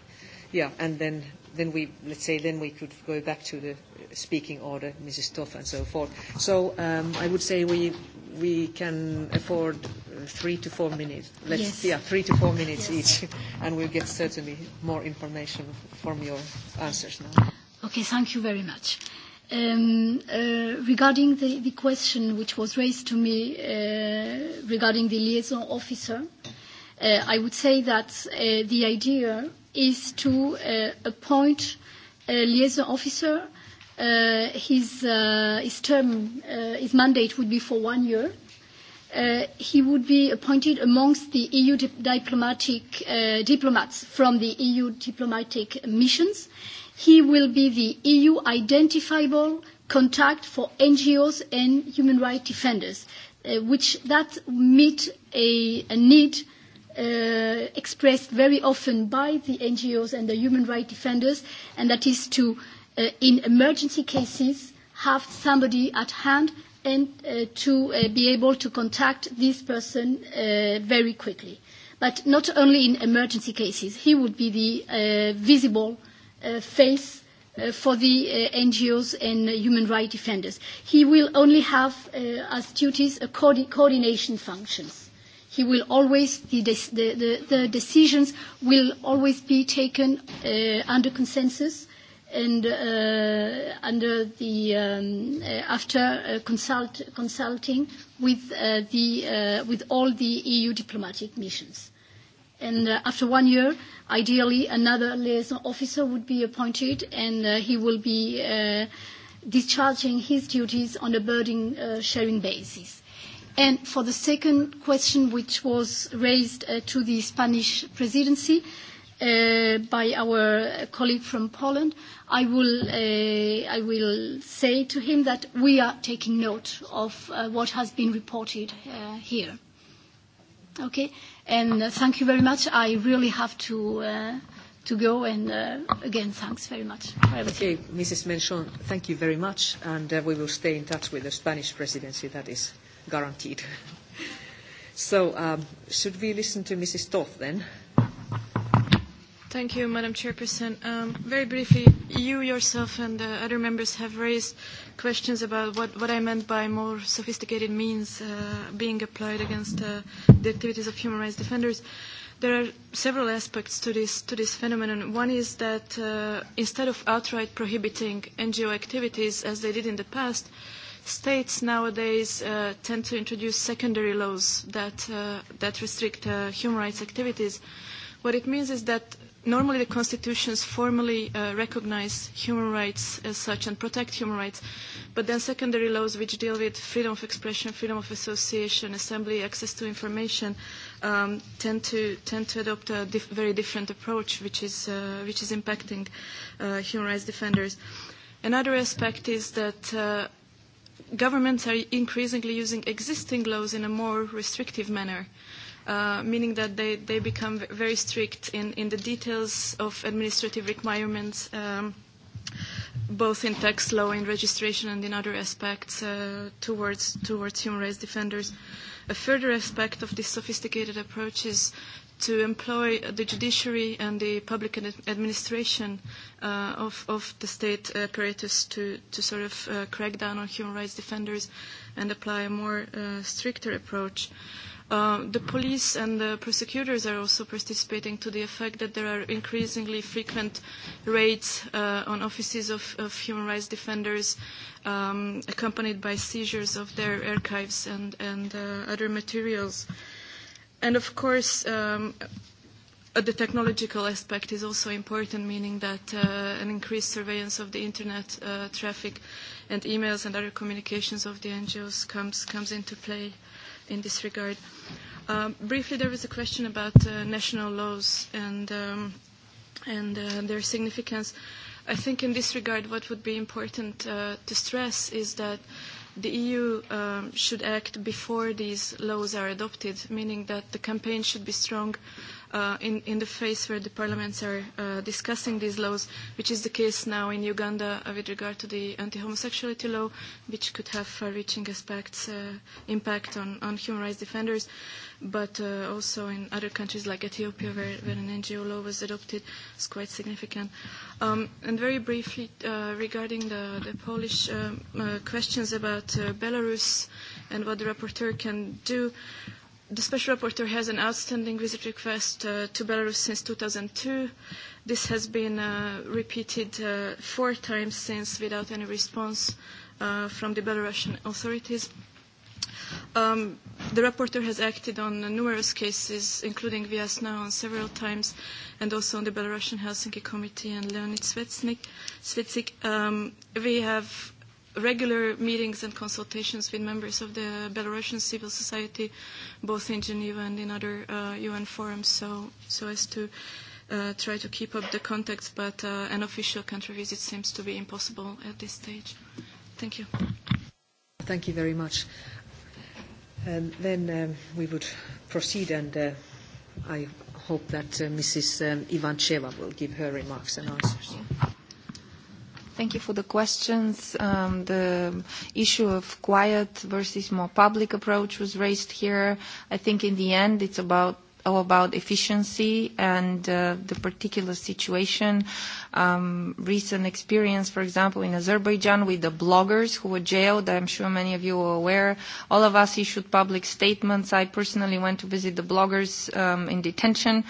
Yeah, and then, then we, let's say, then we could go back to the speaking order, Mrs. Toff and so forth. So um, I would say we, we can afford three to four minutes. Let's, yes. Yeah, three to four minutes yes. each, and we'll get certainly more information from your answers now.
Okay, thank you very much. Um, uh, regarding the, the question which was raised to me uh, regarding the liaison officer, uh, I would say that uh, the idea is to uh, appoint a liaison officer. Uh, his, uh, his term, uh, his mandate would be for one year he would be appointed amongst the EU diplomatic diplomats from the EU diplomatic missions. He will be the EU identifiable contact for NGOs and human rights defenders, which that meet a, need expressed very often by the NGOs and the human rights defenders, and that is to, in emergency cases, have somebody at hand and uh, to uh, be able to contact this person uh, very quickly. But not only in emergency cases, he would be the uh, visible uh, face uh, for the uh, NGOs and uh, human rights defenders. He will only have uh, as duties a co- coordination functions. He will always, the, de- the, the, the decisions will always be taken uh, under consensus and uh, under the um, uh, after uh, consult, consulting with uh, the uh, with all the EU diplomatic missions. And uh, after one year, ideally, another liaison officer would be appointed, and uh, he will be uh, discharging his duties on a burden uh, sharing basis. And for the second question, which was raised uh, to the Spanish presidency, uh, uh, by our colleague from Poland, I will, uh, I will say to him that we are taking note of uh, what has been reported uh, here. Okay, and uh, thank you very much. I really have to, uh, to go, and uh, again, thanks very much. Okay,
Mrs. Menchon, thank you very much, and uh, we will stay in touch with the Spanish presidency, that is guaranteed. so um, should we listen to Mrs. Toth then?
Thank you, Madam Chairperson. Um, very briefly, you yourself and the other members have raised questions about what, what I meant by more sophisticated means uh, being applied against uh, the activities of human rights defenders. There are several aspects to this, to this phenomenon. One is that uh, instead of outright prohibiting NGO activities as they did in the past, states nowadays uh, tend to introduce secondary laws that, uh, that restrict uh, human rights activities. What it means is that normally the constitutions formally uh, recognize human rights as such and protect human rights, but then secondary laws which deal with freedom of expression, freedom of association, assembly, access to information, um, tend to tend to adopt a dif- very different approach, which is uh, which is impacting uh, human rights defenders. Another aspect is that. Uh, Governments are increasingly using existing laws in a more restrictive manner. Uh, uh, meaning that they, they become very strict in, in the details of administrative requirements, um, both in tax law, in registration, and in other aspects uh, towards, towards human rights defenders. A further aspect of this sophisticated approach is to employ the judiciary and the public administration uh, of, of the state apparatus to, to sort of uh, crack down on human rights defenders and apply a more uh, stricter approach. Uh, the police and the prosecutors are also participating to the effect that there are increasingly frequent raids uh, on offices of, of human rights defenders um, accompanied by seizures of their archives and, and uh, other materials. And of course, um, the technological aspect is also important, meaning that uh, an increased surveillance of the internet uh, traffic and emails and other communications of the NGOs comes, comes into play in this regard. Um, briefly, there was a question about uh, national laws and, um, and uh, their significance. I think in this regard, what would be important uh, to stress is that the EU um, should act before these laws are adopted, meaning that the campaign should be strong uh, uh, in, in the phase where the parliaments are uh, discussing these laws, which is the case now in Uganda uh, with regard to the anti-homosexuality law, which could have far-reaching aspects, uh, impact on, on human rights defenders, but uh, also in other countries like Ethiopia, where, where an NGO law was adopted, is quite significant. Um, and very briefly, uh, regarding the, the Polish um, uh, questions about uh, Belarus and what the rapporteur can do, uh, the Special Rapporteur has an outstanding visit request uh, to Belarus since 2002. This has been uh, repeated uh, four times since without any response uh, from the Belarusian authorities. Um, the rapporteur has acted on numerous cases, including Vyasna on several times, and also on the Belarusian Helsinki Committee and Leonid Svetsnik. Svetsik. Um, we have regular meetings and consultations with members of the Belarusian civil society, both in Geneva and in other uh, UN forums, so, so as to uh, try to keep up the contacts, but uh, an official country visit seems to be impossible at this stage. Thank you.
Thank you very much. Um, then um, we would proceed, and uh, I hope that uh, Mrs. Um, Ivancheva will give her remarks and answers. Yeah.
Thank you for the questions. Um, the issue of quiet versus more public approach was raised here. I think in the end, it's about all about efficiency and uh, the particular situation. Um, recent experience, for example, in Azerbaijan with the bloggers who were jailed. I'm sure many of you are aware. All of us issued public statements. I personally went to visit the bloggers um, in detention.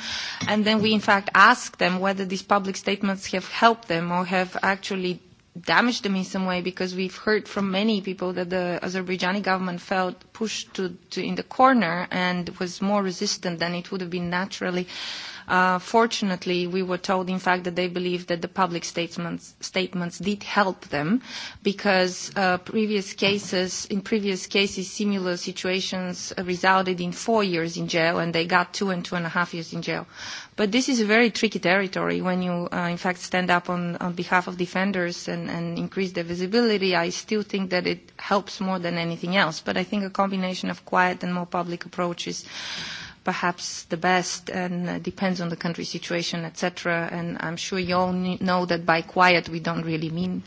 And then we, in fact, asked them whether these public statements have helped them or have actually damage them in some way because we've heard from many people that the Azerbaijani government felt pushed to, to in the corner and was more resistant than it would have been naturally. Uh, Uh, fortunately, we were told, in fact, that they believe that the public statements, statements did help them because uh, previous cases, in previous cases, similar situations resulted in four years in jail and they got two and two and a half years in jail. But this is a very tricky territory when you, uh, in fact, stand up on, on behalf of defenders and, and increase their visibility. I still think that it helps more than anything else. But I think a combination of quiet and more public approaches perhaps the best and uh, depends on the country situation, etc. And I'm sure you all know that by quiet we don't really mean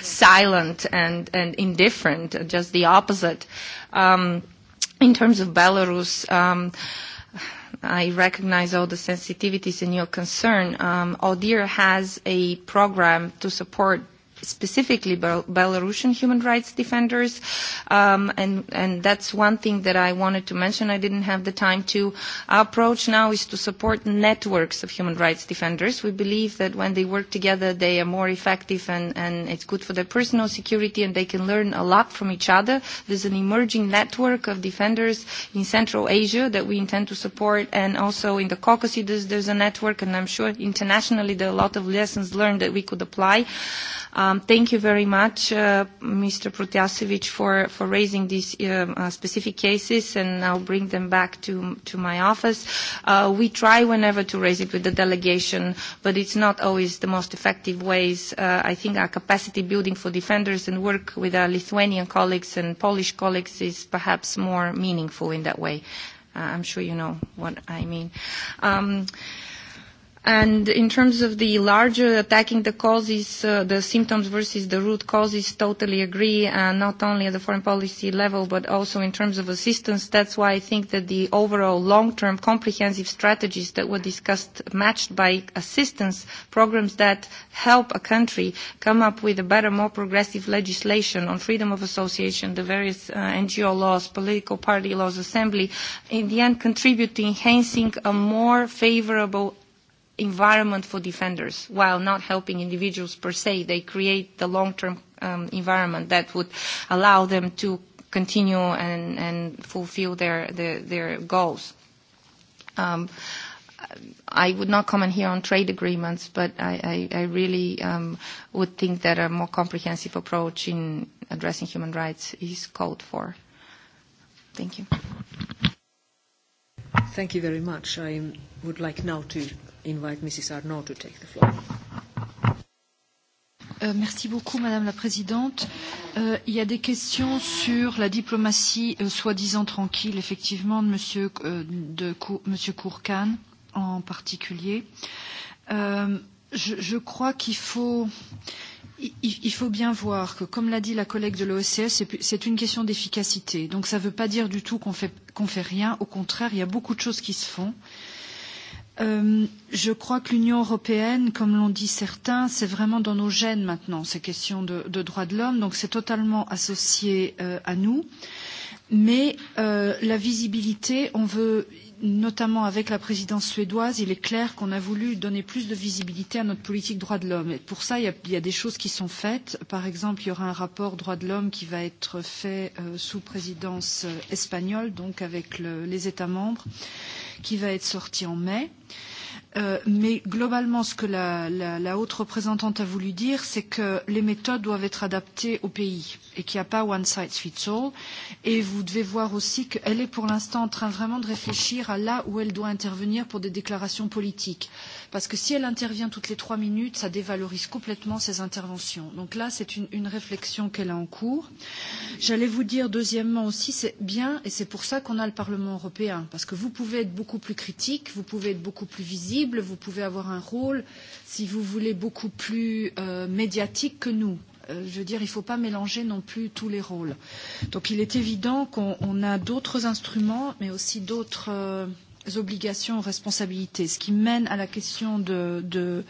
silent and, and indifferent, just the opposite. Um, in terms of Belarus, um, I recognize all the sensitivities and your concern. Um, ODIR has a program to support specifically Belarusian human rights defenders. Um, and, and that's one thing that I wanted to mention. I didn't have the time to. Our approach now is to support networks of human rights defenders. We believe that when they work together, they are more effective and, and it's good for their personal security and they can learn a lot from each other. There's an emerging network of defenders in Central Asia that we intend to support and also in the Caucasus there's a network and I'm sure internationally there are a lot of lessons learned that we could apply. Um, Um, thank you very much, uh, Mr. Protasevich, for, for raising these uh, specific cases, and I'll bring them back to, to my office. Uh, we try whenever to raise it with the delegation, but it's not always the most effective ways. Uh, I think our capacity building for defenders and work with our Lithuanian colleagues and Polish colleagues is perhaps more meaningful in that way. Uh, I'm sure you know what I mean. Um, And in terms of the larger attacking the causes, uh, the symptoms versus the root causes, totally agree, uh, not only at the foreign policy level, but also in terms of assistance. That's why I think that the overall long-term comprehensive strategies that were discussed, matched by assistance programs that help a country come up with a better, more progressive legislation on freedom of association, the various uh, NGO laws, political party laws, assembly, in the end contribute to enhancing a more favorable environment for defenders while not helping individuals per se. They create the long-term um, environment that would allow them to continue and, and fulfill their, their, their goals. Um, I would not comment here on trade agreements, but I, I, I really um, would think that a more comprehensive approach in addressing human rights is called for. Thank you.
Thank you very much. I would like now to invite Mrs. Arnaud to take the floor.
Merci beaucoup, Madame la Présidente. Euh, il y a des questions sur la diplomatie euh, soi-disant tranquille, effectivement, de Monsieur, euh, de, monsieur Kourkan en particulier. Euh, je, je crois qu'il faut, il, il faut bien voir que, comme l'a dit la collègue de l'OSCE, c'est une question d'efficacité. Donc ça ne veut pas dire du tout qu'on fait, qu'on fait rien. Au contraire, il y a beaucoup de choses qui se font. Euh, je crois que l'Union européenne, comme l'ont dit certains, c'est vraiment dans nos gènes maintenant, ces questions de, de droits de l'homme, donc c'est totalement associé à nous. Mais la visibilité, on veut notamment avec la présidence suédoise, il est clair qu'on a voulu donner plus de visibilité à notre politique droits de l'homme. Et pour ça, il y, a, il y a des choses qui sont faites. Par exemple, il y aura un rapport droits de l'homme qui va être fait euh, sous présidence espagnole, donc avec le, les États membres, qui va être sorti en mai. Euh, mais globalement, ce que la, la, la haute représentante a voulu dire, c'est que les méthodes doivent être adaptées au pays et qu'il n'y a pas one size fits all. Et vous devez voir aussi qu'elle est pour l'instant en train vraiment de réfléchir à là où elle doit intervenir pour des déclarations politiques. Parce que si elle intervient toutes les trois minutes, ça dévalorise complètement ses interventions. Donc là, c'est une, une réflexion qu'elle a en cours. J'allais vous dire, deuxièmement aussi, c'est bien, et c'est pour ça qu'on a le Parlement européen. Parce que vous pouvez être beaucoup plus critique, vous pouvez être beaucoup plus visible, vous pouvez avoir un rôle, si vous voulez, beaucoup plus euh, médiatique que nous je veux dire, il ne faut pas mélanger non plus tous les rôles. Donc il est évident qu'on a d'autres instruments, mais aussi d'autres obligations, responsabilités, ce qui mène à la question de, de,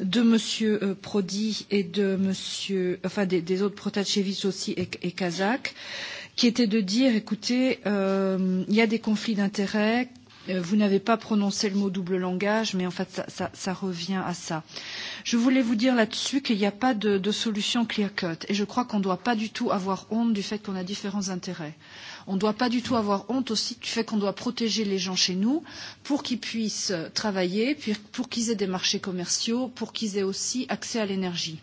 de Monsieur Prodi et de Monsieur, enfin des, des autres Protachevich aussi et, et Kazakh, qui était de dire, écoutez, euh, il y a des conflits d'intérêts, vous n'avez pas prononcé le mot double langage, mais en fait, ça, ça, ça revient à ça. Je voulais vous dire là-dessus qu'il n'y a pas de, de solution clear-cut. Et je crois qu'on ne doit pas du tout avoir honte du fait qu'on a différents intérêts. On ne doit pas du tout avoir honte aussi du fait qu'on doit protéger les gens chez nous pour qu'ils puissent travailler, pour qu'ils aient des marchés commerciaux, pour qu'ils aient aussi accès à l'énergie.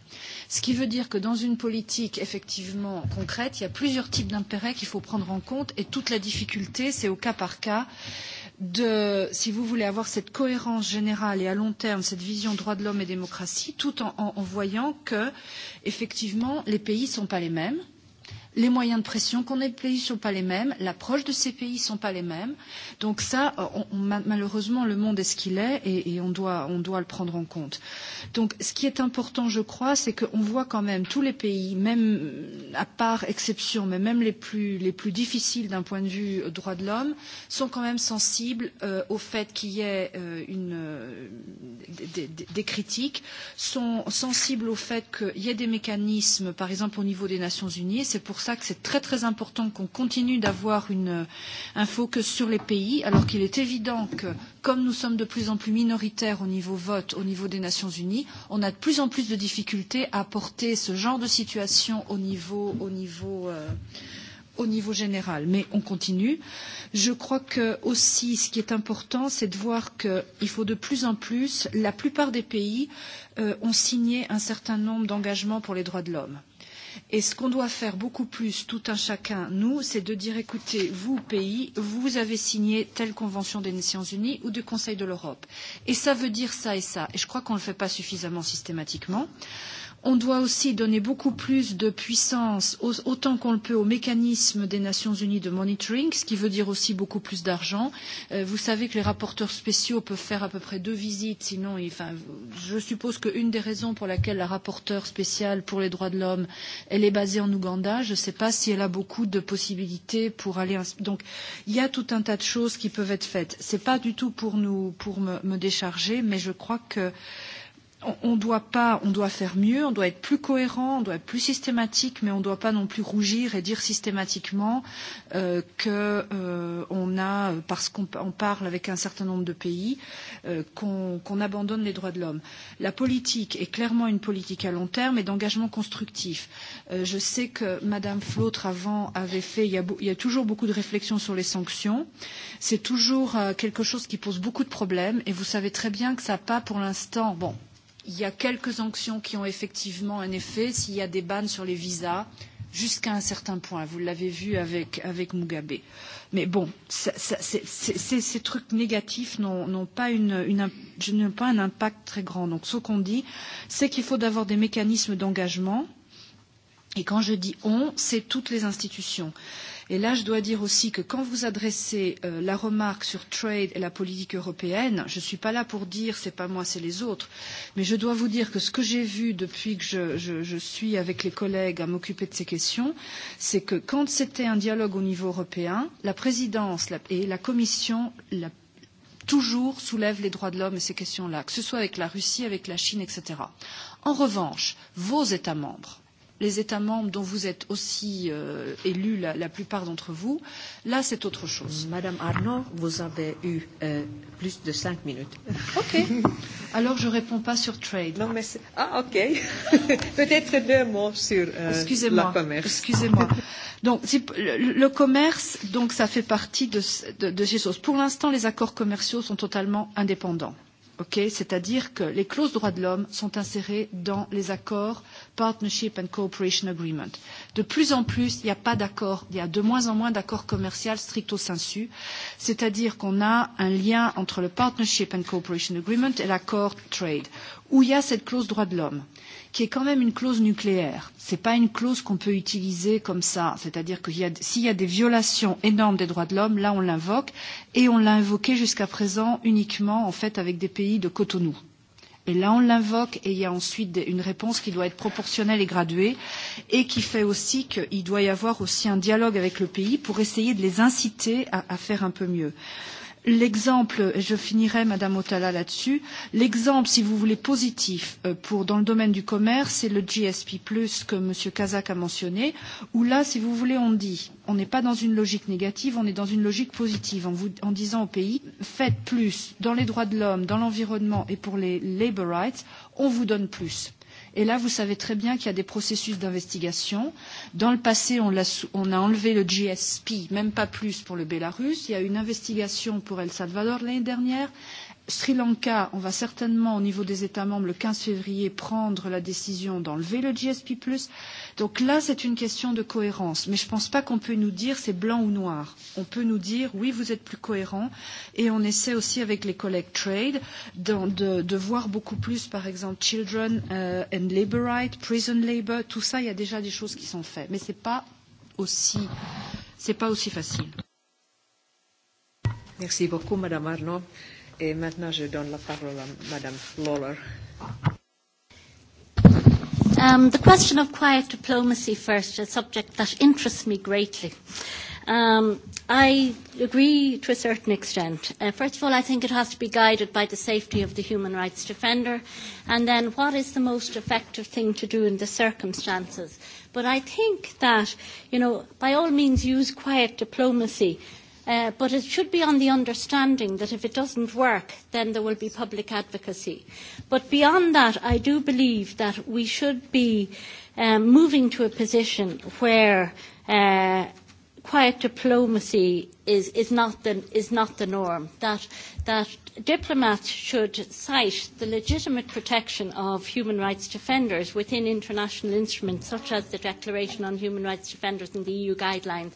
Ce qui veut dire que dans une politique effectivement concrète, il y a plusieurs types d'intérêts qu'il faut prendre en compte et toute la difficulté, c'est au cas par cas de, si vous voulez avoir cette cohérence générale et à long terme, cette vision droit de l'homme et démocratie, tout en, en, en voyant que, effectivement, les pays ne sont pas les mêmes, les moyens de pression qu'on les pays ne sont pas les mêmes, l'approche de ces pays ne sont pas les mêmes. Donc ça, on, on, malheureusement, le monde est ce qu'il est et, et on, doit, on doit le prendre en compte. Donc ce qui est important, je crois, c'est qu'on voit quand même tous les pays, même à part exception, mais même les plus, les plus difficiles d'un point de vue droit de l'homme, sont quand même sensibles euh, au fait qu'il y ait euh, une, euh, des, des, des critiques, sont sensibles au fait qu'il y ait des mécanismes, par exemple au niveau des Nations Unies, c'est pour ça que c'est très très important qu'on continue d'avoir un focus sur les pays, alors qu'il est évident que, comme nous sommes de plus en plus minoritaires au niveau vote, au niveau des Nations Unies, on a de plus en plus de difficultés à porter ce genre de situation au niveau, au niveau euh, au niveau général, mais on continue. Je crois que aussi ce qui est important, c'est de voir qu'il faut de plus en plus, la plupart des pays ont signé un certain nombre d'engagements pour les droits de l'homme. Et ce qu'on doit faire beaucoup plus, tout un chacun, nous, c'est de dire écoutez, vous, pays, vous avez signé telle convention des Nations Unies ou du Conseil de l'Europe. Et ça veut dire ça et ça. Et je crois qu'on ne le fait pas suffisamment systématiquement. On doit aussi donner beaucoup plus de puissance, autant qu'on le peut, au mécanisme des Nations Unies de monitoring, ce qui veut dire aussi beaucoup plus d'argent. vous savez que les rapporteurs spéciaux peuvent faire à peu près deux visites, sinon, enfin, je suppose qu'une des raisons pour laquelle la rapporteure spéciale pour les droits de l'homme, elle est basée en Ouganda, je ne sais pas si elle a beaucoup de possibilités pour aller. Donc, il y a tout un tas de choses qui peuvent être faites. Ce n'est pas du tout pour nous, pour me, me décharger, mais je crois que euh, on doit pas, on doit faire mieux, on doit être plus cohérent, on doit être plus systématique, mais on ne doit pas non plus rougir et dire systématiquement euh, que euh, on a, parce qu'on parle avec un certain nombre de pays, euh, qu'on qu abandonne les droits de l'homme. La politique est clairement une politique à long terme et d'engagement constructif. Euh, je sais que Madame Flautre avant avait fait, il y a, il y a toujours beaucoup de réflexions sur les sanctions. C'est toujours euh, quelque chose qui pose beaucoup de problèmes et vous savez très bien que ça n'a pas pour l'instant, bon, Il y a quelques sanctions qui ont effectivement un effet s'il y a des bannes sur les visas jusqu'à un certain point. Vous l'avez vu avec, avec Mugabe. Mais bon, ça, ça, c'est, c'est, ces trucs négatifs n'ont, n'ont, pas une, une, n'ont pas un impact très grand. Donc ce qu'on dit, c'est qu'il faut d'abord des mécanismes d'engagement. Et quand je dis on, c'est toutes les institutions. Et là, je dois dire aussi que quand vous adressez euh, la remarque sur trade et la politique européenne, je ne suis pas là pour dire c'est pas moi, c'est les autres, mais je dois vous dire que ce que j'ai vu depuis que je, je, je suis avec les collègues à m'occuper de ces questions, c'est que quand c'était un dialogue au niveau européen, la présidence et la commission, la toujours soulève les droits de l'homme et ces questions-là, que ce soit avec la Russie, avec la Chine, etc. En revanche, vos États membres, les États membres dont vous êtes aussi euh, élus, la, la plupart d'entre
vous. Là, c'est autre chose. Madame Arnaud, vous avez eu euh, plus de cinq minutes. OK. Alors, je ne réponds pas sur trade. Non, mais ah, OK. Peut-être deux mots sur euh, le commerce. Excusez-moi. Donc, le, le
commerce, donc, ça fait partie de, de, de ces choses. Pour l'instant, les accords commerciaux sont totalement indépendants. C'est-à-dire que les clauses droits de l'homme sont insérées dans les accords Partnership and Cooperation Agreement. De plus en plus, il n'y a pas d'accord, il y a de moins en moins d'accords commercial stricto sensu, c'est-à-dire qu'on a un lien entre le Partnership and Cooperation Agreement et l'accord Trade, où il y a cette clause droit de l'homme qui est quand même une clause nucléaire. Ce n'est pas une clause qu'on peut utiliser comme ça. C'est-à-dire que s'il y a des violations énormes des droits de l'homme, là on l'invoque et on l'a invoqué jusqu'à présent uniquement en fait avec des pays de Cotonou. Et là, on l'invoque et il y a ensuite une réponse qui doit être proportionnelle et graduée et qui fait aussi qu'il doit y avoir aussi un dialogue avec le pays pour essayer de les inciter à, à faire un peu mieux. L'exemple, et je finirai Madame Otala là-dessus, l'exemple, si vous voulez, positif pour, dans le domaine du commerce, c'est le GSP+, que M. Kazak a mentionné, où là, si vous voulez, on dit, on n'est pas dans une logique négative, on est dans une logique positive, en, vous, en disant aux pays, faites plus dans les droits de l'homme, dans l'environnement et pour les labor rights, on vous donne plus Et là, vous savez très bien qu'il y a des processus d'investigation. Dans le passé, on, a, on a enlevé le GSP, même pas plus pour le Bélarus. Il y a eu une investigation pour El Salvador l'année dernière. Sri Lanka, on va certainement au niveau des États membres le quinze février prendre la décision d'enlever le GSP+. Donc là, c'est une question de cohérence. Mais je ne pense pas qu'on peut nous dire c'est blanc ou noir. On peut nous dire oui, vous êtes plus cohérent. Et on essaie aussi avec les collègues trade de, voir beaucoup plus, par exemple, children and labour rights, prison labour. Tout ça, il y a déjà des choses qui sont faites. Mais ce n'est pas aussi
facile. Merci beaucoup, Madame Arnaud. Et maintenant, je donne la parole à Madame Lawler.
Um, the question of quiet diplomacy first, a subject that interests me greatly. Um, I agree to a certain extent. Uh, first of all, I think it has to be guided by the safety of the human rights defender, and then what is the most effective thing to do in the circumstances. But I think that, you know, by all means use quiet diplomacy Uh, but it should be on the understanding that if it doesn't work, then there will be public advocacy. But beyond that, I do believe that we should be um, moving to a position where uh, quiet diplomacy is, is, not the, is not the norm, that, that diplomats should cite the legitimate protection of human rights defenders within international instruments such as the Declaration on Human Rights Defenders and the EU guidelines.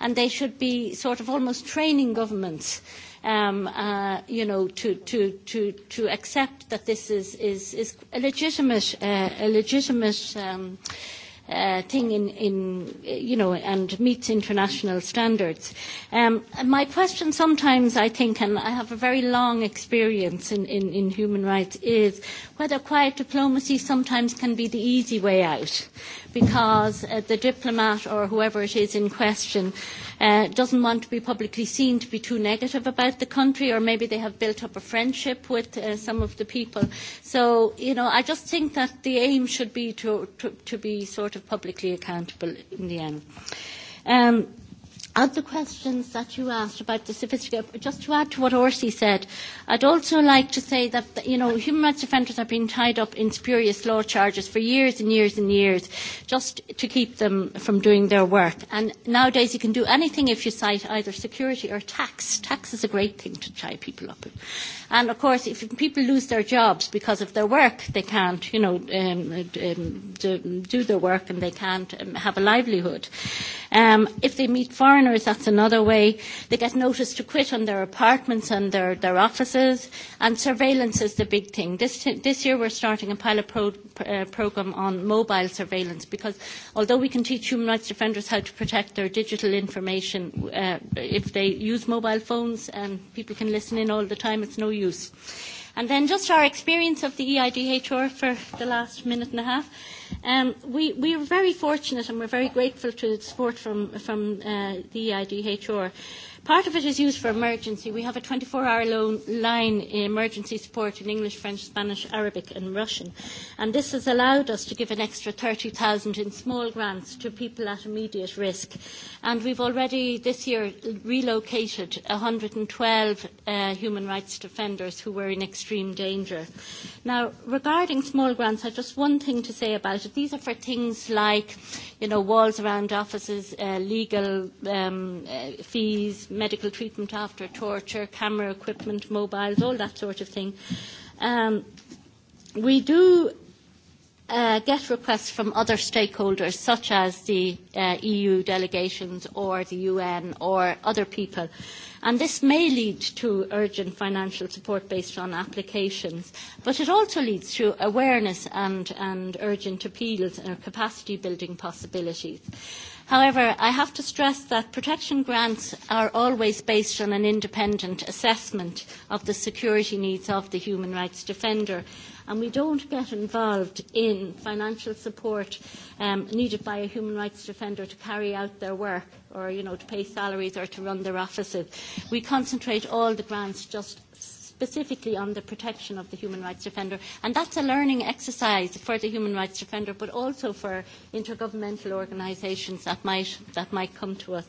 And they should be sort of almost training governments um, uh, you know, to, to, to, to accept that this is, is, is a legitimate, uh, a legitimate um, uh, thing in, in, you know, and meets international standards. Um, my question sometimes, I think, and I have a very long experience in, in, in human rights, is whether quiet diplomacy sometimes can be the easy way out because uh, the diplomat or whoever it is in question uh, doesn't want to be publicly seen to be too negative about the country, or maybe they have built up a friendship with uh, some of the people. So, you know, I just think that the aim should be to, to, to be sort of publicly accountable in the end. Um, other questions that you asked about the sophisticated, just to add to what Orsi said, I'd also like to say that, you know, human rights offenders have been tied up in spurious law charges for years and years and years, just to keep them from doing their work. And nowadays you can do anything if you cite either security or tax. Tax is a great thing to tie people up in. And of course, if people lose their jobs because of their work, they can't, you know, um, do, do their work and they can't um, have a livelihood. Um, if they meet foreigners, that's another way. They get notice to quit on their apartments and their, their offices. And surveillance is the big thing. This, this year we're starting a pilot pro, uh, program on mobile surveillance because although we can teach human rights defenders how to protect their digital information, uh, if they use mobile phones and people can listen in all the time, it's no use. And then just our experience of the EIDHR for the last minute and a half. Um, we, we were very fortunate and we're very grateful to the support from, from uh, the EIDHR. Part of it is used for emergency. We have a 24-hour loan line emergency support in English, French, Spanish, Arabic and Russian. And this has allowed us to give an extra 30,000 in small grants to people at immediate risk. And we've already this year relocated 112 uh, human rights defenders who were in extreme danger. Now, regarding small grants, I have just one thing to say about it. These are for things like, you know, walls around offices, uh, legal um, uh, fees, medical treatment after torture, camera equipment, mobiles, all that sort of thing. Um, we do uh, get requests from other stakeholders, such as the uh, EU delegations or the UN or other people. And this may lead to urgent financial support based on applications, but it also leads to awareness and, and urgent appeals and capacity building possibilities. However, I have to stress that protection grants are always based on an independent assessment of the security needs of the human rights defender, and we don't get involved in financial support um, needed by a human rights defender to carry out their work or you know, to pay salaries or to run their offices. We concentrate all the grants just specifically on the protection of the human rights defender. And that's a learning exercise for the human rights defender, but also for intergovernmental organisations that might, that might come to us.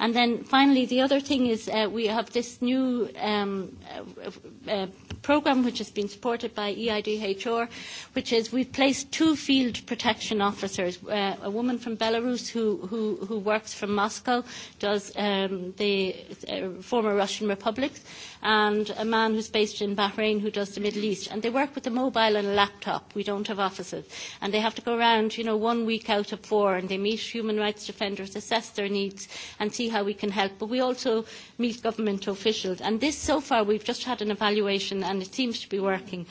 And then finally, the other thing is uh, we have this new um, uh, uh, program which has been supported by EIDHR, which is we've placed two field protection officers, uh, a woman from Belarus who, who, who works from Moscow, does um, the uh, former Russian republics, and a man who's based in Bahrain who does the Middle East. And they work with a mobile and a laptop. We don't have offices. And they have to go around, you know, one week out of four, and they meet human rights defenders, assess their needs, and see how we can help. But we also meet government officials. And this, so far, we've just had an evaluation, and it seems to be working.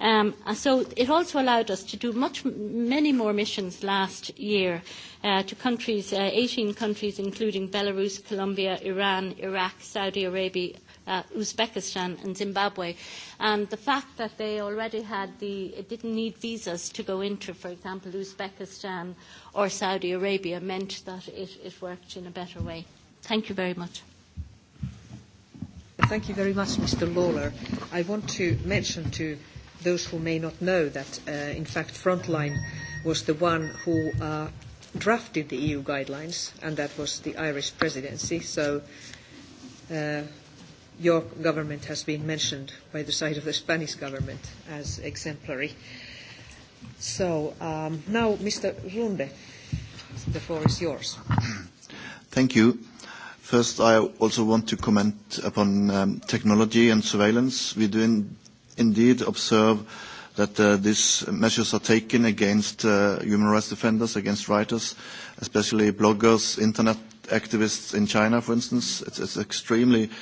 Um, so it also allowed us to do much, many more missions last year uh, to countries, uh, 18 countries, including Belarus, Colombia, Iran, Iraq, Saudi Arabia, uh, Uzbekistan and Zimbabwe. And the fact that they already had the, it didn't need visas to go into, for example, Uzbekistan or Saudi Arabia meant that it, it worked in a better way. Thank you very much.
Thank you very much, Mr. Lawler. I want to mention to those who may not know that, uh, in fact, Frontline was the one who uh, drafted the EU guidelines, and that was the Irish presidency. So uh, your government has been mentioned by the side of the Spanish government as exemplary. So um, now, Mr. Runde, the floor is yours.
Thank you. First, I also want to comment upon um, technology and surveillance. We do in, indeed observe that uh, these measures are taken against uh, human rights defenders, against writers, especially bloggers, internet activists in China, for instance. It's, it's extremely uh,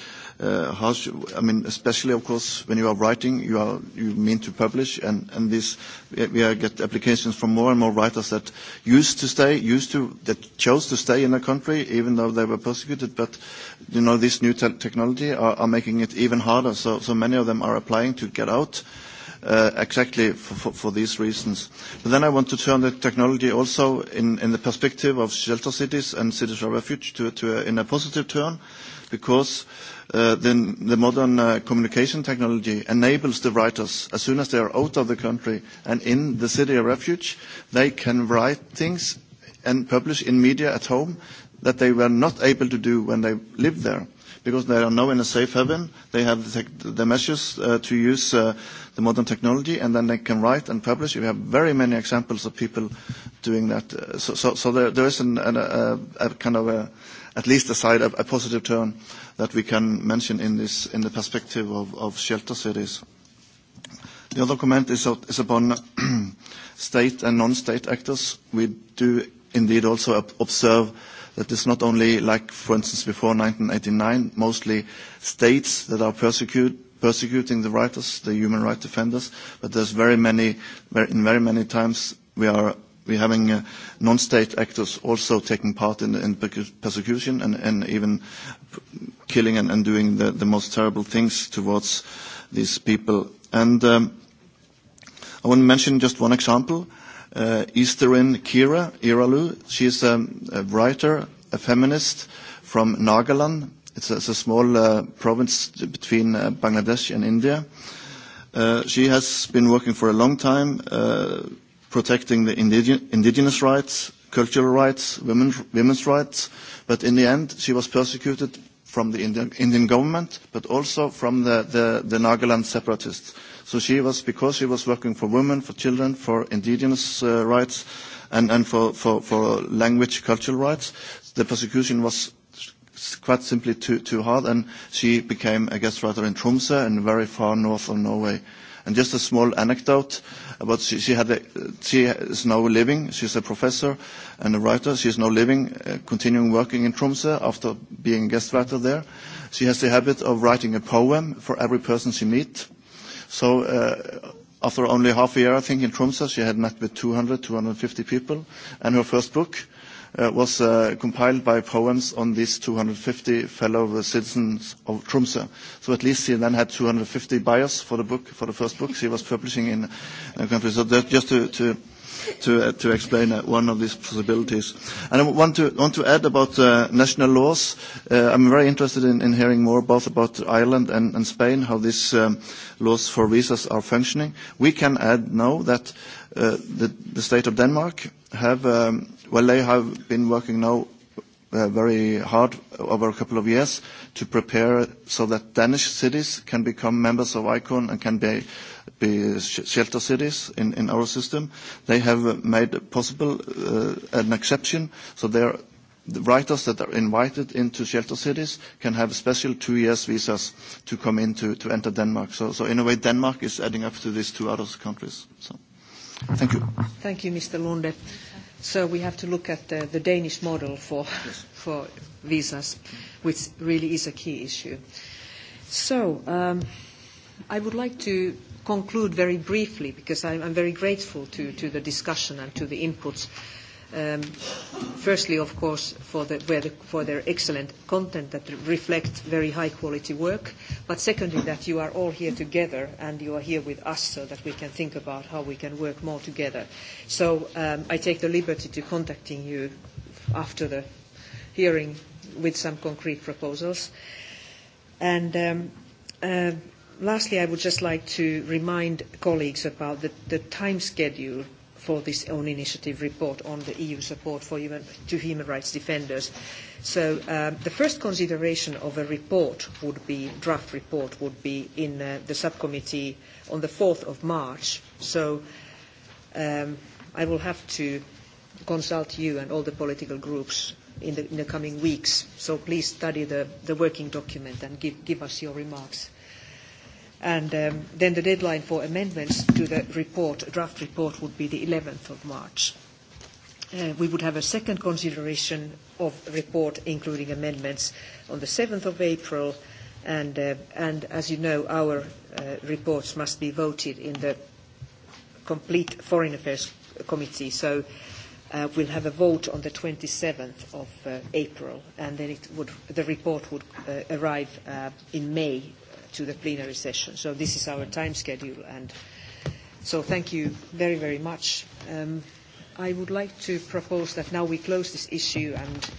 uh, how should, I mean, especially of course when you are writing, you are you mean to publish, and and this we are get applications from more and more writers that used to stay, used to that chose to stay in the country even though they were persecuted, but you know this new te- technology are, are making it even harder. So so many of them are applying to get out. Uh, exactly for, for, for these reasons. But then I want to turn the technology also in, in the perspective of shelter cities and cities of refuge to, to a, in a positive turn because the, the modern uh, communication technology enables the writers, as soon as they are out of the country and in the city of refuge, they can write things and publish in media at home that they were not able to do when they lived there. Because they are now in a safe haven, they have the, tech, the measures uh, to use uh, the modern technology, and then they can write and publish. We have very many examples of people doing that. Uh, so, so, so there, there is an, an, a, a kind of a at least a side, a positive turn that we can mention in this, in the perspective of of shelter cities. The other comment is is upon state and non-state actors. We do indeed also observe that it's not only like, for instance, before 1989, mostly states that are persecuting the writers, the human rights defenders, but there's very many, in very many times, we are We're having uh, non-state actors also taking part in, in persecution and, and even killing and, and doing the, the most terrible things towards these people. And um, I want to mention just one example. Uh, Easterin Kira Iralu, she's is a writer, a feminist from Nagaland. It's a, it's a small uh, province between uh, Bangladesh and India. Uh, she has been working for a long time. Uh, protecting the indigenous rights, cultural rights, women, women's rights. But in the end, she was persecuted from the Indian, Indian government, but also from the, the, the Nagaland separatists. So she was, because she was working for women, for children, for indigenous uh, rights, and, and for, for, for language, cultural rights, the persecution was quite simply too, too hard, and she became a guest writer in Tromsø and very far north of Norway. And just a small anecdote, But she, she, had a, she is now living, she's a professor and a writer. She is now living, uh, continuing working in Tromsø after being a guest writer there. She has the habit of writing a poem for every person she meets. So uh, after only half a year, I think, in Tromsø, she had met with 200, 250 people. And her first book, uh, was compiled by poems on these 250 fellow citizens of Tromsø. So at least he then had 250 buyers for the book, for the first book he was publishing in the country. So that, just to, to to, uh, to explain uh, one of these possibilities. And I want to, want to add about uh, national laws. Uh, I'm very interested in, in hearing more both about Ireland and, and Spain, how these um, laws for visas are functioning. We can add now that the, the state of Denmark have, um, well, they have been working now uh, very hard over a couple of years to prepare so that Danish cities can become members of ICON and can be, be shelter cities in, in our system. They have made possible uh, an exception, so they're the writers that are invited into shelter cities can have special two years visas to come in to, to enter Denmark. So, so in a way, Denmark is adding up to these two other countries. So.
Thank you. Thank you, Mr. Lunde. So we have to look at the, Danish model for, for visas, which really is a key issue. So I would like to conclude very briefly because I'm, very grateful to the discussion and to the inputs. Firstly, of course, for their excellent content that reflects very high-quality work. But secondly, that you are all here together and you are here with us so that we can think about how we can work more together. So um I take the liberty to contacting you after the hearing with some concrete proposals. And um lastly, I would just like to remind colleagues about the the time schedule for this own initiative report on the EU support for human, to human rights defenders. So uh, the first consideration of a report would be, draft report would be in uh, the subcommittee on the 4th of March. So um, I will have to consult you and all the political groups in the, in the coming weeks. So please study the, the working document and give, give us your remarks And um, then the deadline for amendments to the report, draft report, would be the 11th of March. we would have a second consideration of report, including amendments, on the 7th of April. And, and as you know, our reports must be voted in the complete Foreign Affairs Committee. So we'll have a vote on the 27th of April, and then it would, the report would uh, arrive uh, in May to the plenary session. So this is our time schedule, and so thank you very, very much. Um, I would like to propose that now we close this issue and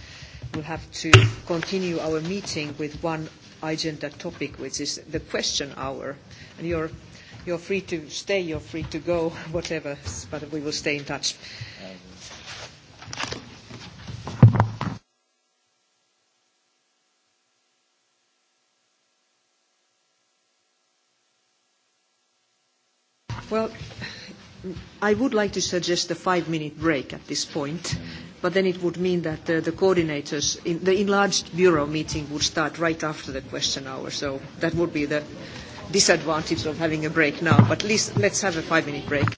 we'll have to continue our meeting with one agenda topic, which is the question hour. And you're, you're free to stay, you're free to go, whatever, but we will stay in touch. Well, I would like to suggest a five-minute break at this point, but then it would mean that the coordinators, in the enlarged bureau meeting would start right after the question hour, so that would be the disadvantage of having a break now. But at least let's have a five-minute break.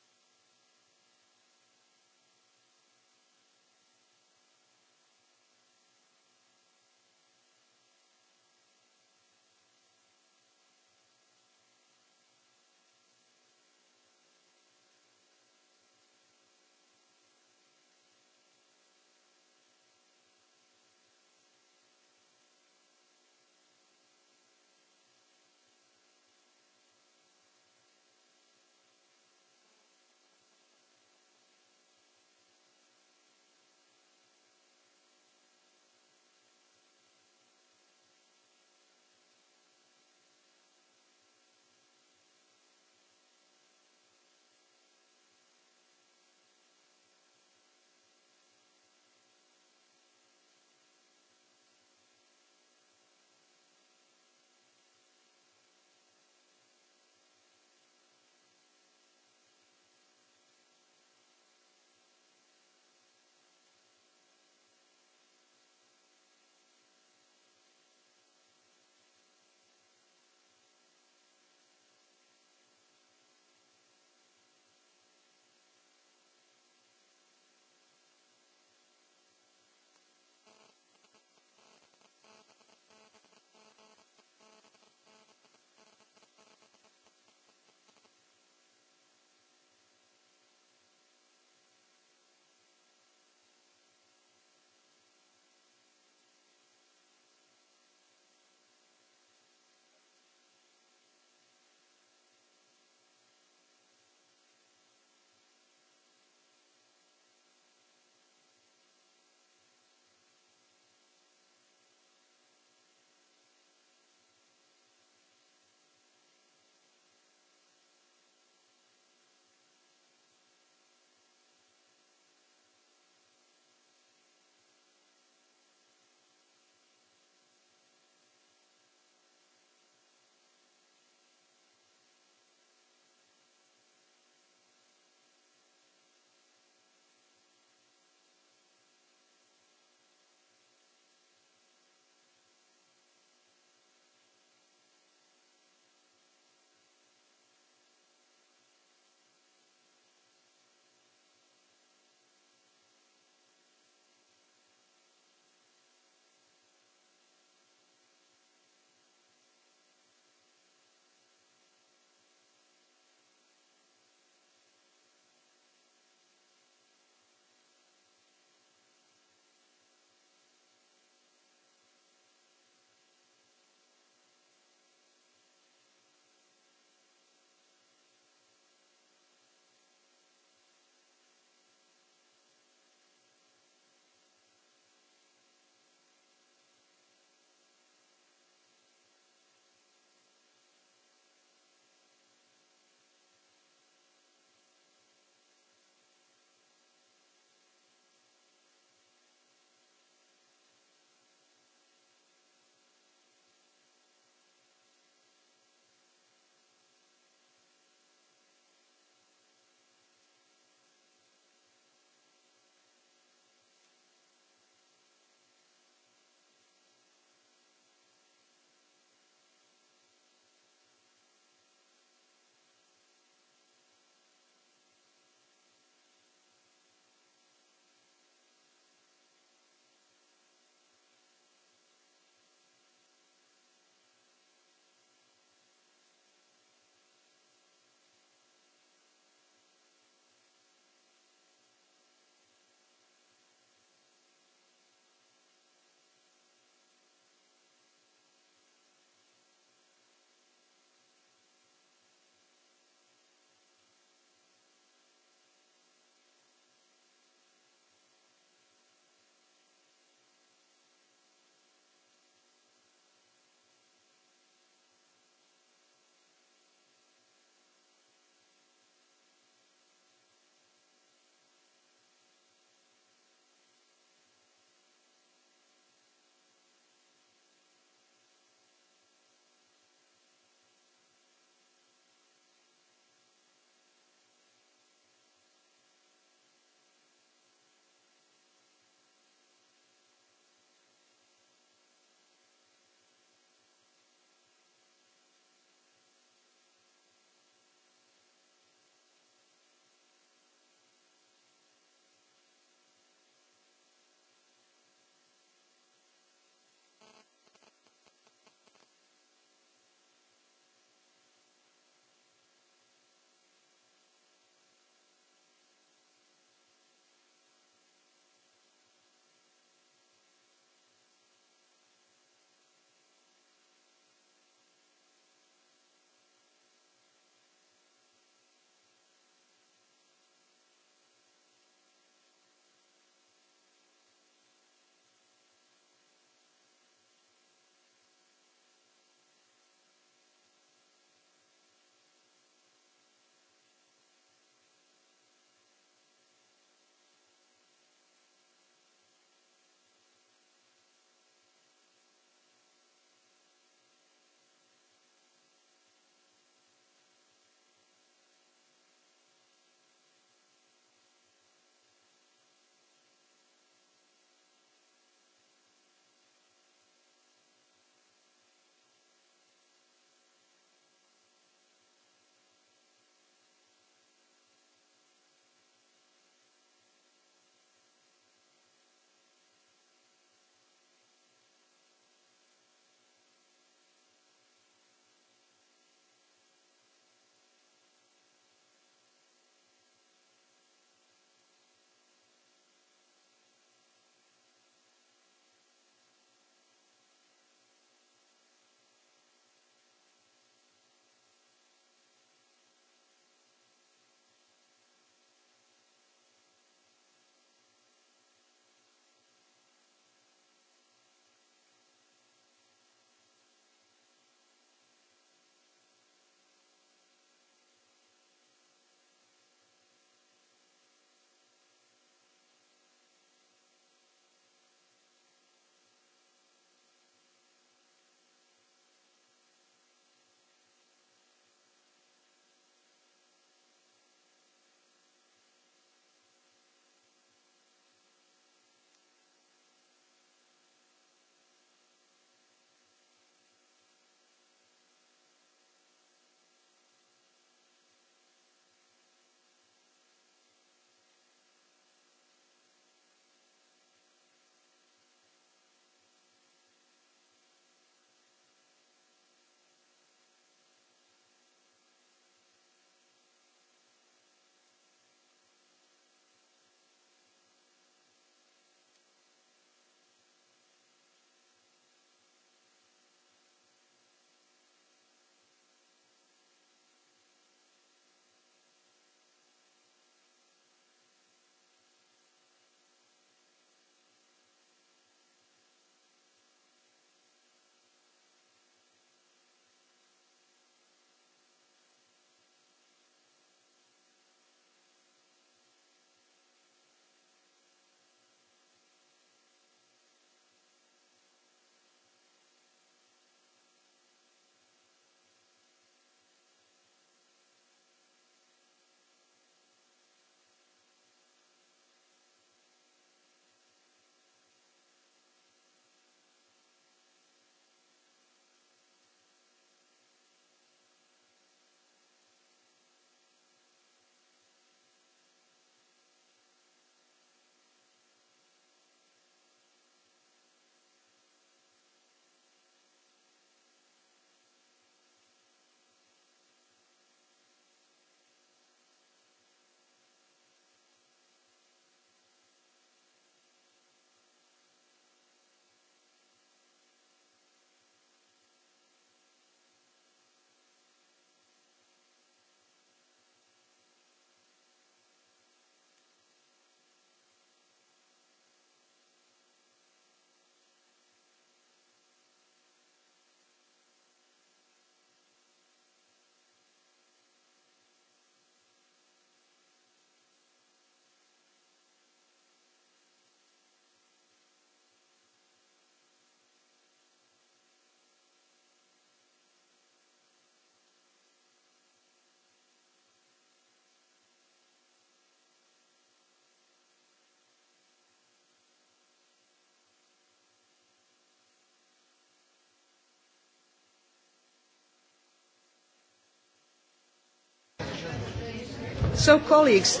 So, colleagues,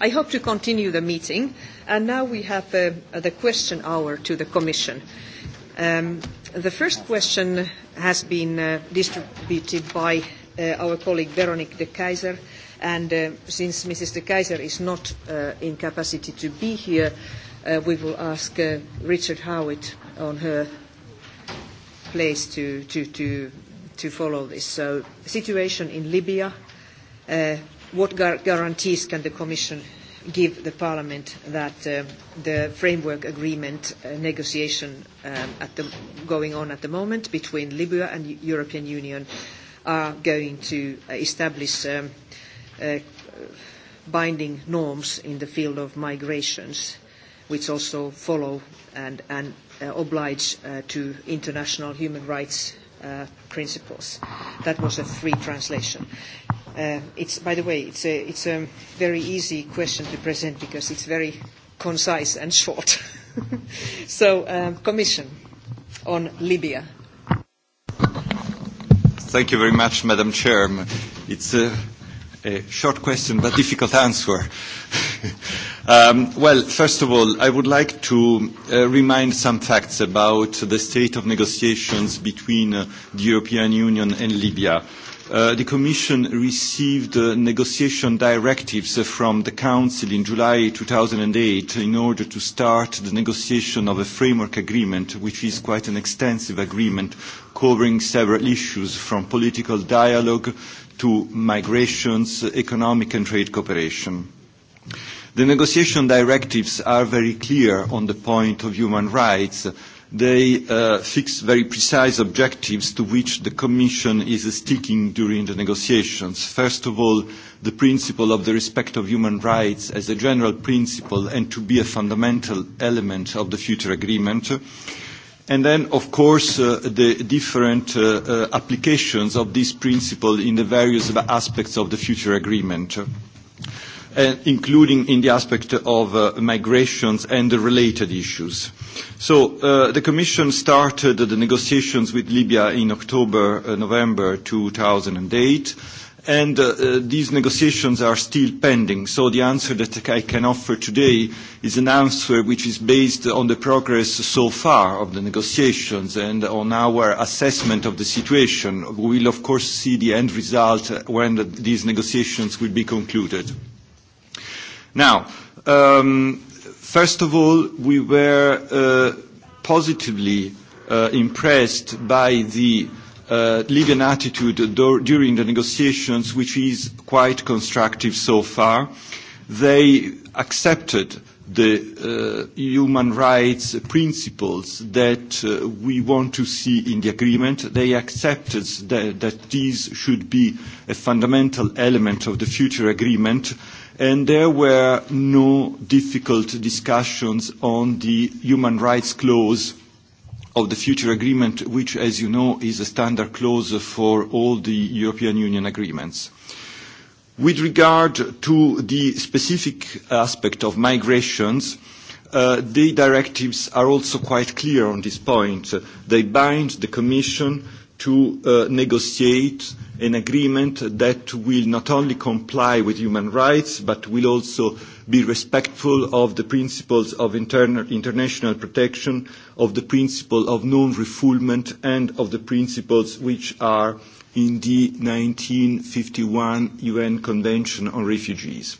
I hope to continue the meeting. And now we have uh, the question hour to the Commission. Um, the first question has been uh, distributed by uh, our colleague Veronique de Keyser. And uh, since Mrs. de Keyser is not uh, in capacity to be here, uh, we will ask uh, Richard Howitt on her place to, to, to to follow this. So the situation in Libya, uh, what guarantees can the Commission give the Parliament that the framework agreement negotiation going on at the moment between Libya and the European Union are going to establish binding norms in the field of migrations, which also follow and, oblige to international human rights uh, principles. That was a free translation. Uh, it's, by the way, it's a, it's a very easy question to present because it's very concise and short. so, um, Commission on Libya.
Thank you very much, Madam Chair. It's a, a short question but difficult answer. Well, first of all, I would like to remind some facts about the state of negotiations between the European Union and Libya. The Commission received negotiation directives from the Council in July 2008 in order to start the negotiation of a framework agreement, which is quite an extensive agreement covering several issues from political dialogue to migrations, economic and trade cooperation. The negotiation directives are very clear on the point of human rights. They uh, fix very precise objectives to which the Commission is sticking during the negotiations. First of all, the principle of the respect of human rights as a general principle and to be a fundamental element of the future agreement. And then, of course, the different applications of this principle in the various aspects of the future agreement including in the aspect of migrations and the related issues. So the Commission started the negotiations with Libya in October, November 2008 and these negotiations are still pending. So the answer that I can offer today is an answer which is based on the progress so far of the negotiations and on our assessment of the situation. We will, of course, see the end result when these negotiations will be concluded. Now, first of all, we were positively impressed by the Libyan attitude during the negotiations, which is quite constructive so far. They accepted the human rights principles that we want to see in the agreement. They accepted that, that these should be a fundamental element of the future agreement and there were no difficult discussions on the human rights clause of the future agreement, which, as you know, is a standard clause for all the European Union agreements. With regard to the specific aspect of migrations, the directives are also quite clear on this point. They bind the Commission to negotiate an agreement that will not only comply with human rights, but will also be respectful of the principles of international protection, of the principle of non-refoulement, and of the principles which are in the 1951 UN Convention on Refugees.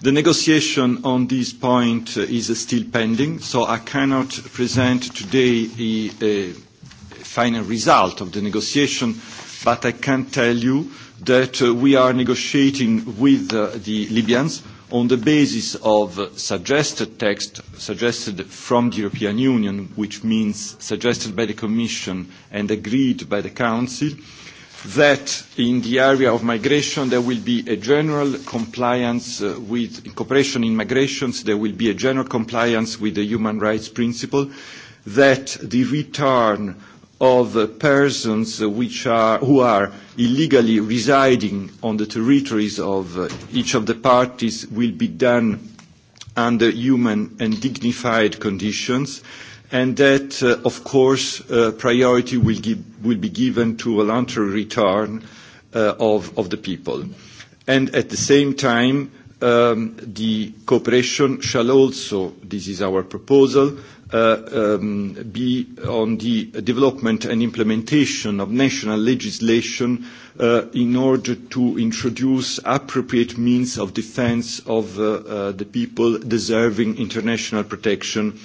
The negotiation on this point is still pending, so I cannot present today a final result of the negotiation but I can tell you that we are negotiating with the Libyans on the basis of suggested text suggested from the European Union, which means suggested by the Commission and agreed by the Council, that in the area of migration there will be a general compliance with cooperation in migrations, there will be a general compliance with the human rights principle, that the return of persons which are, who are illegally residing on the territories of each of the parties will be done under human and dignified conditions, and that, of course, priority will, give, will be given to a voluntary return of, of the people. And at the same time, the cooperation shall also, this is our proposal, be on the development and implementation of national legislation in order to introduce appropriate means of defence of the people deserving international protection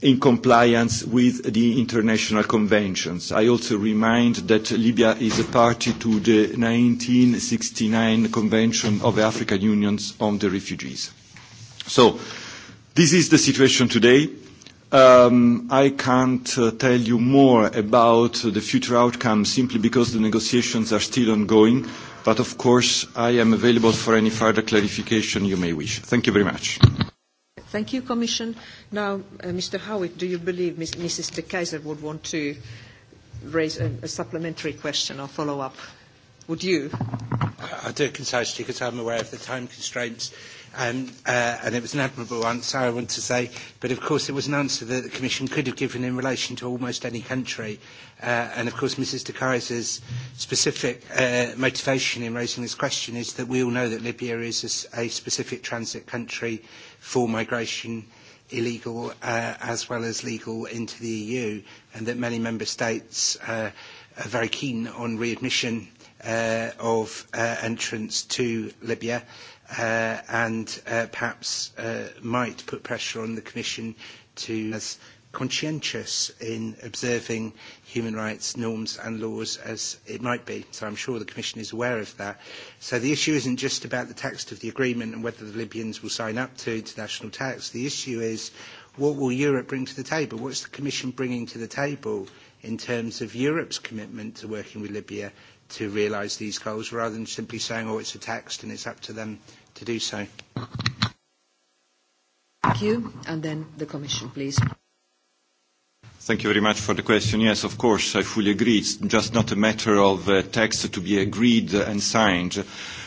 in compliance with the international conventions. I also remind that Libya is a party to the 1969 Convention of the African Union on the Refugees. So this is the situation today Um, I can't tell you more about the future outcome simply because the negotiations are still ongoing, but of course I am available for any further clarification you may wish. Thank you very much.
Thank you, Commission. Now, Mr. Howitt, do you believe Mrs. De Keyser would want to raise a, supplementary question or
follow up? Would you? I do it concisely because I'm aware of the time constraints and, uh, and it was an admirable answer, I want to say, but of course it was an answer that the Commission could have given in relation to almost any country. Uh, and of course Mrs de Kaiser's specific uh, motivation in raising this question is that we all know that Libya is a, a specific transit country for migration illegal uh, as well as legal into the EU and that many member states uh, are very keen on readmission uh, of uh, entrants to Libya and perhaps might put pressure on the Commission to as conscientious in observing human rights norms and laws as it might be. So I'm sure the Commission is aware of that. So the issue isn't just about the text of the agreement and whether the Libyans will sign up to international tax. The issue is what will Europe bring to the table? What's the Commission bringing to the table in terms of Europe's commitment to working with Libya to realise these goals rather than simply saying, oh, it's a text and it's up to them to do so.
Thank you. And then the Commission, please.
Thank you very much for the question. Yes, of course, I fully agree. It's just not a matter of uh, text to be agreed and signed.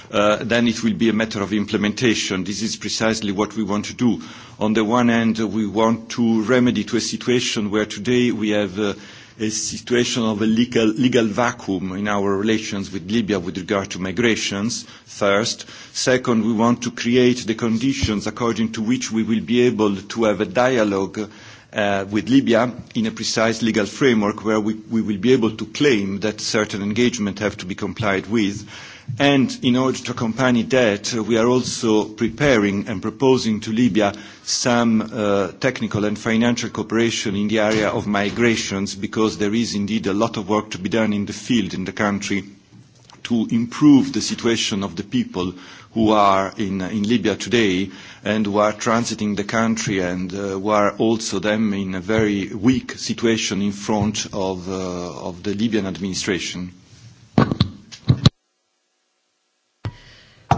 Uh, then it will be a matter of implementation. This is precisely what we want to do. On the one hand, we want to remedy to a situation where today we have uh, a situation of a legal, legal vacuum in our relations with Libya with regard to migrations, first. Second, we want to create the conditions according to which we will be able to have a dialogue uh, with Libya in a precise legal framework where we, we will be able to claim that certain engagement have to be complied with. And in order to accompany that, we are also preparing and proposing to Libya some technical and financial cooperation in the area of migrations, because there is indeed a lot of work to be done in the field, in the country, to improve the situation of the people who are in, Libya today and who are transiting the country and who are also them in a very weak situation in front of the Libyan administration.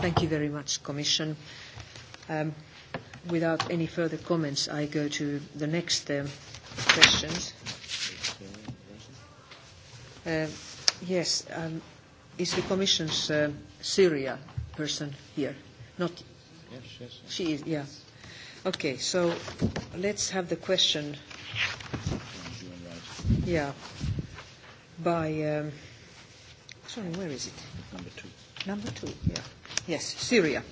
Thank you very much, Commission. Um, without any further comments, I go to the next um, questions. Uh, yes, um, is the Commission's uh, Syria person here? Not. Yes, yes, yes. She is. Yeah. Okay. So let's have the question. Yeah. By. Um,
sorry, where is it? Number two. Number two. Yeah.
Yes, Syria,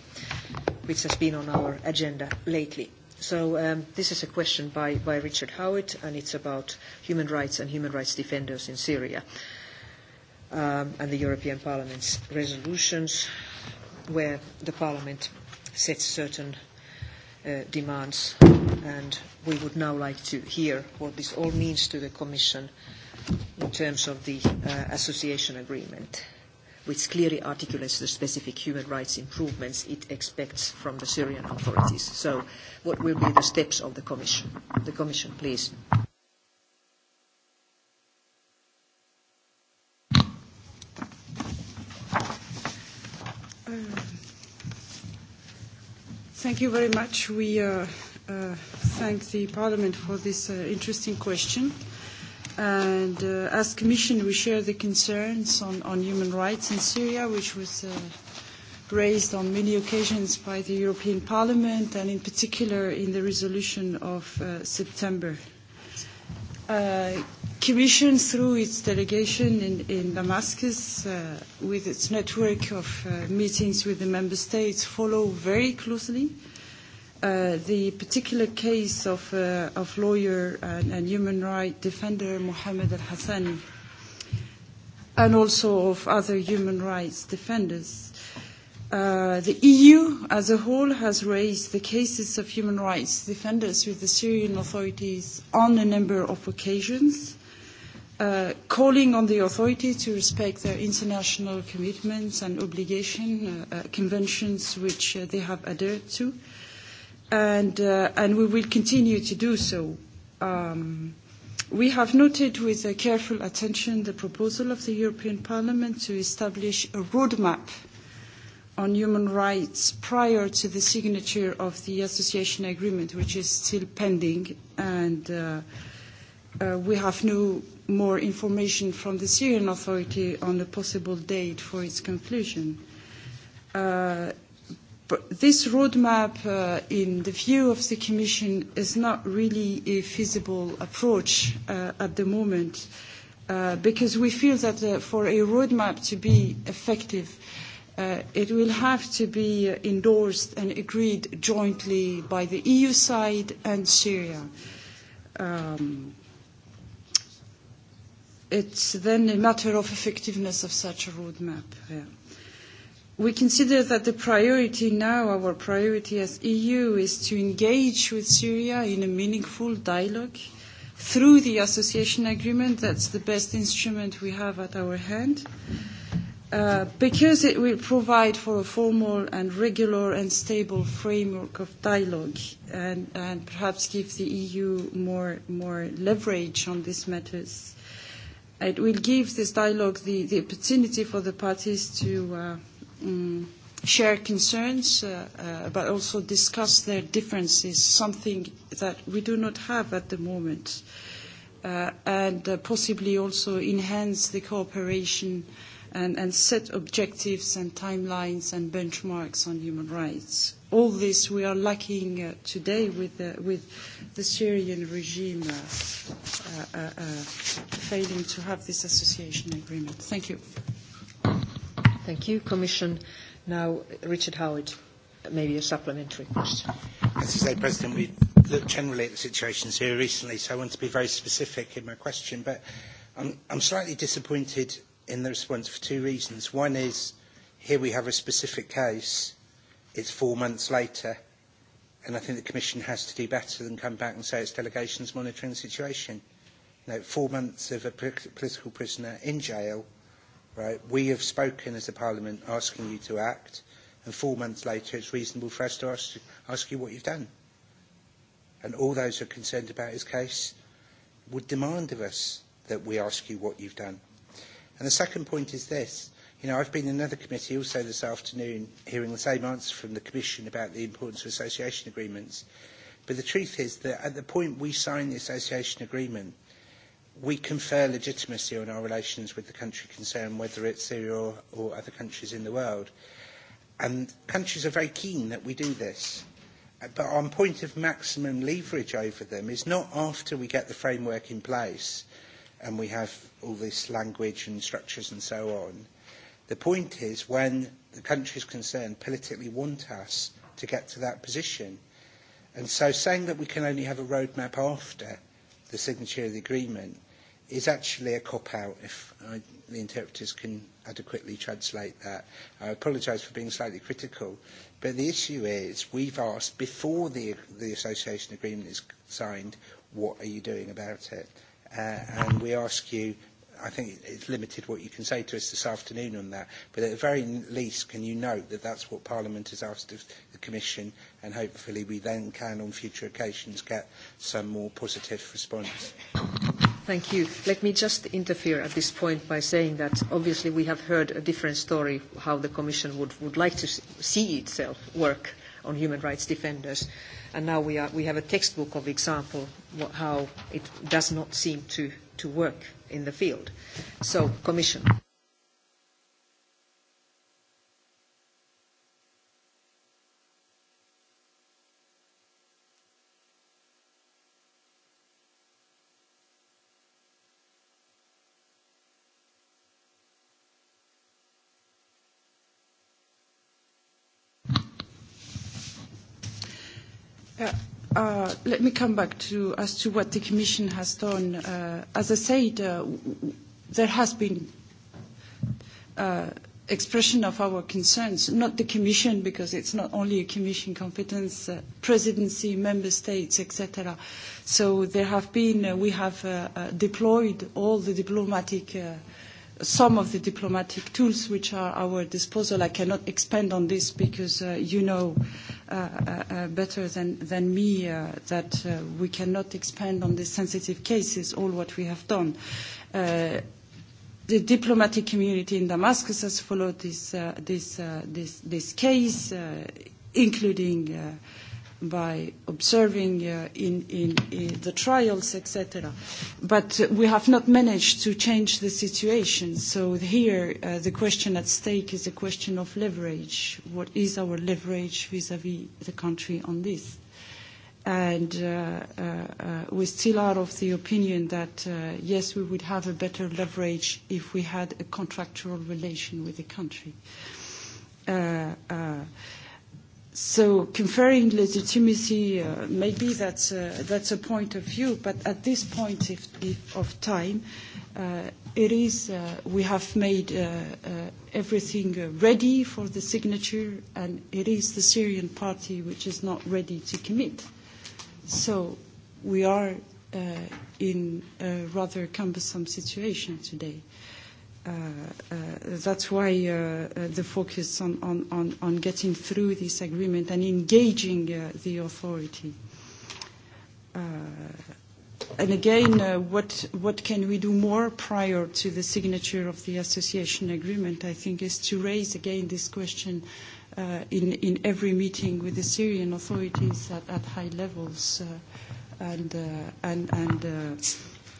which has been on our agenda lately. So this is a question by, by Richard Howitt, and it's about human rights and human rights defenders in Syria and the European Parliament's resolutions, where the Parliament sets certain demands, and we would now like to hear what this all means to the Commission in terms of the association agreement which clearly articulates the specific human rights improvements it expects from the Syrian authorities. So what will be the steps of the Commission? The Commission, please.
Thank you very much. We uh, uh, thank the Parliament for this uh, interesting question. And uh, as Commission, we share the concerns on, on human rights in Syria, which was uh, raised on many occasions by the European Parliament, and in particular in the resolution of uh, September. Uh, Commission, through its delegation in, in Damascus, uh, with its network of uh, meetings with the member states, follow very closely uh, the particular case of, uh, of lawyer and, and human rights defender Mohammed al-Hassan and also of other human rights defenders. Uh, the EU as a whole has raised the cases of human rights defenders with the Syrian authorities on a number of occasions, uh, calling on the authorities to respect their international commitments and obligations, uh, uh, conventions which uh, they have adhered to. Uh, and, uh, and we will continue to do so. Um, we have noted with careful attention the proposal of the European Parliament to establish a roadmap on human rights prior to the signature of the association agreement, which is still pending, and uh, uh, we have no more information from the Syrian Authority on the possible date for its conclusion. Uh, this roadmap, uh, in the view of the Commission, is not really a feasible approach uh, at the moment uh, because we feel that uh, for a roadmap to be effective, uh, it will have to be endorsed and agreed jointly by the EU side and Syria. Um, it's then a matter of effectiveness of such a roadmap. Yeah. We consider that the priority now, our priority as EU, is to engage with Syria in a meaningful dialogue through the association agreement. That's the best instrument we have at our hand. because it will provide for a formal and regular and stable framework of dialogue and, and perhaps give the EU more, more leverage on these matters. It will give this dialogue the, the opportunity for the parties to share concerns, but also discuss their differences, something that we do not have at the moment, and possibly also enhance the cooperation and set objectives and timelines and benchmarks on human rights. All this we are lacking today with the Syrian regime failing to have this association agreement. Thank you.
Thank you, Commission. Now, Richard Howard, maybe a supplementary
question. As I say, President, we looked generally at the situations here recently, so I want to be very specific in my question. But I'm, I'm slightly disappointed in the response for two reasons. One is here we have a specific case, it's four months later, and I think the Commission has to do better than come back and say its delegation's monitoring the situation. You know, four months of a political prisoner in jail – Right? We have spoken as a parliament asking you to act, and four months later it's reasonable for us to ask, ask you what you've done. And all those who are concerned about his case would demand of us that we ask you what you've done. And the second point is this. You know, I've been in another committee also this afternoon hearing the same answer from the Commission about the importance of association agreements. But the truth is that at the point we sign the association agreement, we confer legitimacy on our relations with the country concerned, whether it's Syria or, or other countries in the world. And countries are very keen that we do this. But our point of maximum leverage over them is not after we get the framework in place and we have all this language and structures and so on. The point is when the countries concerned politically want us to get to that position. And so saying that we can only have a roadmap after the signature of the agreement is actually a cop-out if I, the interpreters can adequately translate that. I apologise for being slightly critical, but the issue is we've asked before the, the association agreement is signed, what are you doing about it? Uh, and we ask you I think it's limited what you can say to us this afternoon on that. But at the very least, can you note that that's what Parliament has asked of the Commission, and hopefully we then can, on future occasions, get some more positive response.
Thank you. Let me just interfere at this point by saying that obviously we have heard a different story how the Commission would, would like to see itself work on human rights defenders. And now we, are, we have a textbook of example how it does not seem to, to work in the field. So, Commission.
Let me come back to as to what the Commission has done. As I said, there has been expression of our concerns, not the Commission, because it's not only a Commission competence, presidency, member states, etc. So there have been, we have deployed all the diplomatic some of the diplomatic tools which are at our disposal. I cannot expand on this because you know better than me that we cannot expand on these sensitive cases all what we have done. The diplomatic community in Damascus has followed this case, including by observing uh, in, in, in the trials, etc. But we have not managed to change the situation. So here, uh, the question at stake is a question of leverage. What is our leverage vis-à-vis the country on this? And uh, uh, uh, we still are of the opinion that, uh, yes, we would have a better leverage if we had a contractual relation with the country. Uh, uh, So conferring legitimacy, uh, maybe that's a, that's a point of view, but at this point if, if of time, uh, it is, uh, we have made uh, uh, everything uh, ready for the signature, and it is the Syrian party which is not ready to commit. So we are uh, in a rather cumbersome situation today. Uh, that's why uh, the focus on, on, on, on getting through this agreement and engaging uh, the authority. Uh, and again, uh, what, what can we do more prior to the signature of the association agreement, I think, is to raise again this question uh, in, in every meeting with the Syrian authorities at, at high levels uh, and, uh, and, and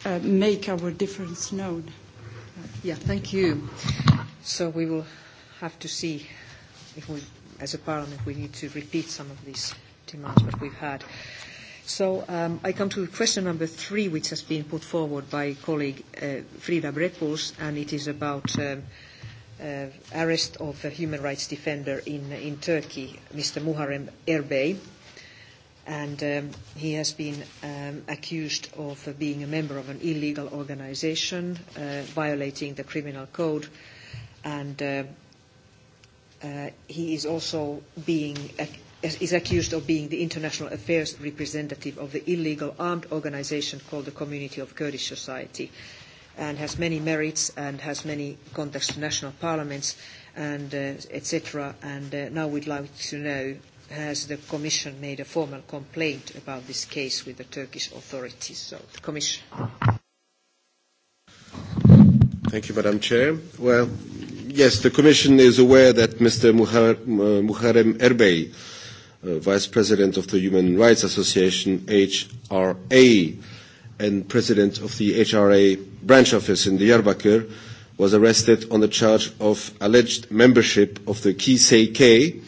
uh, uh, make our difference known. Yeah, thank you.
So we will have to see if we, as a parliament, we need to repeat some of these demands that we've had. So um, I come to question number three, which has been put forward by colleague uh, Frida Brepuls, and it is about um, uh, arrest of a human rights defender in, in Turkey, Mr. Muharrem Erbey and um, he has been um, accused of uh, being a member of an illegal organization, uh, violating the criminal code, and uh, uh, he is also being is accused of being the international affairs representative of the illegal armed organization called the Community of Kurdish Society, and has many merits and has many contacts to national parliaments and uh, etc. And uh, now we'd like to know has the Commission made a formal complaint about this case with the Turkish authorities? So, the Commission.
Thank you, Madam Chair. Well, yes, the Commission is aware that Mr. Muharrem Erbey, uh, Vice President of the Human Rights Association, HRA, and President of the HRA branch office in Diyarbakir, was arrested on the charge of alleged membership of the KCK,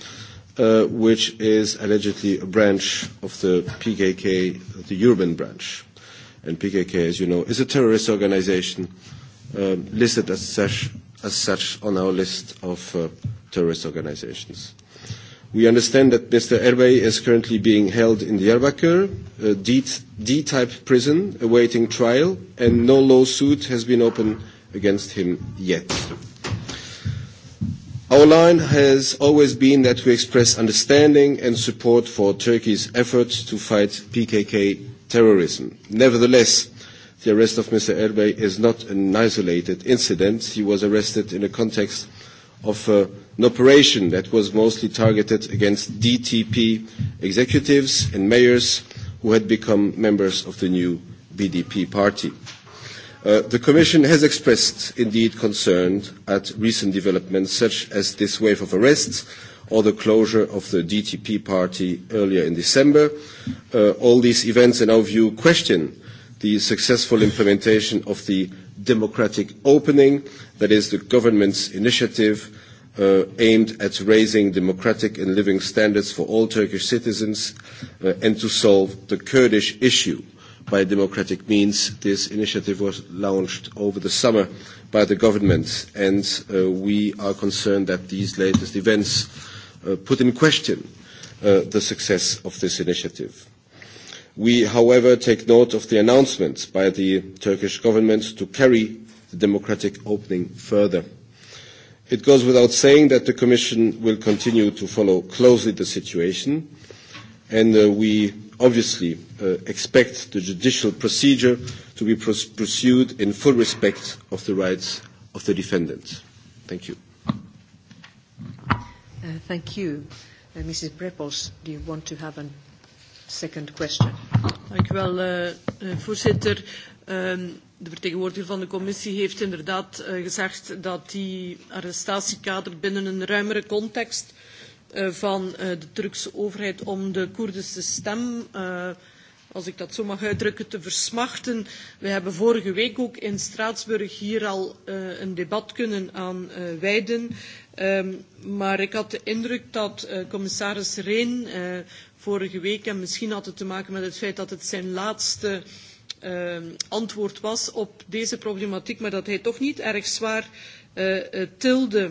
uh, which is allegedly a branch of the PKK, the Urban branch. And PKK, as you know, is a terrorist organization listed as such, as such on our list of uh, terrorist organizations. We understand that Mr. Erbey is currently being held in Diyarbakir, a D-type prison awaiting trial, and no lawsuit has been opened against him yet. Our line has always been that we express understanding and support for Turkey's efforts to fight PKK terrorism. Nevertheless, the arrest of Mr. Erbey is not an isolated incident. He was arrested in the context of an operation that was mostly targeted against DTP executives and mayors who had become members of the new BDP party the Commission has expressed indeed concern at recent developments such as this wave of arrests or the closure of the DTP party earlier in December. all these events, in our view, question the successful implementation of the democratic opening, that is the government's initiative aimed at raising democratic and living standards for all Turkish citizens and to solve the Kurdish issue by democratic means. This initiative was launched over the summer by the government, and we are concerned that these latest events put in question the success of this initiative. We, however, take note of the announcement by the Turkish government to carry the democratic opening further. It goes without saying that the Commission will continue to follow closely the situation, and we obviously uh, expect the judicial procedure to be pursued in full respect of the rights of the defendant. Thank you.
Uh, thank you. Uh, Mrs. Brepos, do you want
to have a second question? Thank you, well, uh, uh, voorzitter. De vertegenwoordiger van de commissie heeft inderdaad uh, gezegd dat die arrestatiekader binnen een ruimere context uh, van de Turkse overheid om de Koerdische stem als ik dat zo mag uitdrukken, te versmachten. We hebben vorige week ook in Straatsburg hier al een debat kunnen aan wijden. maar ik had de indruk dat commissaris Rehn vorige week, en misschien had het te maken met het feit dat het zijn laatste antwoord was op deze problematiek, maar dat hij toch niet erg zwaar tilde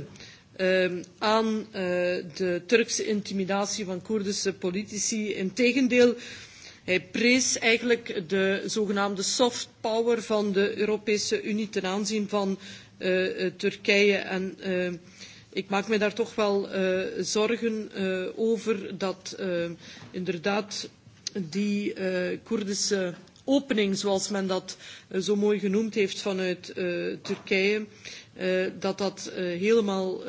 aan de Turkse intimidatie van Koerdische politici. Integendeel, hij prees eigenlijk de zogenaamde soft power van de Europese Unie ten aanzien van Turkije. En ik maak me daar toch wel zorgen over dat inderdaad die Koerdische opening, zoals men dat zo mooi genoemd heeft vanuit Turkije, dat dat helemaal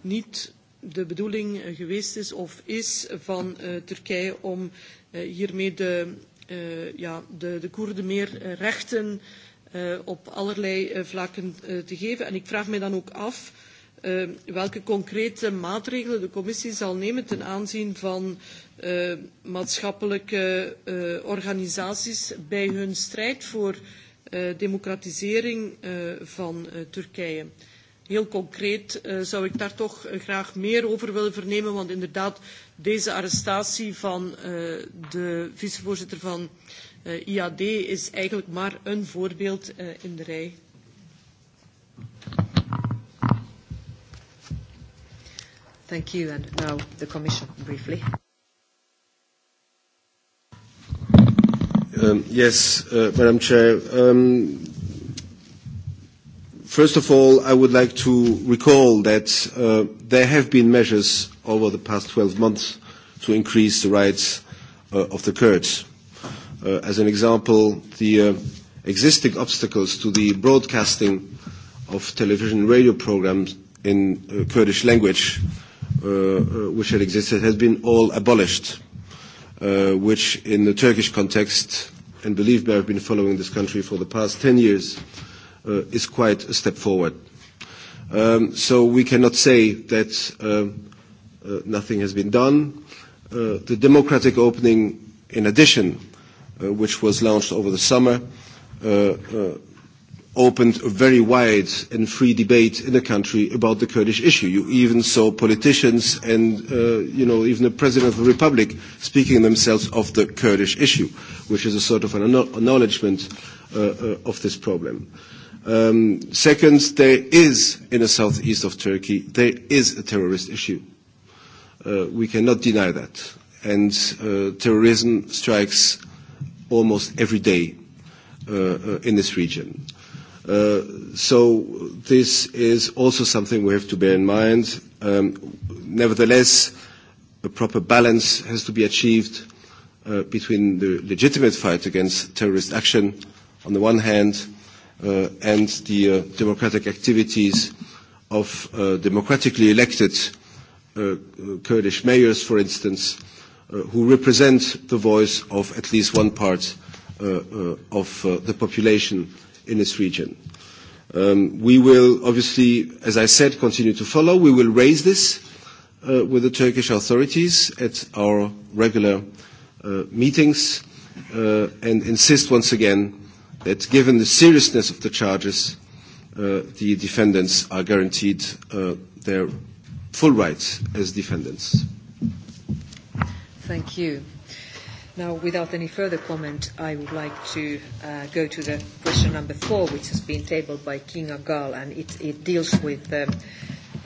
niet de bedoeling geweest is of is van Turkije om hiermee de, de, Koerden meer rechten op allerlei vlakken te geven. En ik vraag mij dan ook af welke concrete maatregelen de commissie zal nemen ten aanzien van maatschappelijke organisaties bij hun strijd voor democratisering van Turkije. Heel concreet zou ik daar toch graag meer over willen vernemen, want inderdaad, deze arrestatie van de vicevoorzitter van IAD is eigenlijk maar een voorbeeld in de rij. Thank you. And now the Commission briefly.
Yes, Madam Chair. First of all, I would like to recall that there have been measures over the past 12 months to increase the rights of the Kurds. As an example, the existing obstacles to the broadcasting of television and radio programmes in Kurdish language, which had existed, has been all abolished which in the Turkish context, and believe me, I've been following this country for the past 10 years, is quite a step forward. so we cannot say that nothing has been done. the democratic opening, in addition, which was launched over the summer, uh opened a very wide and free debate in the country about the Kurdish issue. You even saw politicians and, uh, you know, even the President of the Republic speaking themselves of the Kurdish issue, which is a sort of an acknowledgement uh, uh, of this problem. Um, second, there is, in the southeast of Turkey, there is a terrorist issue. Uh, we cannot deny that. And uh, terrorism strikes almost every day uh, uh, in this region So this is also something we have to bear in mind. Nevertheless, a proper balance has to be achieved between the legitimate fight against terrorist action on the one hand and the democratic activities of democratically elected Kurdish mayors, for instance, who represent the voice of at least one part of the population in this region. Um, we will obviously, as I said, continue to follow. We will raise this uh, with the Turkish authorities at our regular uh, meetings uh, and insist once again that given the seriousness of the charges, uh, the defendants are guaranteed uh, their full rights as defendants.
Thank you. Now, without any further comment, I would like to uh, go to the question number four, which has been tabled by King Agal, and it, it deals with um,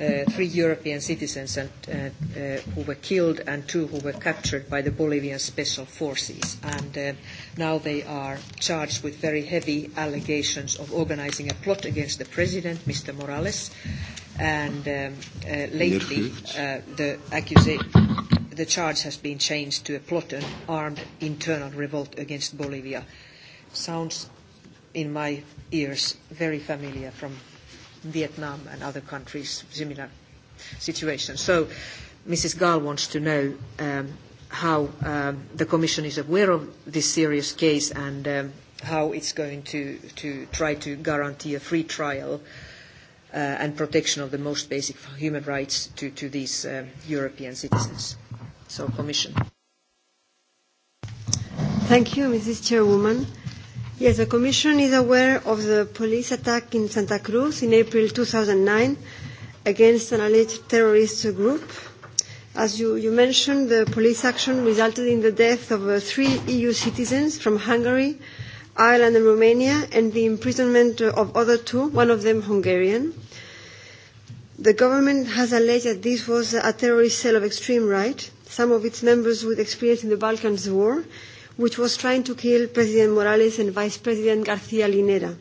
uh, three European citizens and, uh, uh, who were killed and two who were captured by the Bolivian special forces. And uh, now they are charged with very heavy allegations of organizing a plot against the president, Mr. Morales. And uh, lately, uh, the accusation the charge has been changed to a plot an armed internal revolt against Bolivia. Sounds in my ears very familiar from Vietnam and other countries, similar situations. So Mrs. Gall wants to know um, how um, the Commission is aware of this serious case and um, how it's going to, to try to guarantee a free trial uh, and protection of the most basic human rights to, to these uh, European citizens. So, Commission.
Thank you, Mrs. Chairwoman. Yes, the Commission is aware of the police attack in Santa Cruz in April 2009 against an alleged terrorist group. As you, you mentioned, the police action resulted in the death of uh, three EU citizens from Hungary, Ireland and Romania, and the imprisonment of other two, one of them Hungarian. The government has alleged that this was a terrorist cell of extreme right some of its members with experience in the Balkans War, which was trying to kill President Morales and Vice President García Linera.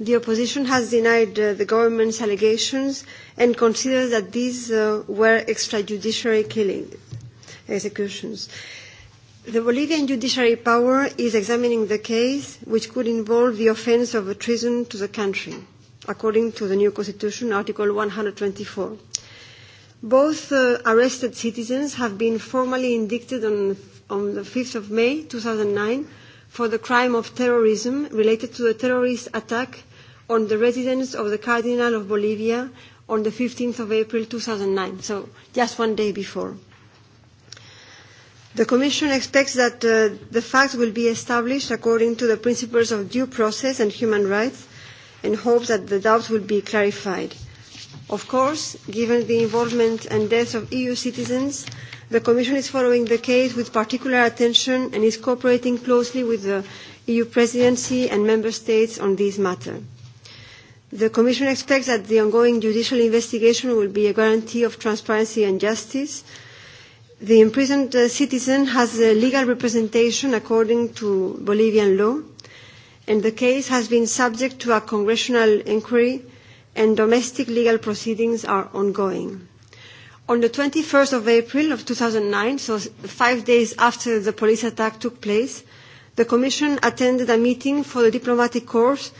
The opposition has denied uh, the government's allegations and considers that these uh, were extrajudiciary killings, executions. The Bolivian judiciary power is examining the case, which could involve the offense of treason to the country, according to the new constitution, Article 124. Both uh, arrested citizens have been formally indicted on, on the 5th of May 2009 for the crime of terrorism related to the terrorist attack on the residence of the Cardinal of Bolivia on the 15th of April 2009, so just one day before. The Commission expects that uh, the facts will be established according to the principles of due process and human rights and hopes that the doubts will be clarified. Of course, given the involvement and death of EU citizens, the Commission is following the case with particular attention and is cooperating closely with the EU Presidency and Member States on this matter. The Commission expects that the ongoing judicial investigation will be a guarantee of transparency and justice. The imprisoned citizen has a legal representation according to Bolivian law, and the case has been subject to a congressional inquiry and domestic legal proceedings are ongoing. On the 21st of April of 2009, so five days after the police attack took place, the Commission attended a meeting for the diplomatic corps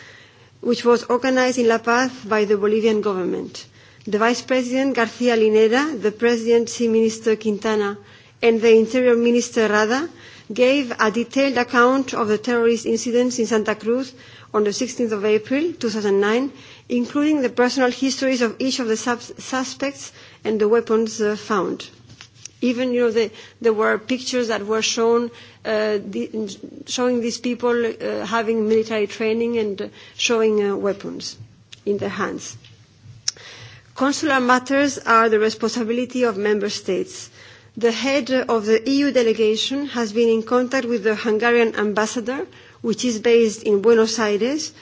which was organized in La Paz by the Bolivian government. The Vice President García Linera, the Presidency Minister Quintana, and the Interior Minister Rada gave a detailed account of the terrorist incidents in Santa Cruz on the 16th of April 2009 including the personal histories of each of the sub- suspects and the weapons uh, found. Even you know, the, there were pictures that were shown uh, the, showing these people uh, having military training and showing uh, weapons in their hands. Consular matters are the responsibility of member states. The head of the EU delegation has been in contact with the Hungarian ambassador, which is based in Buenos Aires,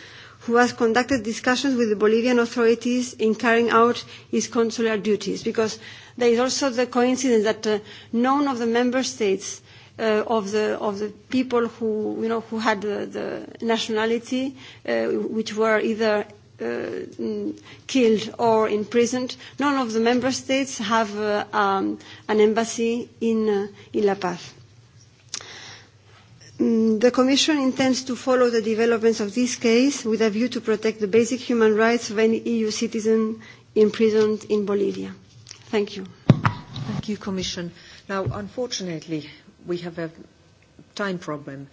who has conducted discussions with the Bolivian authorities in carrying out its consular duties. Because there is also the coincidence that uh, none of the member states uh, of the of the people who you know who had the, the nationality, uh, which were either uh, killed or imprisoned, none of the member states have uh, um, an embassy in uh, in La Paz The Commission intends to follow the developments of this case with a view to protect the basic human rights of any EU citizen imprisoned in Bolivia. Thank you.
Thank you, Commission. Now, unfortunately, we have a time problem,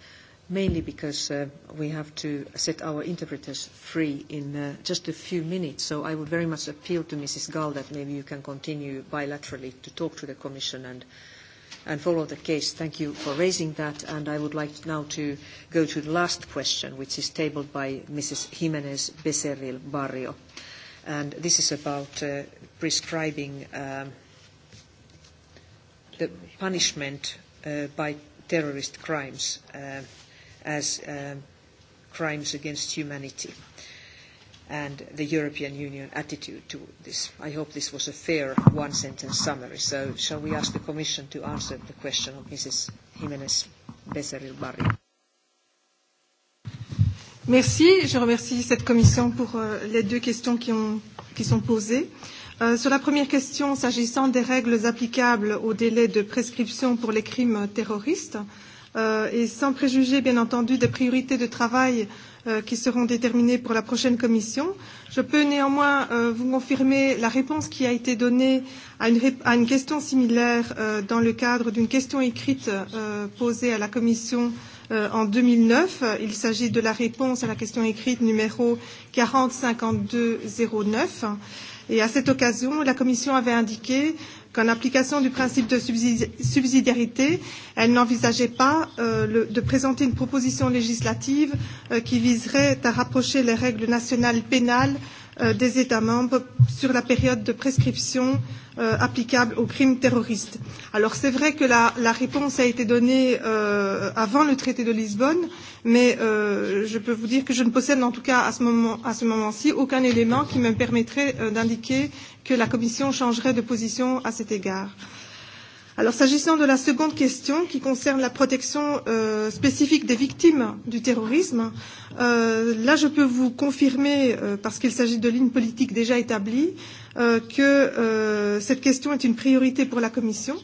mainly because uh, we have to set our interpreters free in uh, just a few minutes. So I would very much appeal to Mrs. Gall that maybe you can continue bilaterally to talk to the Commission and and follow the case. Thank you for raising that. And I would like now to go to the last question, which is tabled by Mrs. Jimenez Becerril Barrio. And this is about uh, prescribing um, the punishment uh, by terrorist crimes uh, as crimes against humanity and the European Union attitude to this. I hope this was a fair one-sentence summary. So shall we ask the Commission to answer the question of Mrs. Jiménez Becerril Barrio?
Merci. Je remercie cette commission pour les deux questions qui, ont, qui sont posées. Euh, sur la première question, s'agissant des règles applicables au délai de prescription pour les crimes terroristes, euh, et sans préjuger, bien entendu, des priorités de travail euh, qui seront déterminées pour la prochaine commission. Je peux néanmoins vous confirmer la réponse qui a été donnée à une, à une question similaire dans le cadre d'une question écrite posée à la commission en deux mille neuf. Il s'agit de la réponse à la question écrite numéro quarante cinquante deux zéro neuf. Et à cette occasion, la Commission avait indiqué qu'en application du principe de subsidiarité, elle n'envisageait pas euh, le, de présenter une proposition législative euh, qui viserait à rapprocher les règles nationales pénales euh, des États membres sur la période de prescription euh, applicable aux crimes terroristes. Alors c'est vrai que la, la réponse a été donnée euh, avant le traité de Lisbonne, mais euh, je peux vous dire que je ne possède en tout cas à ce moment moment-ci aucun élément qui me permettrait euh, d'indiquer que la Commission changerait de position à cet égard. Alors s'agissant de la seconde question qui concerne la protection euh, spécifique des victimes du terrorisme, euh, là je peux vous confirmer, euh, parce qu'il s'agit de lignes politiques déjà établies, euh, que euh, cette question est une priorité pour la Commission.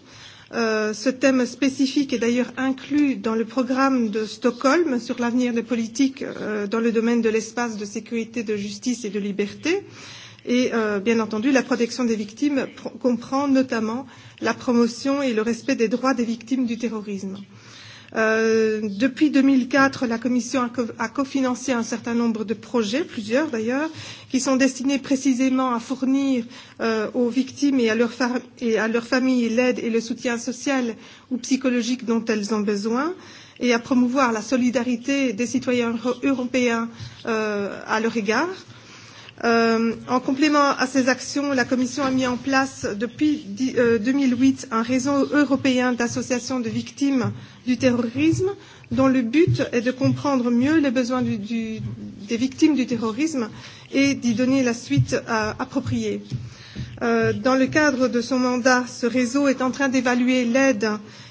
Euh, ce thème spécifique est d'ailleurs inclus dans le programme de Stockholm sur l'avenir des politiques euh, dans le domaine de l'espace de sécurité, de justice et de liberté. Euh, Et euh, bien entendu, la protection des victimes pr- comprend notamment la promotion et le respect des droits des victimes du terrorisme. Euh, depuis 2004, la Commission a, co a cofinancé un certain nombre de projets, plusieurs d'ailleurs, qui sont destinés précisément à fournir euh, aux victimes et à leurs fa leur familles l'aide et le soutien social ou psychologique dont elles ont besoin et à promouvoir la solidarité des citoyens européens euh, à leur égard. Euh, en complément à ces actions, la Commission a mis en place depuis deux mille huit un réseau européen d'associations de victimes du terrorisme dont le but est de comprendre mieux les besoins des victimes du terrorisme et d'y donner la suite appropriée. dans le cadre de son mandat, ce réseau est en train d'évaluer l'aide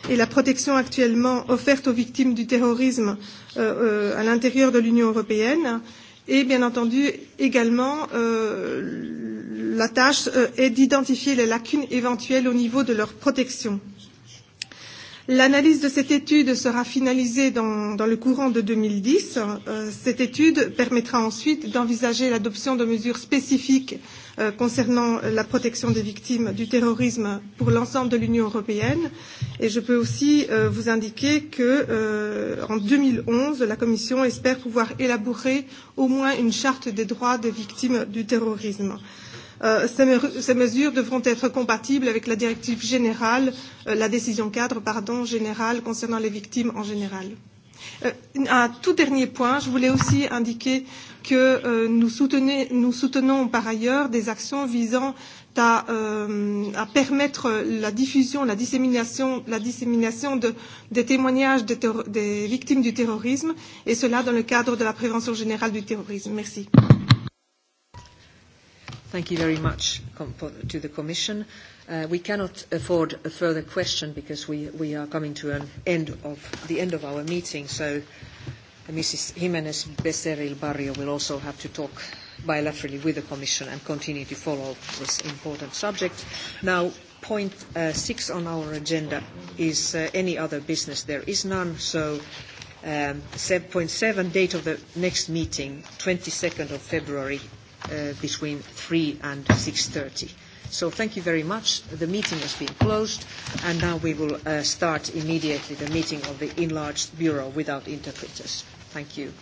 et la protection actuellement offertes aux victimes du terrorisme à l'intérieur de l'Union européenne. Et bien entendu, également, euh, la tâche euh, est d'identifier les lacunes éventuelles au niveau de leur protection. L'analyse de cette étude sera finalisée dans, dans le courant de 2010. Euh, cette étude permettra ensuite d'envisager l'adoption de mesures spécifiques concernant la protection des victimes du terrorisme pour l'ensemble de l'Union européenne. Et je peux aussi vous indiquer qu'en euh, 2011, la Commission espère pouvoir élaborer au moins une charte des droits des victimes du terrorisme ces mesures devront être compatibles avec la directive générale, la décision cadre pardon, générale concernant les victimes en général. un tout dernier point, je voulais aussi indiquer que euh, nous, soutenez, nous soutenons par ailleurs des actions visant à, euh, à permettre la diffusion, la dissémination, la dissémination de, des témoignages des, des victimes du terrorisme, et cela dans le cadre de la prévention générale du terrorisme. Merci.
Thank you very much to the Commission. Uh, we cannot afford a further question because we, we are coming to an end of the end of our meeting. So Mrs. Jimenez Becerril Barrio will also have to talk bilaterally with the Commission and continue to follow this important subject. Now, point six on our agenda is any other business. There is none, so point seven, date of the next meeting, 22nd of February, between three and 6:30. So thank you very much. The meeting has been closed, and now we will start immediately the meeting of the enlarged bureau without interpreters. Thank you.